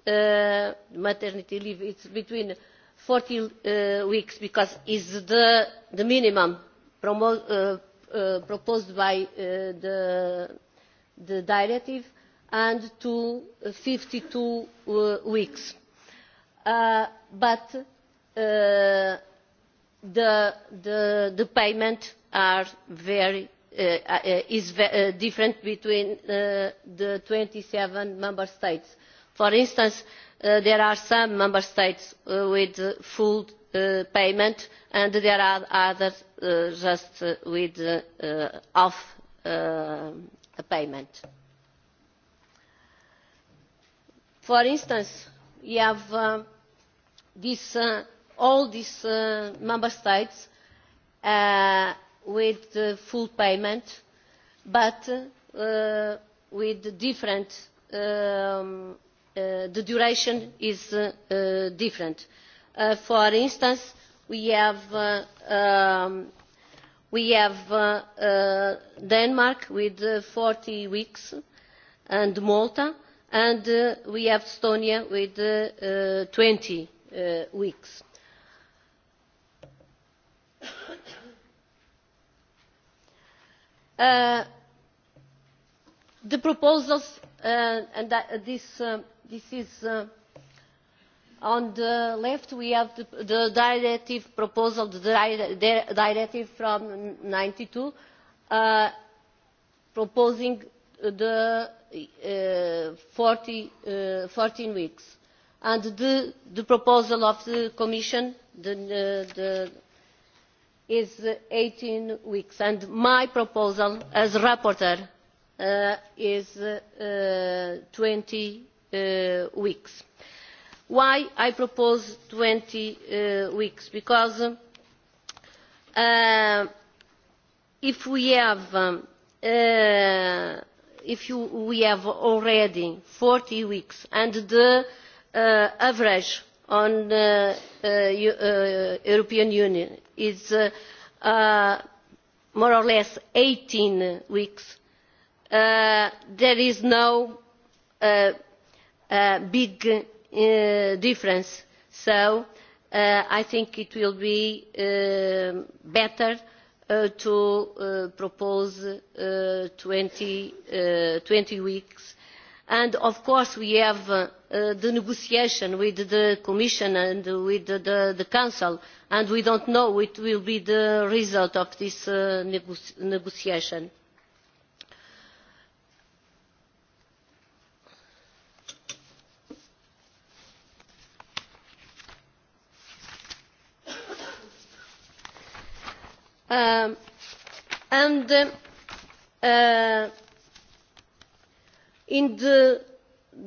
uh, maternity leave, it's between fourteen uh, weeks because is the, the minimum promo, uh, uh, proposed by uh, the, the directive and to 52 uh, weeks. Uh, but uh, the, the, the payment are very, uh, uh, is ve uh, different between uh, the 27 member states For instance, uh, there are some member states uh, with uh, full uh, payment and there are others uh, just uh, with uh, off uh, payment. For instance, you have uh, this, uh, all these uh, member states uh, with uh, full payment, but uh, with different um, Uh, the duration is uh, uh, different. Uh, for instance, we have, uh, um, we have uh, uh, Denmark with uh, 40 weeks and Malta, and uh, we have Estonia with uh, uh, 20 uh, weeks. Uh, the proposals, uh, and that, uh, this uh, This is uh, on the left we have the, the directive proposal, the directive from 92, uh, proposing the uh, 40, uh, 14 weeks. And the, the proposal of the Commission the, uh, the, is 18 weeks. And my proposal as rapporteur uh, is uh, uh, 20 uh, weeks. Why I propose 20 uh, weeks? Because uh, if we have, um, uh, if you, we have already 40 weeks and the uh, average on uh, uh, uh, European Union is uh, uh, more or less 18 weeks, uh, there is no uh, uh, big uh, difference. So uh, I think it will be uh, better uh, to uh, propose uh, 20, uh, 20 weeks. And of course we have uh, uh, the negotiation with the Commission and with the, the, the Council and we don't know what will be the result of this uh, nego negotiation. Um, and uh, uh, in the,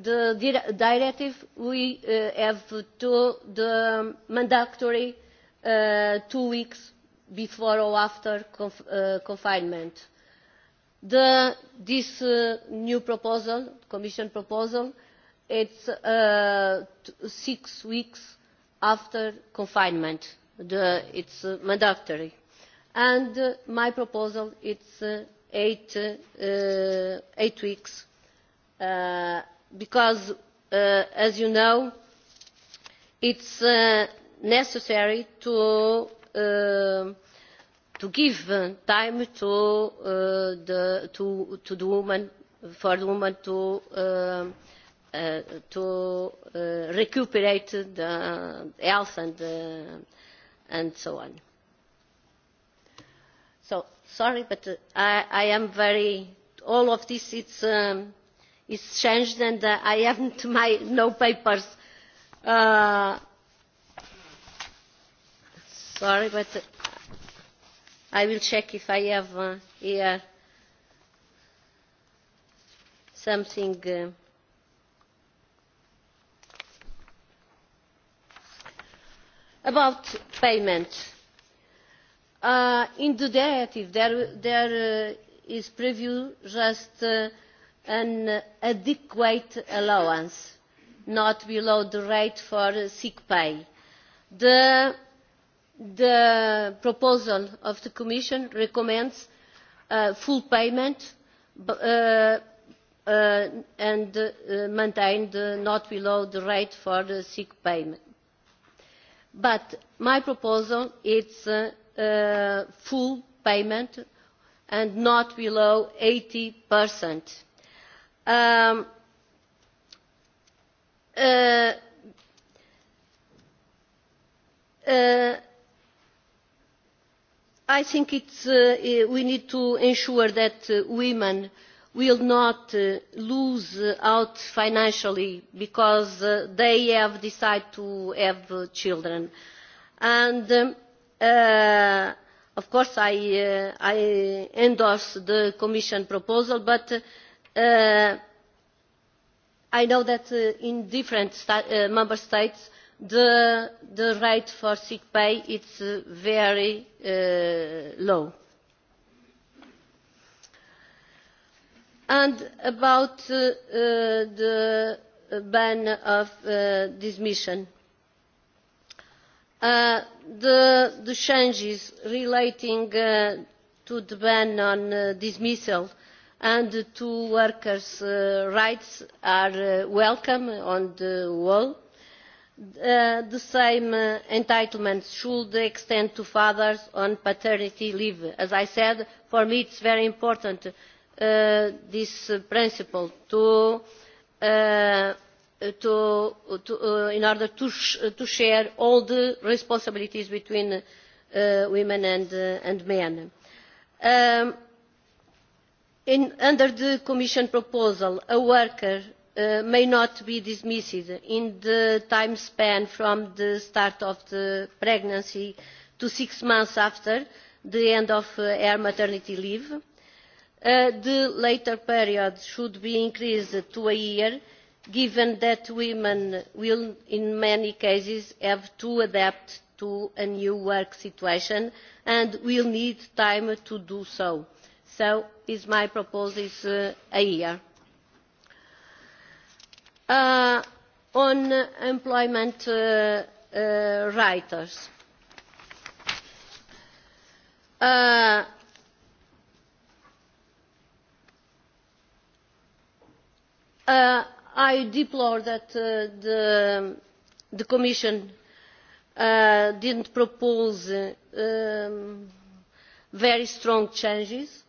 the directive, we uh, have to the mandatory uh, two weeks before or after conf uh, confinement. The, this uh, new proposal, Commission proposal, it's uh, six weeks after confinement. The, it's uh, mandatory and uh, my proposal is uh, eight, uh, eight weeks uh, because, uh, as you know, it's uh, necessary to, uh, to give uh, time to, uh, the, to, to the woman, for the woman to, uh, uh, to uh, recuperate the health and, uh, and so on sorry, but uh, I, I am very, all of this it's, um, it's changed and uh, I haven't my, no papers. Uh, sorry, but uh, I will check if I have uh, here something. Uh, about payment. Uh, in the directive, there, there uh, is preview just uh, an adequate allowance, not below the rate for sick pay. The, the proposal of the Commission recommends uh, full payment uh, uh, and uh, maintained uh, not below the rate for the sick payment. But my proposal is uh, uh, full payment and not below 80%. Um, uh, uh, I think it's, uh, we need to ensure that uh, women will not uh, lose out financially because uh, they have decided to have uh, children. And um, Uh, of course, I, uh, I endorse the Commission proposal, but uh, I know that uh, in different sta uh, member states, the, the rate for sick pay is uh, very uh, low. And about uh, uh, the ban of uh, dismission. mission Uh, the, the changes relating uh, to the ban on uh, dismissal and to workers' uh, rights are uh, welcome on the wall. Uh, the same uh, entitlements should extend to fathers on paternity leave. As I said, for me it's very important uh, this uh, principle to uh, to, to, uh, in order to, sh to share all the responsibilities between uh, women and, uh, and men. Um, in, under the Commission proposal, a worker uh, may not be dismissed in the time span from the start of the pregnancy to six months after the end of uh, her maternity leave. Uh, the later period should be increased to a year given that women will in many cases have to adapt to a new work situation and will need time to do so. So is my proposal is uh, a year. Uh, on employment uh, uh, writers. Uh, uh, I deplore that uh, the, the Commission uh, didn't propose uh, um, very strong changes.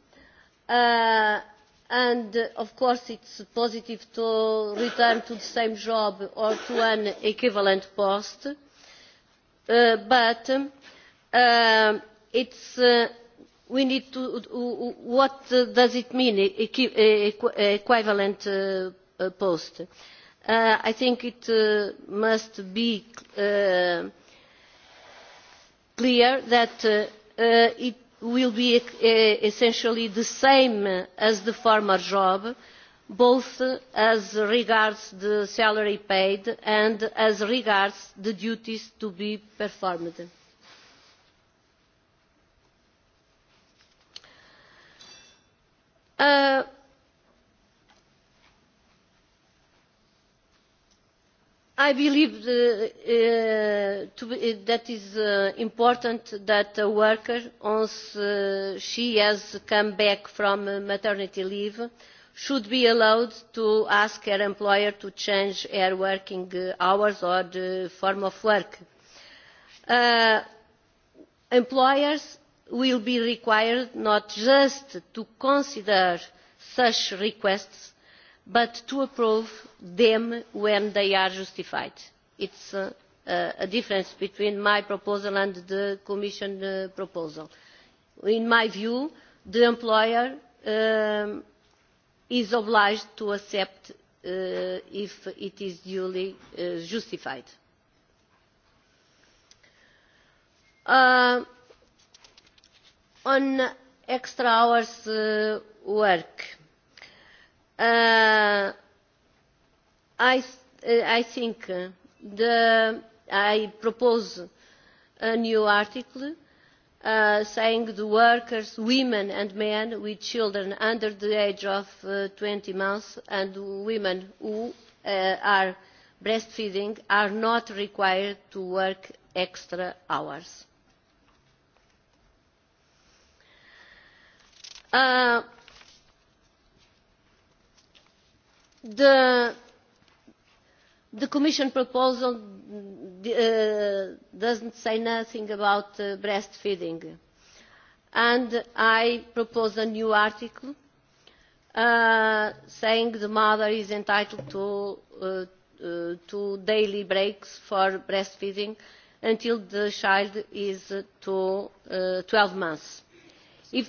Uh, and uh, of course it's positive to return to the same job or to an equivalent post. Uh, but um, uh, it's, uh, we need to, uh, what does it mean, equ equivalent uh, uh, post. Uh, I think it uh, must be uh, clear that uh, uh, it will be uh, essentially the same as the former job, both as regards the salary paid and as regards the duties to be performed. Uh, I believe the, uh, to, be, uh, that is uh, important that a worker, once uh, she has come back from uh, maternity leave, should be allowed to ask her employer to change her working uh, hours or the form of work. Uh, employers will be required not just to consider such requests but to approve them when they are justified. It is uh, uh, a difference between my proposal and the Commission uh, proposal. In my view, the employer um, is obliged to accept uh, if it is duly uh, justified. Uh, on extra hours uh, work, Uh, I, uh, I think uh, the, I propose a new article uh, saying the workers, women and men with children under the age of uh, 20 months and women who uh, are breastfeeding are not required to work extra hours. Uh, the, the Commission proposal uh, doesn't say nothing about uh, breastfeeding. And I propose a new article uh, saying the mother is entitled to, uh, uh, to daily breaks for breastfeeding until the child is uh, to uh, 12 months. If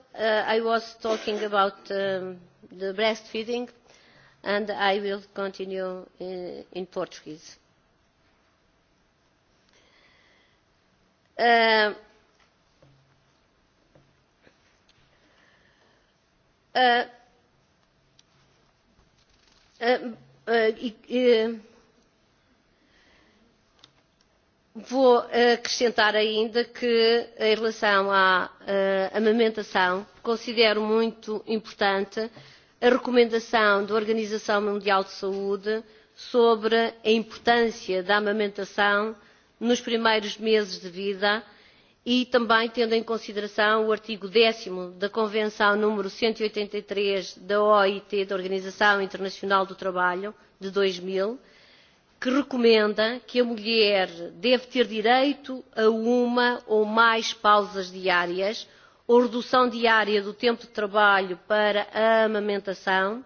uh, I was talking about um, the breastfeeding and I will continue in, uh, in Portuguese. Uh, uh, uh, uh, uh, uh Vou eh, acrescentar ainda que, em relação à uh, amamentação, considero muito importante a recomendação da Organização Mundial de Saúde sobre a importância da amamentação nos primeiros meses de vida e também tendo em consideração o artigo 10 da Convenção número 183 e e da OIT, da Organização Internacional do Trabalho, de 2000, que recomenda que a mulher deve ter direito a uma ou mais pausas diárias ou redução diária do tempo de trabalho para a amamentação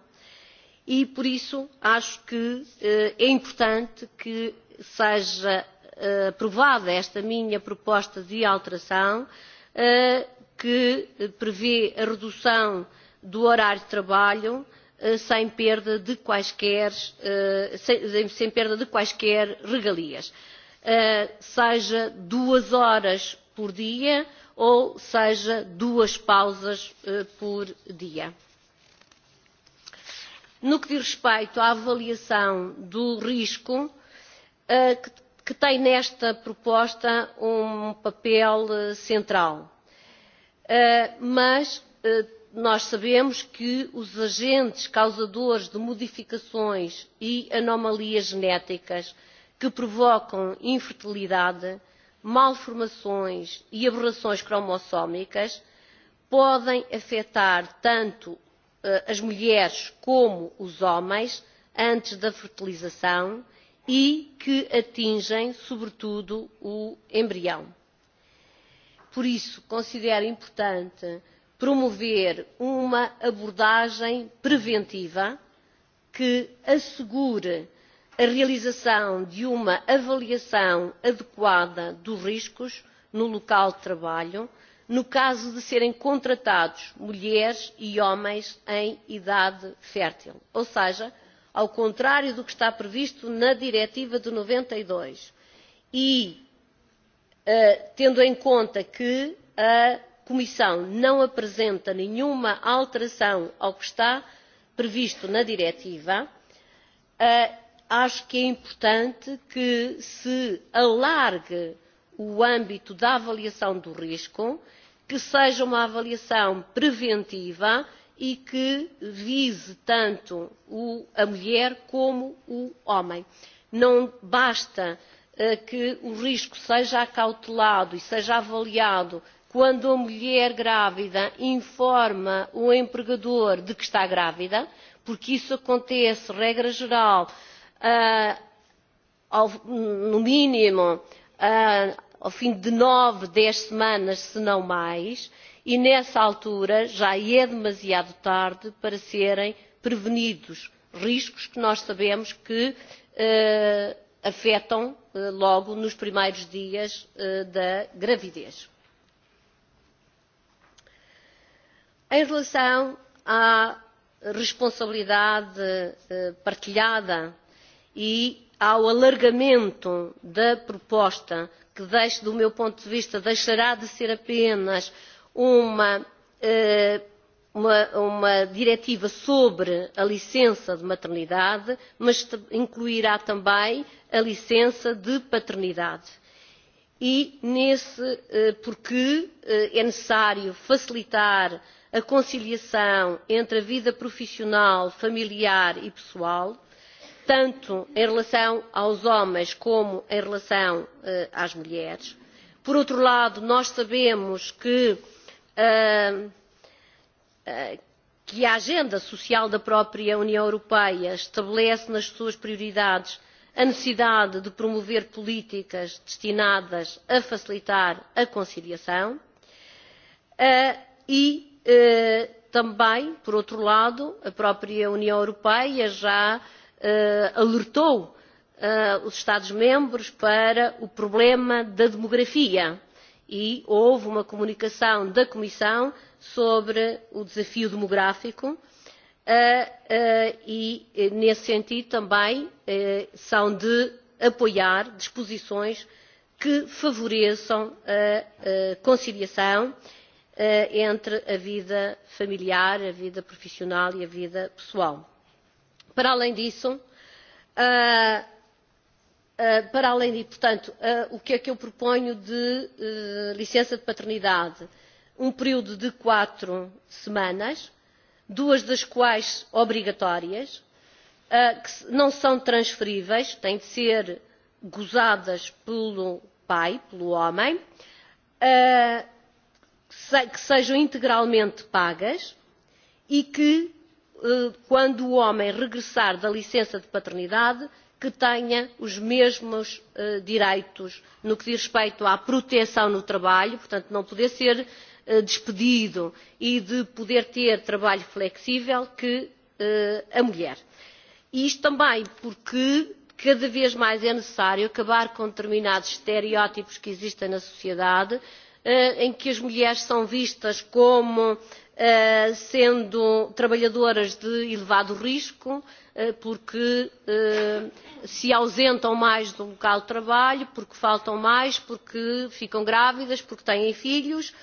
e, por isso, acho que eh, é importante que seja eh, aprovada esta minha proposta de alteração eh, que eh, prevê a redução do horário de trabalho Eh, sem perda de quaisquer, eh, sem, sem perda de quaisquer regalias, eh, seja duas horas por dia ou seja duas pausas por dia. No que diz respeito à avaliação do risco, que tem nesta proposta um papel central, mas nós sabemos que os agentes causadores de modificações e anomalias genéticas que provocam infertilidade, malformações e aberrações cromossómicas podem afetar tanto eh, as mulheres como os homens antes da fertilização e que atingem, sobretudo, o embrião. Por isso, considero importante promover uma abordagem preventiva que assegure a realização de uma avaliação adequada dos riscos no local de trabalho, no caso de serem contratados mulheres e homens em idade fértil. Ou seja, ao contrário do que está previsto na Diretiva de 92 e uh, tendo em conta que a comissão não apresenta nenhuma alteração ao que está previsto na diretiva, eh, acho que é importante que se alargue o âmbito da avaliação do risco, que seja uma avaliação preventiva e que vise tanto o, a mulher como o homem. Não basta uh, que o risco seja acautelado e seja avaliado quando a mulher grávida informa o empregador de que está grávida, porque isso acontece, regra geral, uh, ao, no mínimo uh, ao fim de nove, dez semanas, se não mais, e nessa altura já é demasiado tarde para serem prevenidos riscos que nós sabemos que uh, afetam uh, logo nos primeiros dias uh, da gravidez. Em relação à responsabilidade eh, partilhada e ao alargamento da proposta, que deixe, do meu ponto de vista, deixará de ser apenas uma, eh, uma, uma diretiva sobre a licença de maternidade, mas incluirá também a licença de paternidade. E nesse, eh, porque é necessário facilitar a conciliação entre a vida profissional, familiar e pessoal, tanto em relação aos homens como em relação uh, às mulheres. Por outro lado, nós sabemos que, uh, uh, que a agenda social da própria União Europeia estabelece nas suas prioridades a necessidade de promover políticas destinadas a facilitar a conciliação uh, e Eh, também, por outro lado, a própria União Europeia já eh, alertou eh, os Estados-membros para o problema da demografia e houve uma comunicação da Comissão sobre o desafio demográfico e, nesse sentido, também são de apoiar disposições que favoreçam a conciliação Eh, entre a vida familiar, a vida profissional e a vida pessoal. Para além disso, eh, eh, para além de, portanto, o que é que eu proponho de licença de paternidade? Um período de quatro semanas, duas das quais obrigatórias, que não são transferíveis, têm de ser gozadas pelo pai, pelo homem, que sejam integralmente pagas e que, eh, quando o homem regressar da licença de paternidade, que tenha os mesmos eh, direitos no que diz respeito à proteção no trabalho, portanto não poder ser eh, despedido e de poder ter trabalho flexível que a mulher. E isto também porque cada vez mais é necessário acabar com determinados estereótipos que existem na sociedade Eh, em que as mulheres são vistas como eh, sendo trabalhadoras de elevado risco, eh, porque se ausentam mais do local de trabalho, porque faltam mais, porque ficam grávidas, porque têm filhos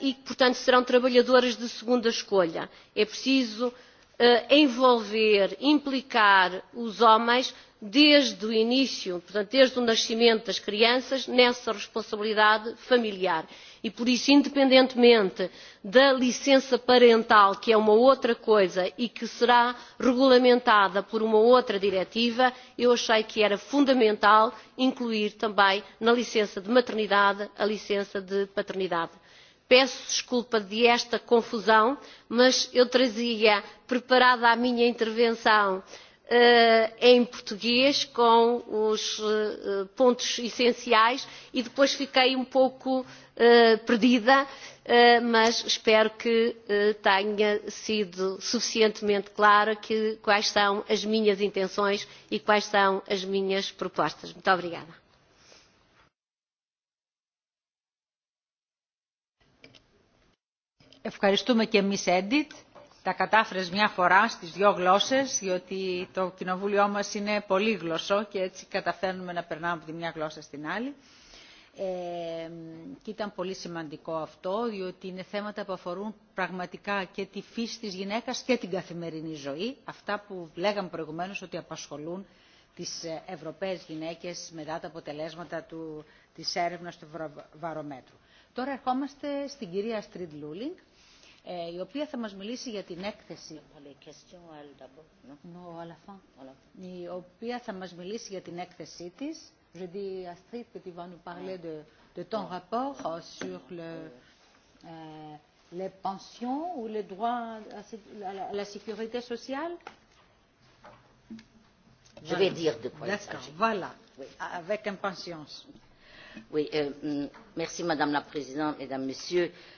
e que, portanto, serão trabalhadoras de segunda escolha. É preciso envolver, implicar os homens desde o início, portanto, desde o nascimento das crianças, nessa responsabilidade familiar. E por isso, independentemente da licença parental, que é uma outra coisa e que será regulamentada por uma outra diretiva, eu achei que era fundamental incluir também na licença de maternidade a licença de paternidade. Peço desculpa de esta confusão, mas eu trazia preparada a minha intervenção uh, Eh, em português com os eh, pontos essenciais e depois fiquei um pouco eh, perdida, mas espero que tenha sido suficientemente clara que, quais são as minhas intenções e quais são as minhas propostas. Muito obrigada. Ευχαριστούμε και εμείς, Edith τα κατάφερες μια φορά στις δύο γλώσσες, διότι το κοινοβούλιο μας είναι πολύγλωσσο και έτσι καταφέρνουμε να περνάμε από τη μια γλώσσα στην άλλη. Ε, και ήταν πολύ σημαντικό αυτό, διότι είναι θέματα που αφορούν πραγματικά και τη φύση της γυναίκας και την καθημερινή ζωή, αυτά που λέγαμε προηγουμένως ότι απασχολούν τις Ευρωπαίες γυναίκες μετά τα αποτελέσματα του, της έρευνας του βαρομέτρου. Τώρα ερχόμαστε στην κυρία Στριντ Λούλινγκ, η οποία θα μας μιλήσει για την έκθεση. No, à la fin. Η οποία θα μας μιλήσει για την έκθεσή της. Je dis Astrid que tu vas nous parler de, de ton rapport euh, sur le, euh, les pensions ou les droits à, à, la, à la sécurité sociale. Je vais dire de quoi il Voilà, oui. avec impatience. Oui, euh, mm, merci Madame la Présidente, Mesdames, Messieurs. Euh,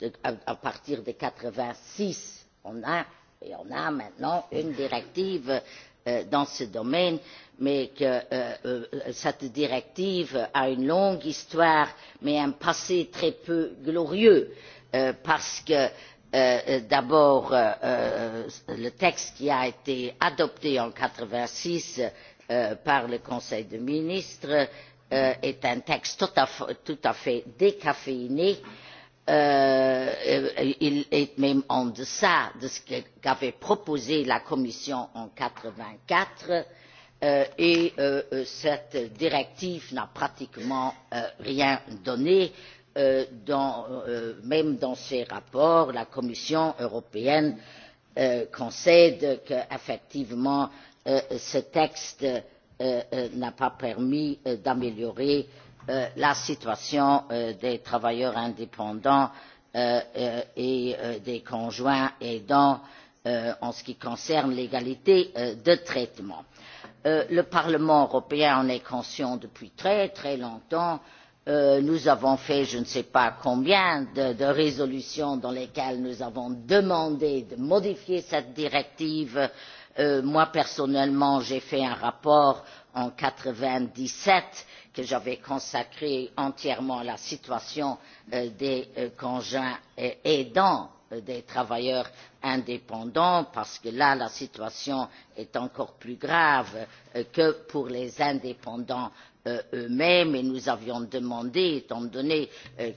de, à, à partir de 86, on a, et on a maintenant une directive euh, dans ce domaine, mais que euh, euh, cette directive a une longue histoire, mais un passé très peu glorieux, euh, parce que euh, d'abord euh, euh le texte qui a été adopté en 86 euh, par le Conseil des ministres euh, est un texte tout à, tout à fait décaféiné, euh, Euh, euh, il est même en deçà de ce qu'avait proposé la Commission en 1984 euh, et euh, euh, cette directive n'a pratiquement euh, rien donné. Euh, dans, euh, même dans ses rapports, la Commission européenne euh, concède qu'effectivement euh, ce texte euh, euh, n'a pas permis euh, d'améliorer euh, Euh, la situation euh, des travailleurs indépendants euh, euh, et euh, des conjoints aidants euh, en ce qui concerne l'égalité euh, de traitement. Euh, le Parlement européen en est conscient depuis très très longtemps. Euh, nous avons fait je ne sais pas combien de, de résolutions dans lesquelles nous avons demandé de modifier cette directive. Euh, moi personnellement j'ai fait un rapport en quatre vingt dix que j'avais consacré entièrement à la situation euh, des euh, conjoints euh, aidants des travailleurs indépendants parce que là la situation est encore plus grave que pour les indépendants eux-mêmes et nous avions demandé étant donné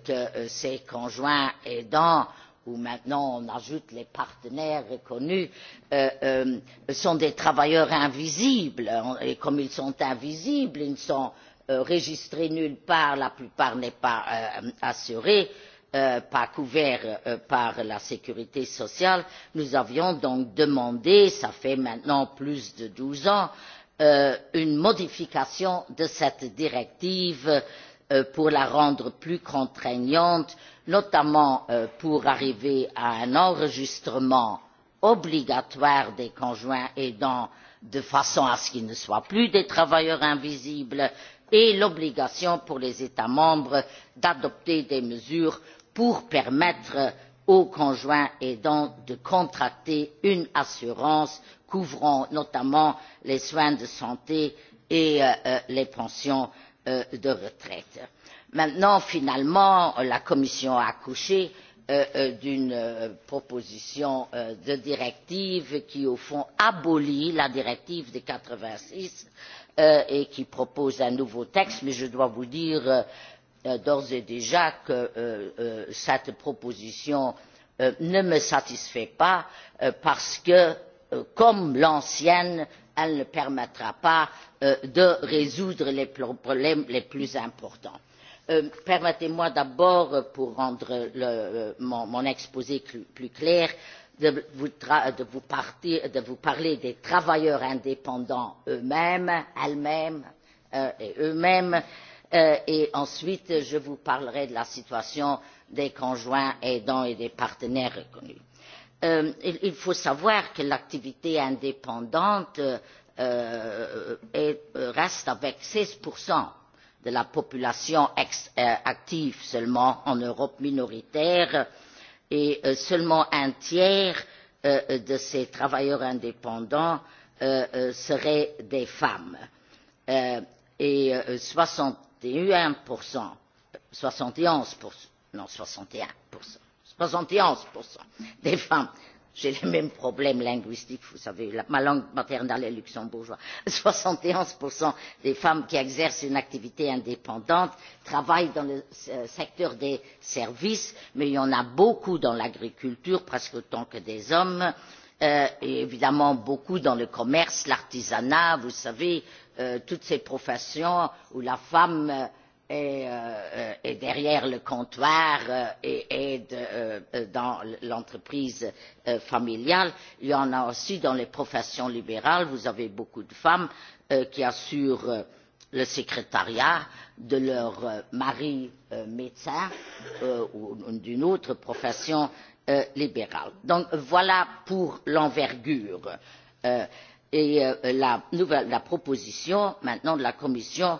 que ces conjoints aidants où maintenant on ajoute les partenaires reconnus, euh, euh, sont des travailleurs invisibles. Et comme ils sont invisibles, ils ne sont Euh, registrés nulle part, la plupart n'est pas euh, assuré, euh, pas couvert euh, par la sécurité sociale. Nous avions donc demandé, ça fait maintenant plus de 12 ans, euh, une modification de cette directive euh, pour la rendre plus contraignante, notamment euh, pour arriver à un enregistrement obligatoire des conjoints aidants de façon à ce qu'ils ne soient plus des travailleurs invisibles et l'obligation pour les États membres d'adopter des mesures pour permettre aux conjoints aidants de contracter une assurance couvrant notamment les soins de santé et euh, euh, les pensions euh, de retraite. Maintenant, finalement, la Commission a accouché d'une proposition de directive qui, au fond, abolit la directive de quatre vingt six euh, et qui propose un nouveau texte, mais je dois vous dire euh, euh, d'ores et déjà que euh, euh, cette proposition euh, ne me satisfait pas euh, parce que, euh, comme l'ancienne, elle ne permettra pas euh, de résoudre les problèmes les plus importants. Euh, Permettez-moi d'abord, euh, pour rendre le, euh, mon, mon exposé plus clair, euh, de vous, de vous, partir, de vous parler des travailleurs indépendants eux-mêmes, elles-mêmes euh, et eux-mêmes. Euh, et ensuite, je vous parlerai de la situation des conjoints aidants et des partenaires reconnus. Euh, il, il faut savoir que l'activité indépendante euh, est, reste avec 16% de la population ex, euh, active seulement en Europe minoritaire, euh, et euh, seulement un tiers euh, euh de ces travailleurs indépendants euh, euh seraient des femmes euh, et soixante et un soixante et onze non 61 et un soixante et onze des femmes J'ai les mêmes problèmes linguistiques, vous savez, la, ma langue maternelle est luxembourgeois. 71% des femmes qui exercent une activité indépendante travaillent dans le euh, secteur des services, mais il y en a beaucoup dans l'agriculture, presque autant que des hommes, euh, et évidemment beaucoup dans le commerce, l'artisanat, vous savez, euh, toutes ces professions où la femme euh, et euh, et derrière le comptoir euh, et aide euh, dans l'entreprise euh, familiale. Il y en a aussi dans les professions libérales. Vous avez beaucoup de femmes euh, qui assurent euh, le secrétariat de leur euh, mari euh, médecin euh, ou d'une autre profession euh, libérale. Donc voilà pour l'envergure. Euh, et euh, la, nouvelle, la proposition maintenant de la Commission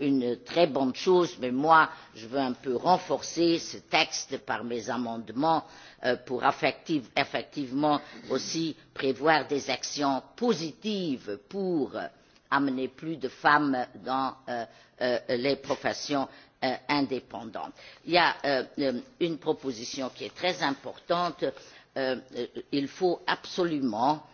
une très bonne chose, mais moi, je veux un peu renforcer ce texte par mes amendements euh, pour effective, effectivement aussi prévoir des actions positives pour amener plus de femmes dans euh, euh, les professions euh, indépendantes. Il y a euh, une proposition qui est très importante. Euh, euh il faut absolument euh,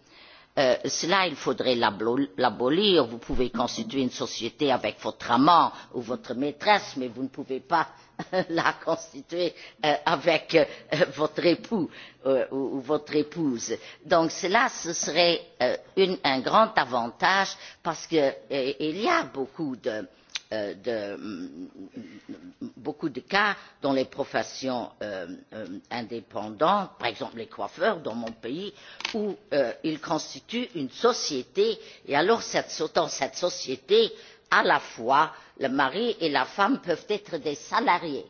Euh, cela, il faudrait l'abolir. Vous pouvez constituer une société avec votre amant ou votre maîtresse, mais vous ne pouvez pas la constituer euh, avec euh, votre époux ou, votre épouse. Donc cela, ce serait une, un grand avantage parce qu'il y a beaucoup de euh, Euh, de mm, beaucoup de cas dans les professions euh, euh, indépendantes, par exemple les coiffeurs dans mon pays, où euh, ils constituent une société et alors cette, dans cette société, à la fois le mari et la femme peuvent être des salariés.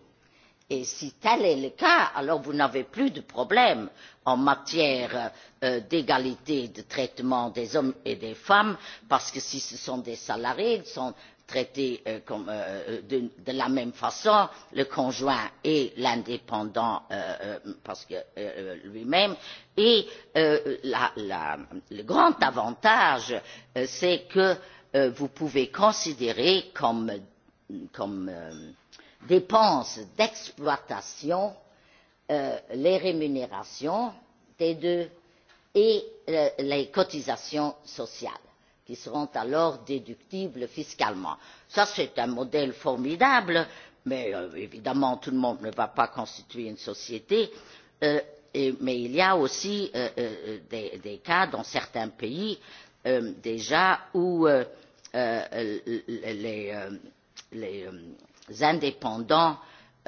Et si tel est le cas, alors vous n'avez plus de problème en matière euh, d'égalité de traitement des hommes et des femmes, parce que si ce sont des salariés, ils sont traité euh, comme, euh, de, de la même façon le conjoint et l'indépendant euh, euh parce que euh, euh, lui-même et euh, la, la, le grand avantage euh, c'est que euh, vous pouvez considérer comme, comme euh, dépenses d'exploitation euh, les rémunérations des deux et euh, les cotisations sociales qui seront alors déductibles fiscalement. Ça, c'est un modèle formidable, mais euh, évidemment, tout le monde ne va pas constituer une société. Euh, et, mais il y a aussi euh, euh, des, des cas dans certains pays euh, déjà où euh, euh, les, euh, les euh, indépendants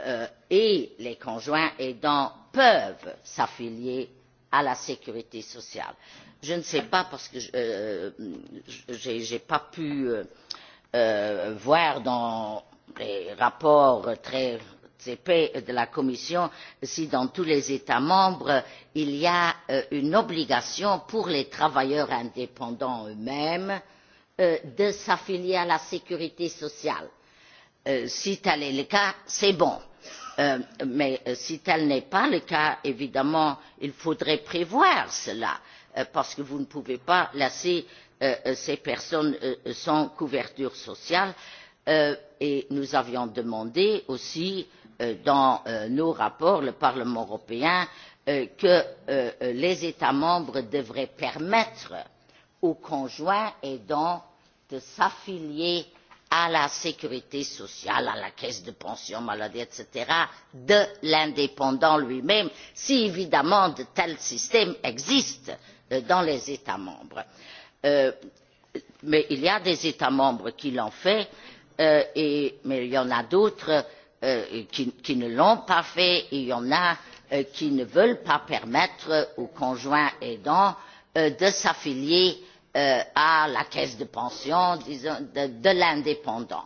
euh, et les conjoints aidants peuvent s'affilier à la sécurité sociale je ne sais pas parce que euh, je n'ai pas pu euh, euh, voir dans les rapports très épais de la Commission si dans tous les États membres il y a euh, une obligation pour les travailleurs indépendants eux-mêmes euh, de s'affilier à la sécurité sociale. Euh, si tel est le cas, c'est bon. Euh, mais euh, si tel n'est pas le cas, évidemment, il faudrait prévoir cela Euh, parce que vous ne pouvez pas laisser euh, euh, ces personnes sans couverture sociale et nous avions demandé aussi dans nos rapports le Parlement européen que les États membres devraient permettre aux conjoints aidants de s'affilier à la sécurité sociale, à la caisse de pension maladie, etc., de l'indépendant lui-même, si évidemment de tels systèmes existent euh, dans les États membres. Euh, mais il y a des États membres qui l'ont fait, euh, et, mais il y en a d'autres euh, qui, qui ne l'ont pas fait, et il y en a euh, qui ne veulent pas permettre aux conjoints aidants euh, de s'affilier euh, euh, à la caisse de pension, disons, de, de l'indépendant.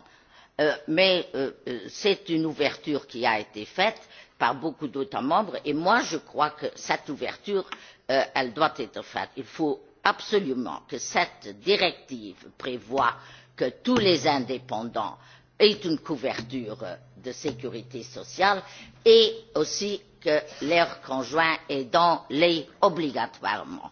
Euh, mais euh, euh, c'est une ouverture qui a été faite par beaucoup d'États membres et moi je crois que cette ouverture, euh, elle doit être faite. Il faut absolument que cette directive prévoie que tous les indépendants aient une couverture de sécurité sociale et aussi que leurs conjoints aidants l'aient obligatoirement.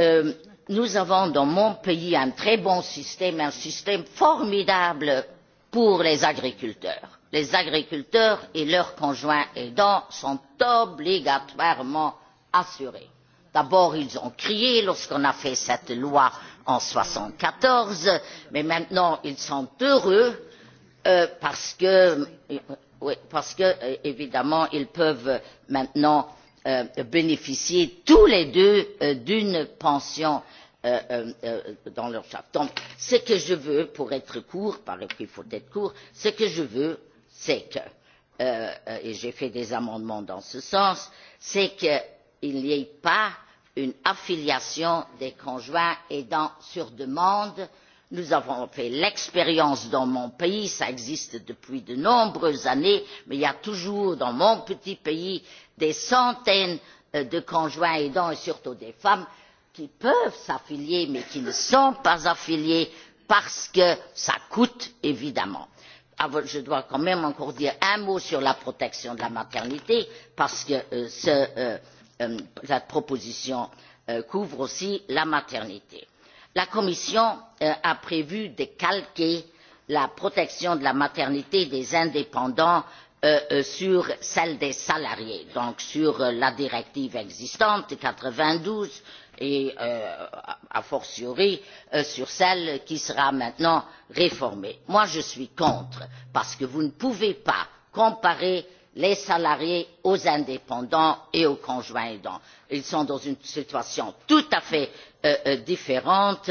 Euh, nous avons dans mon pays un très bon système, un système formidable pour les agriculteurs. Les agriculteurs et leurs conjoints aidants sont obligatoirement assurés. D'abord, ils ont crié lorsqu'on a fait cette loi en 1974, mais maintenant, ils sont heureux euh, parce que, euh, oui, parce que euh, évidemment, ils peuvent maintenant Euh, bénéficier tous les deux euh, d'une pension euh, euh, dans leur charte. Donc, ce que je veux, pour être court, par le qu'il faut être court, ce que je veux, c'est que, euh, et j'ai fait des amendements dans ce sens, c'est qu'il n'y ait pas une affiliation des conjoints aidants sur demande euh, Nous avons fait l'expérience dans mon pays, ça existe depuis de nombreuses années, mais il y a toujours dans mon petit pays des centaines euh, de conjoints aidants et surtout des femmes qui peuvent s'affilier mais qui ne sont pas affiliées parce que ça coûte évidemment. Alors, ah, je dois quand même encore dire un mot sur la protection de la maternité parce que euh, ce, euh, euh, cette proposition euh, couvre aussi la maternité La Commission euh, a prévu de calquer la protection de la maternité des indépendants euh, euh, sur celle des salariés, donc sur la directive existante quatre vingt douze et euh, a fortiori euh, sur celle qui sera maintenant réformée. Moi je suis contre parce que vous ne pouvez pas comparer les salariés aux indépendants et aux conjoints aidants. Ils sont dans une situation tout à fait euh, euh, différente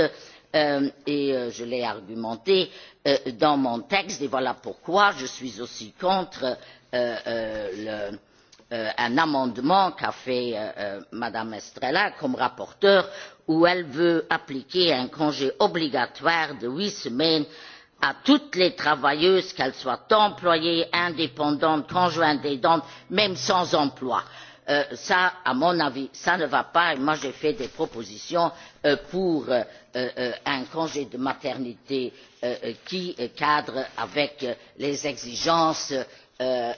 euh, et euh, je l'ai argumenté euh, dans mon texte et voilà pourquoi je suis aussi contre euh, euh, le, euh, un amendement qu'a fait euh, euh Mme Estrella comme rapporteure où elle veut appliquer un congé obligatoire de huit semaines euh, à toutes les travailleuses, qu'elles soient employées, indépendantes, conjointes aidantes, même sans emploi. Euh, ça, à mon avis, ça ne va pas. Et moi, j'ai fait des propositions euh, pour euh, euh, un congé de maternité euh, euh qui cadre avec les exigences euh,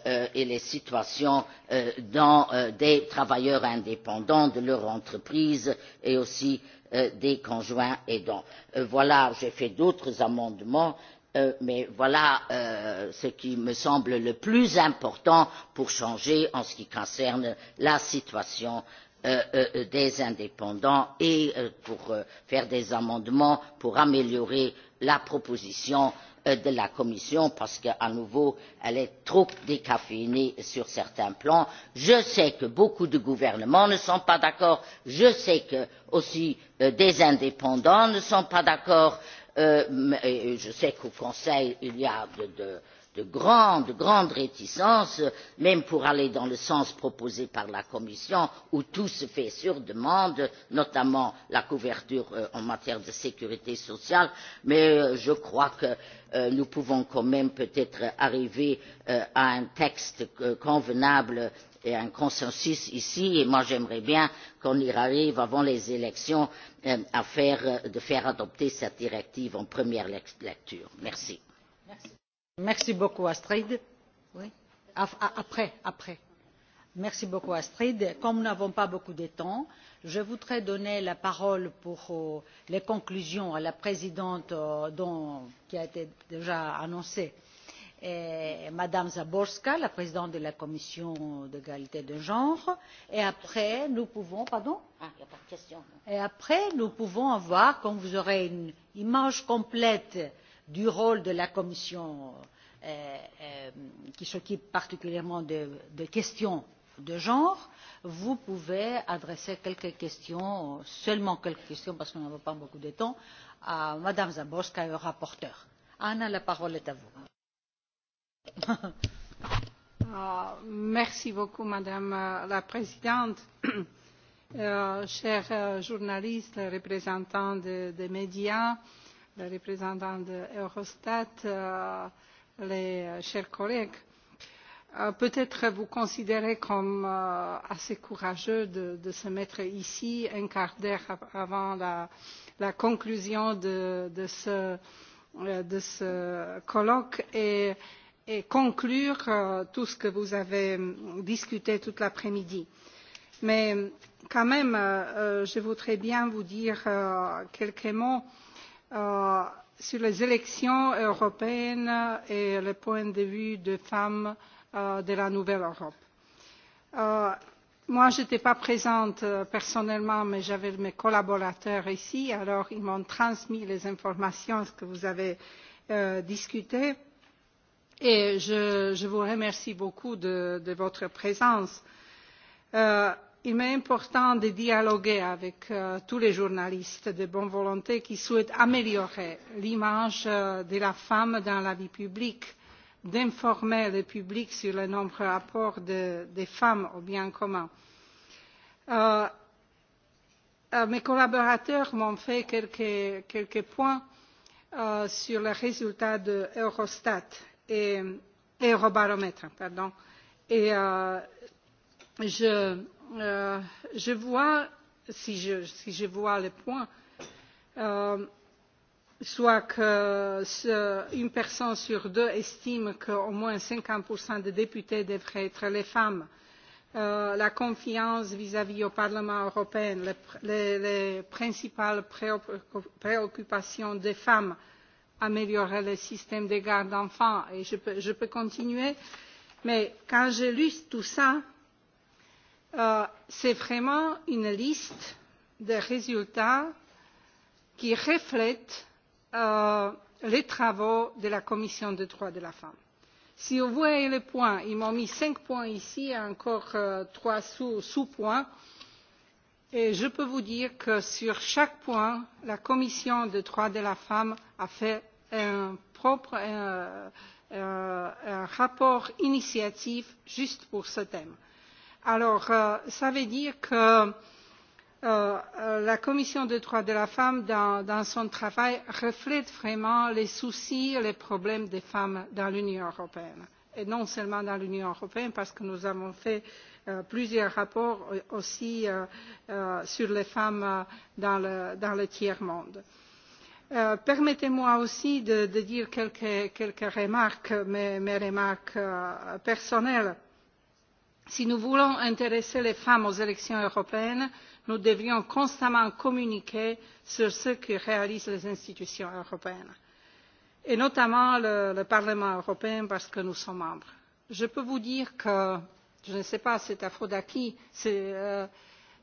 euh, et les situations euh, dans, euh, des travailleurs indépendants, de leur entreprise et aussi euh, des conjoints aidants. Euh, voilà, j'ai fait d'autres amendements Euh, mais voilà euh, ce qui me semble le plus important pour changer en ce qui concerne la situation euh, euh des indépendants et euh, pour faire des amendements pour améliorer la proposition de la Commission parce qu'à nouveau, elle est trop décaféinée sur certains plans. Je sais que beaucoup de gouvernements ne sont pas d'accord. Je sais que aussi des indépendants ne sont pas d'accord. Euh, et je sais qu'au Conseil, il y a de, de, de grandes, grandes réticences, même pour aller dans le sens proposé par la Commission, où tout se fait sur demande, notamment la couverture euh, en matière de sécurité sociale, mais euh, je crois que euh, nous pouvons quand même peut-être arriver euh, à un texte euh, convenable et un consensus ici et moi j'aimerais bien qu'on y arrive avant les élections euh, à faire, euh, de faire adopter cette directive en première lecture. Merci. Merci, Merci beaucoup Astrid. Oui. Après, après. Merci beaucoup Astrid. Comme nous n'avons pas beaucoup de temps, je voudrais donner la parole pour euh, les conclusions à la présidente euh, dont, qui a été déjà annoncée et Madame Zaborska, la présidente de la commission d'égalité de genre, et après nous pouvons, pardon, ah, y a pas de question. et après nous pouvons avoir, quand vous aurez une image complète du rôle de la commission euh, euh, qui s'occupe particulièrement de, de questions de genre, vous pouvez adresser quelques questions, seulement quelques questions parce qu'on n'a pas beaucoup de temps, à Madame Zaborska et au rapporteur. Anna, la parole est à vous. Ah, merci beaucoup, Madame euh, la Présidente. Euh, chers euh, journalistes, représentants des de médias, les représentants d'Eurostat, de euh, les euh, chers collègues, euh, peut-être vous considérez comme euh, assez courageux de, de se mettre ici un quart d'heure avant la, la conclusion de, de, ce, de ce colloque et et conclure euh, tout ce que vous avez euh, discuté toute l'après-midi. Mais euh, quand même, euh, euh, je voudrais bien vous dire euh, quelques mots euh, sur les élections européennes et le point de vue des femmes euh, de la nouvelle Europe. Euh, moi, je n'étais pas présente personnellement, mais j'avais mes collaborateurs ici, alors ils m'ont transmis les informations que vous avez euh, discutées. Et je, je vous remercie beaucoup de, de votre présence. Euh, il m'est important de dialoguer avec euh, tous les journalistes de bonne volonté qui souhaitent améliorer l'image euh, de la femme dans la vie publique, d'informer le public sur le nombre apports de, des femmes au bien commun. Euh, euh, mes collaborateurs m'ont fait quelques, quelques points euh, sur les résultats de Eurostat et, Eurobaromètre. Pardon. Et euh, je, euh, je vois, si je, si je vois les points, euh, soit que ce, une personne sur deux estime qu'au moins 50% des députés devraient être les femmes, euh, la confiance vis-à-vis -vis au Parlement européen, les, les, les principales préoccupations des femmes, améliorer le système des gardes d'enfants et je peux, je peux continuer. Mais quand j'ai lu tout ça, euh, c'est vraiment une liste de résultats qui reflète euh, les travaux de la Commission des droits de la femme. Si vous voyez les points, ils m'ont mis cinq points ici et encore euh, trois sous-points. sous je peux vous dire que sur chaque point, la Commission des droits de la femme a fait un propre un, euh, un rapport initiatif juste pour ce thème. Alors, euh, ça veut dire que euh, euh la Commission des droits de la femme, dans, dans son travail, reflète vraiment les soucis et les problèmes des femmes dans l'Union européenne. Et non seulement dans l'Union européenne, parce que nous avons fait euh, Euh, plusieurs rapports euh, aussi euh, euh, sur les femmes euh, dans le, dans le tiers-monde. Euh, Permettez-moi aussi de, de dire quelques, quelques remarques, mes, mes remarques euh, personnelles. Si nous voulons intéresser les femmes aux élections européennes, nous devrions constamment communiquer sur ce que réalisent les institutions européennes, et notamment le, le Parlement européen parce que nous sommes membres. Je peux vous dire que je ne sais pas cette Afrodaki, c'est, euh,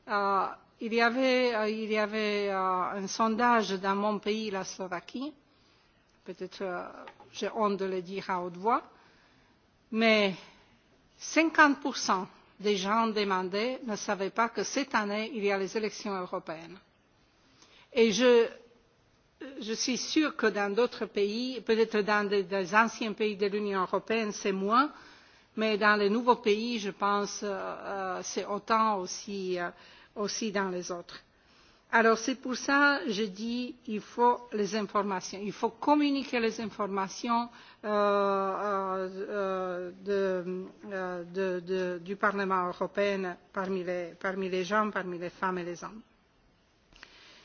euh, il y avait, euh, il y avait euh, un sondage dans mon pays, la Slovaquie, peut-être euh, j'ai honte de le dire à haute voix, mais 50% des gens demandés ne savaient pas que cette année, il y a les élections européennes. Et je, je suis sûre que dans d'autres pays, peut-être dans des, des anciens pays de l'Union européenne, c'est moins, mais dans les nouveaux pays, je pense, euh, euh, c'est autant aussi, euh, aussi dans les autres. Alors c'est pour ça que je dis qu'il faut les informations, il faut communiquer les informations euh, euh, euh, de, euh, de, de, du Parlement européen parmi les, parmi les gens, parmi les femmes et les hommes.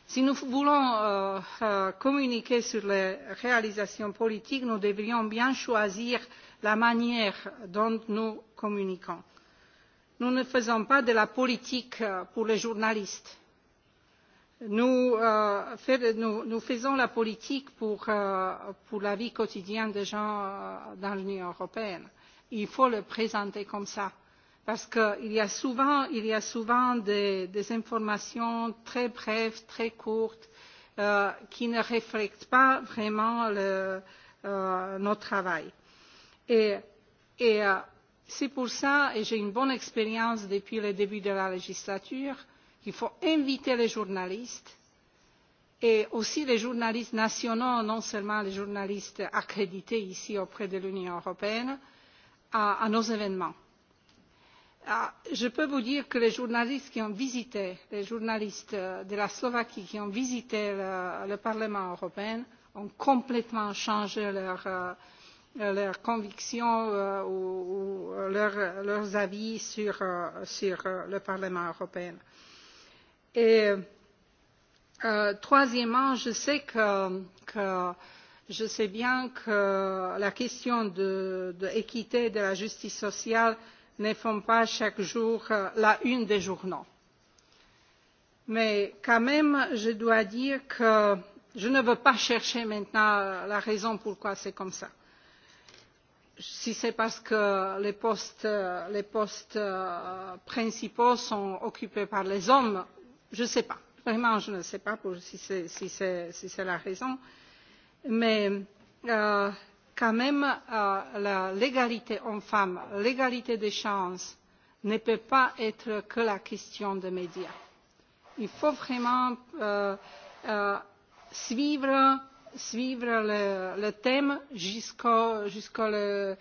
Si nous voulons euh, euh communiquer sur les réalisations politiques, nous devrions bien choisir euh, la manière dont nous communiquons. Nous ne faisons pas de la politique euh, pour les journalistes. Nous, euh, fait, nous, nous faisons la politique pour, euh, pour la vie quotidienne des gens euh, dans l'Union européenne. Il faut le présenter comme ça, parce qu'il y a souvent, il y a souvent des, des informations très brèves, très courtes, euh, qui ne reflètent pas vraiment le, euh, notre travail. Et, et euh, c'est pour ça, et j'ai une bonne expérience depuis le début de la législature, qu'il faut inviter les journalistes et aussi les journalistes nationaux, non seulement les journalistes accrédités ici auprès de l'Union européenne, à, à nos événements. Euh, je peux vous dire que les journalistes qui ont visité, les journalistes euh, de la Slovaquie qui ont visité le, le Parlement européen ont complètement changé leur, Euh, leurs convictions euh, ou, ou leur, leurs avis sur, euh, sur euh, le Parlement européen. Et euh, troisièmement, je sais que, que je sais bien que la question de, de l'équité et de la justice sociale ne font pas chaque jour euh, la une des journaux. Mais quand même, je dois dire que je ne veux pas chercher maintenant la raison pourquoi c'est comme ça si c'est parce que les postes, les postes euh, principaux sont occupés par les hommes, je ne sais pas. Vraiment, je ne sais pas pour, si c'est si si la raison. Mais euh, quand même, euh, l'égalité hommes-femmes, l'égalité des chances ne peut pas être que la question des médias. Il faut vraiment euh, euh, suivre suivre le, le thème jusqu'à jusqu le,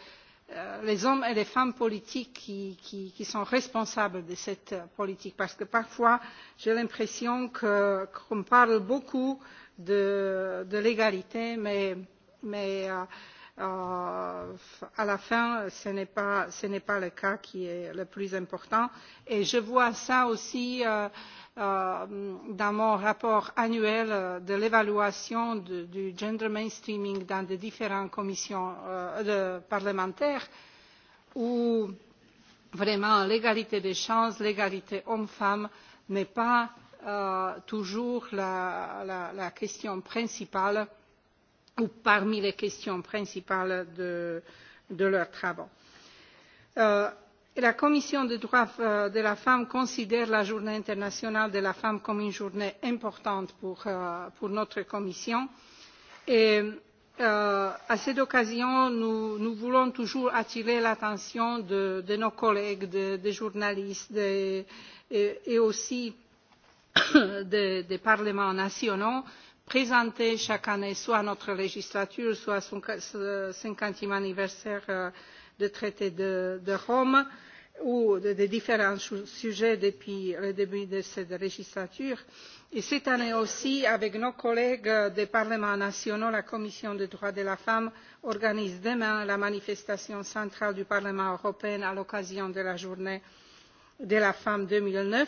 euh, les hommes et les femmes politiques qui, qui, qui sont responsables de cette politique. Parce que parfois, j'ai l'impression qu'on qu parle beaucoup de, de l'égalité, mais, mais euh, euh, à la fin, ce n'est pas, ce n'est pas le cas qui est le plus important. Et je vois ça aussi euh, euh, dans mon rapport annuel euh, de l'évaluation du gender mainstreaming dans les différentes commissions euh, de, parlementaires où vraiment l'égalité des chances, l'égalité homme-femme n'est pas euh, toujours la, la, la question principale euh, ou parmi les questions principales de, de leurs travaux. Euh, la Commission des droits euh, de la femme considère la journée internationale de la femme comme une journée importante pour, euh, pour notre Commission. Et euh, à cette occasion, nous, nous voulons toujours attirer l'attention de, de nos collègues, des de journalistes de, et, et aussi des, de parlements nationaux euh, présenter chaque année soit notre législature, soit son 50e anniversaire euh, du traité de, de Rome ou de, de différents sujets depuis le début de cette législature. Et cette année aussi, avec nos collègues des parlements nationaux, la Commission des droits de la femme organise demain la manifestation centrale du Parlement européen à l'occasion de la journée de la femme 2009.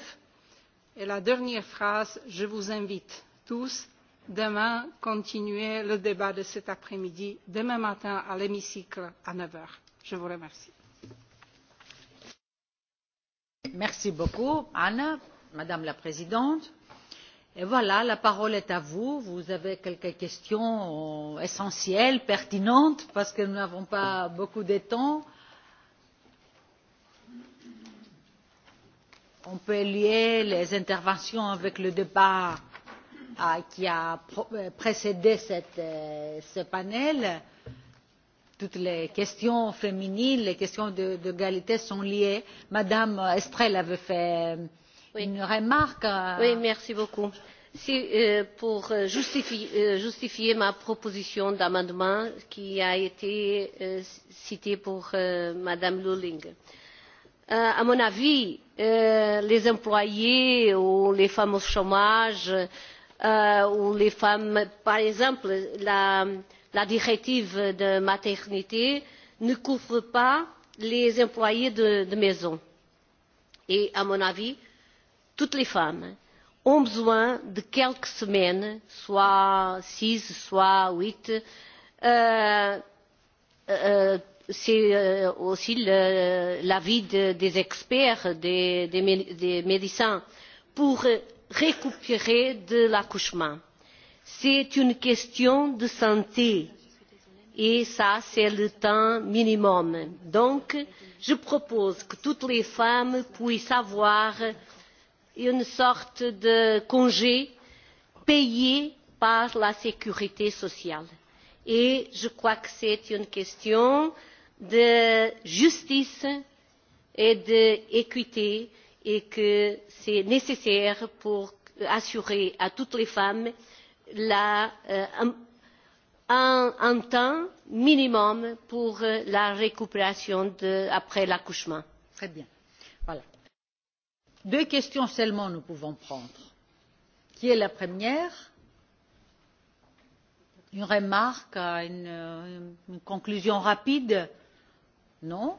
Et la dernière phrase, je vous invite tous demain continuer le débat de cet après-midi, demain matin à l'hémicycle à 9 heures. Je vous remercie. Merci beaucoup, Anna, Madame la Présidente. Et voilà, la parole est à vous. Vous avez quelques questions essentielles, pertinentes, parce que nous n'avons pas beaucoup de temps. On peut lier les interventions avec le débat Euh, qui a euh, précédé cette, euh, ce panel, toutes les questions féminines, les questions d'égalité sont liées. Madame Estrelle avait fait oui. une remarque. Oui, merci beaucoup. Si, euh, pour justifier, euh, justifier ma proposition d'amendement qui a été euh, citée pour euh, Madame Luling. Euh, à mon avis, euh, les employés ou les femmes au chômage euh, où les femmes, par exemple, la, la directive de maternité ne couvre pas les employés de, de maison. Et à mon avis, toutes les femmes ont besoin de quelques semaines, soit six, soit huit. Euh, euh, C'est euh, aussi l'avis de, des experts, des, des, des médecins, pour récupérer de l'accouchement. C'est une question de santé et ça c'est le temps minimum. Donc je propose que toutes les femmes puissent avoir une sorte de congé payé par la sécurité sociale. Et je crois que c'est une question de justice et d'équité et que c'est nécessaire pour assurer à toutes les femmes la, euh, un, un temps minimum pour euh, la récupération de, après l'accouchement. Très bien. Voilà. Deux questions seulement nous pouvons prendre. Qui est la première Une remarque, une, une conclusion rapide Non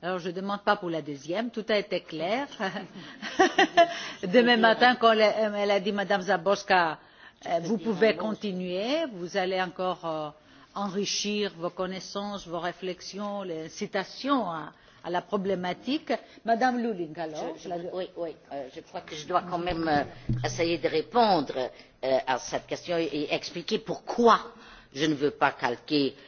Alors je ne demande pas pour la deuxième, tout a été clair. Demain matin, quand elle a dit Madame Zaborska, euh, vous pouvez continuer, vous allez encore euh, enrichir vos connaissances, vos réflexions, les citations à, à la problématique. Madame Luling, alors je, je, Oui, oui, euh, je crois que je dois quand même euh, essayer de répondre euh, à cette question et, et expliquer pourquoi je ne veux pas calquer euh,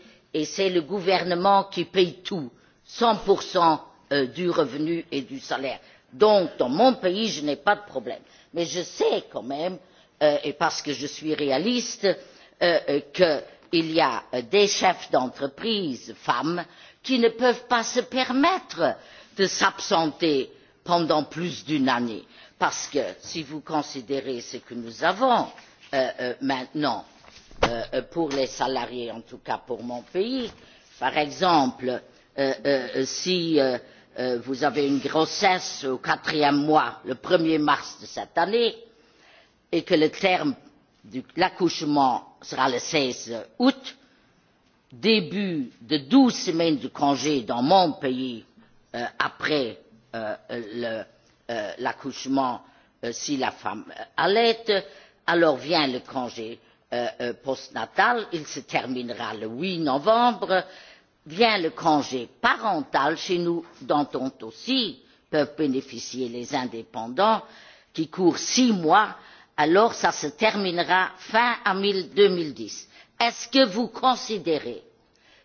et c'est le gouvernement qui paie tout, 100% euh, du revenu et du salaire. Donc, dans mon pays, je n'ai pas de problème. Mais je sais quand même, euh, et parce que je suis réaliste, euh, euh qu'il y a euh, des chefs d'entreprise, femmes, qui ne peuvent pas se permettre de s'absenter pendant plus d'une année. Parce que si vous considérez ce que nous avons euh, euh, maintenant, Euh, euh, pour les salariés, en tout cas pour mon pays. Par exemple, euh, euh, si euh, euh, vous avez une grossesse au quatrième mois, le 1er mars de cette année, et que le terme de l'accouchement sera le 16 août, début de 12 semaines de congé dans mon pays euh, après euh, euh l'accouchement euh, si la femme euh, allaite, alors vient le congé Euh, euh, postnatal, il se terminera le huit novembre, vient le congé parental chez nous, dont on aussi peuvent bénéficier les indépendants, qui courent six mois, alors ça se terminera fin deux mille dix. Est-ce que vous considérez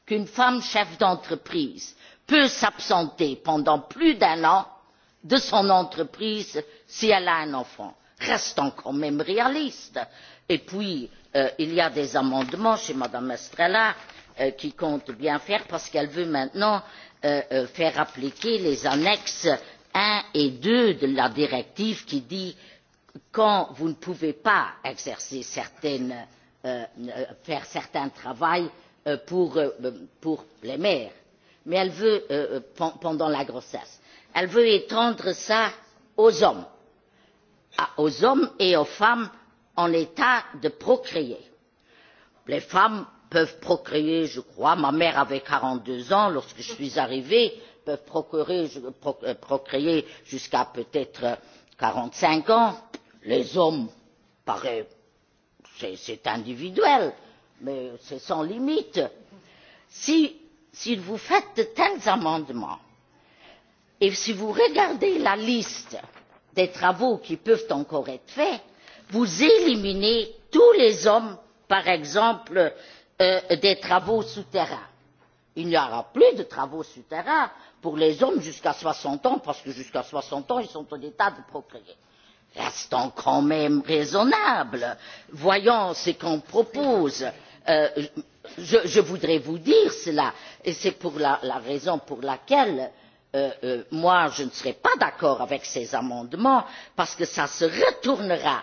qu'une femme chef d'entreprise peut s'absenter pendant plus d'un an de son entreprise si elle a un enfant? Restons quand même réalistes Et puis, euh, il y a des amendements chez Mme Estrella euh, qui compte bien faire parce qu'elle veut maintenant euh, euh faire appliquer les annexes 1 et 2 de la directive qui dit quand vous ne pouvez pas exercer certaines, euh, euh faire certains travaux euh, pour, euh, pour les mères, mais elle veut euh, euh pendant la grossesse. Elle veut étendre ça aux hommes, à, ah, aux hommes et aux femmes en état de procréer. Les femmes peuvent procréer, je crois, ma mère avait 42 ans lorsque je suis arrivée, peuvent procréer, euh, procréer jusqu'à peut-être 45 ans. Les hommes, paraît, c'est individuel, mais c'est sans limite. Si, si vous faites de tels amendements, et si vous regardez la liste des travaux qui peuvent encore être faits, vous éliminez tous les hommes, par exemple, euh, des travaux souterrains. Il n'y aura plus de travaux souterrains pour les hommes jusqu'à 60 ans, parce que jusqu'à 60 ans, ils sont en état de procréer. Restons quand même raisonnables. Voyons ce qu'on propose. Euh, je, je voudrais vous dire cela, et c'est pour la, la raison pour laquelle euh, euh, moi je ne serai pas d'accord avec ces amendements, parce que ça se retournera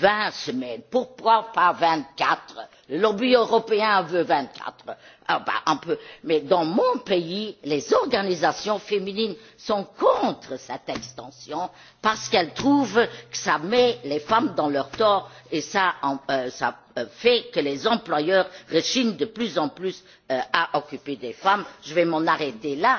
vingt semaines. Pourquoi pas vingt quatre Le lobby européen veut vingt quatre. Ah bah on peut. Mais dans mon pays, les organisations féminines sont contre cette extension parce qu'elles trouvent que ça met les femmes dans leur tort et ça, euh, ça euh, fait que les employeurs rechignent de plus en plus euh, à occuper des femmes. Je vais m'en arrêter là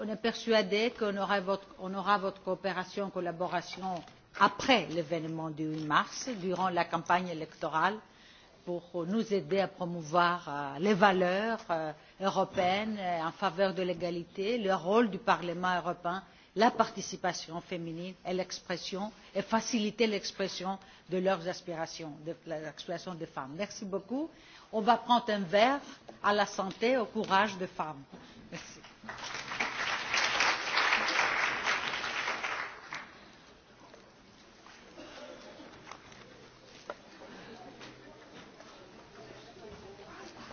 on est persuadé qu'on aura, votre, on aura votre coopération, collaboration après l'événement du 8 mars, durant la campagne électorale, pour nous aider à promouvoir euh, les valeurs euh, européennes euh, en faveur de l'égalité, le rôle du Parlement européen, la participation féminine et l'expression, et faciliter l'expression de leurs aspirations, de l'aspiration des femmes. Merci beaucoup. On va prendre un verre à la santé, au courage des femmes. Merci.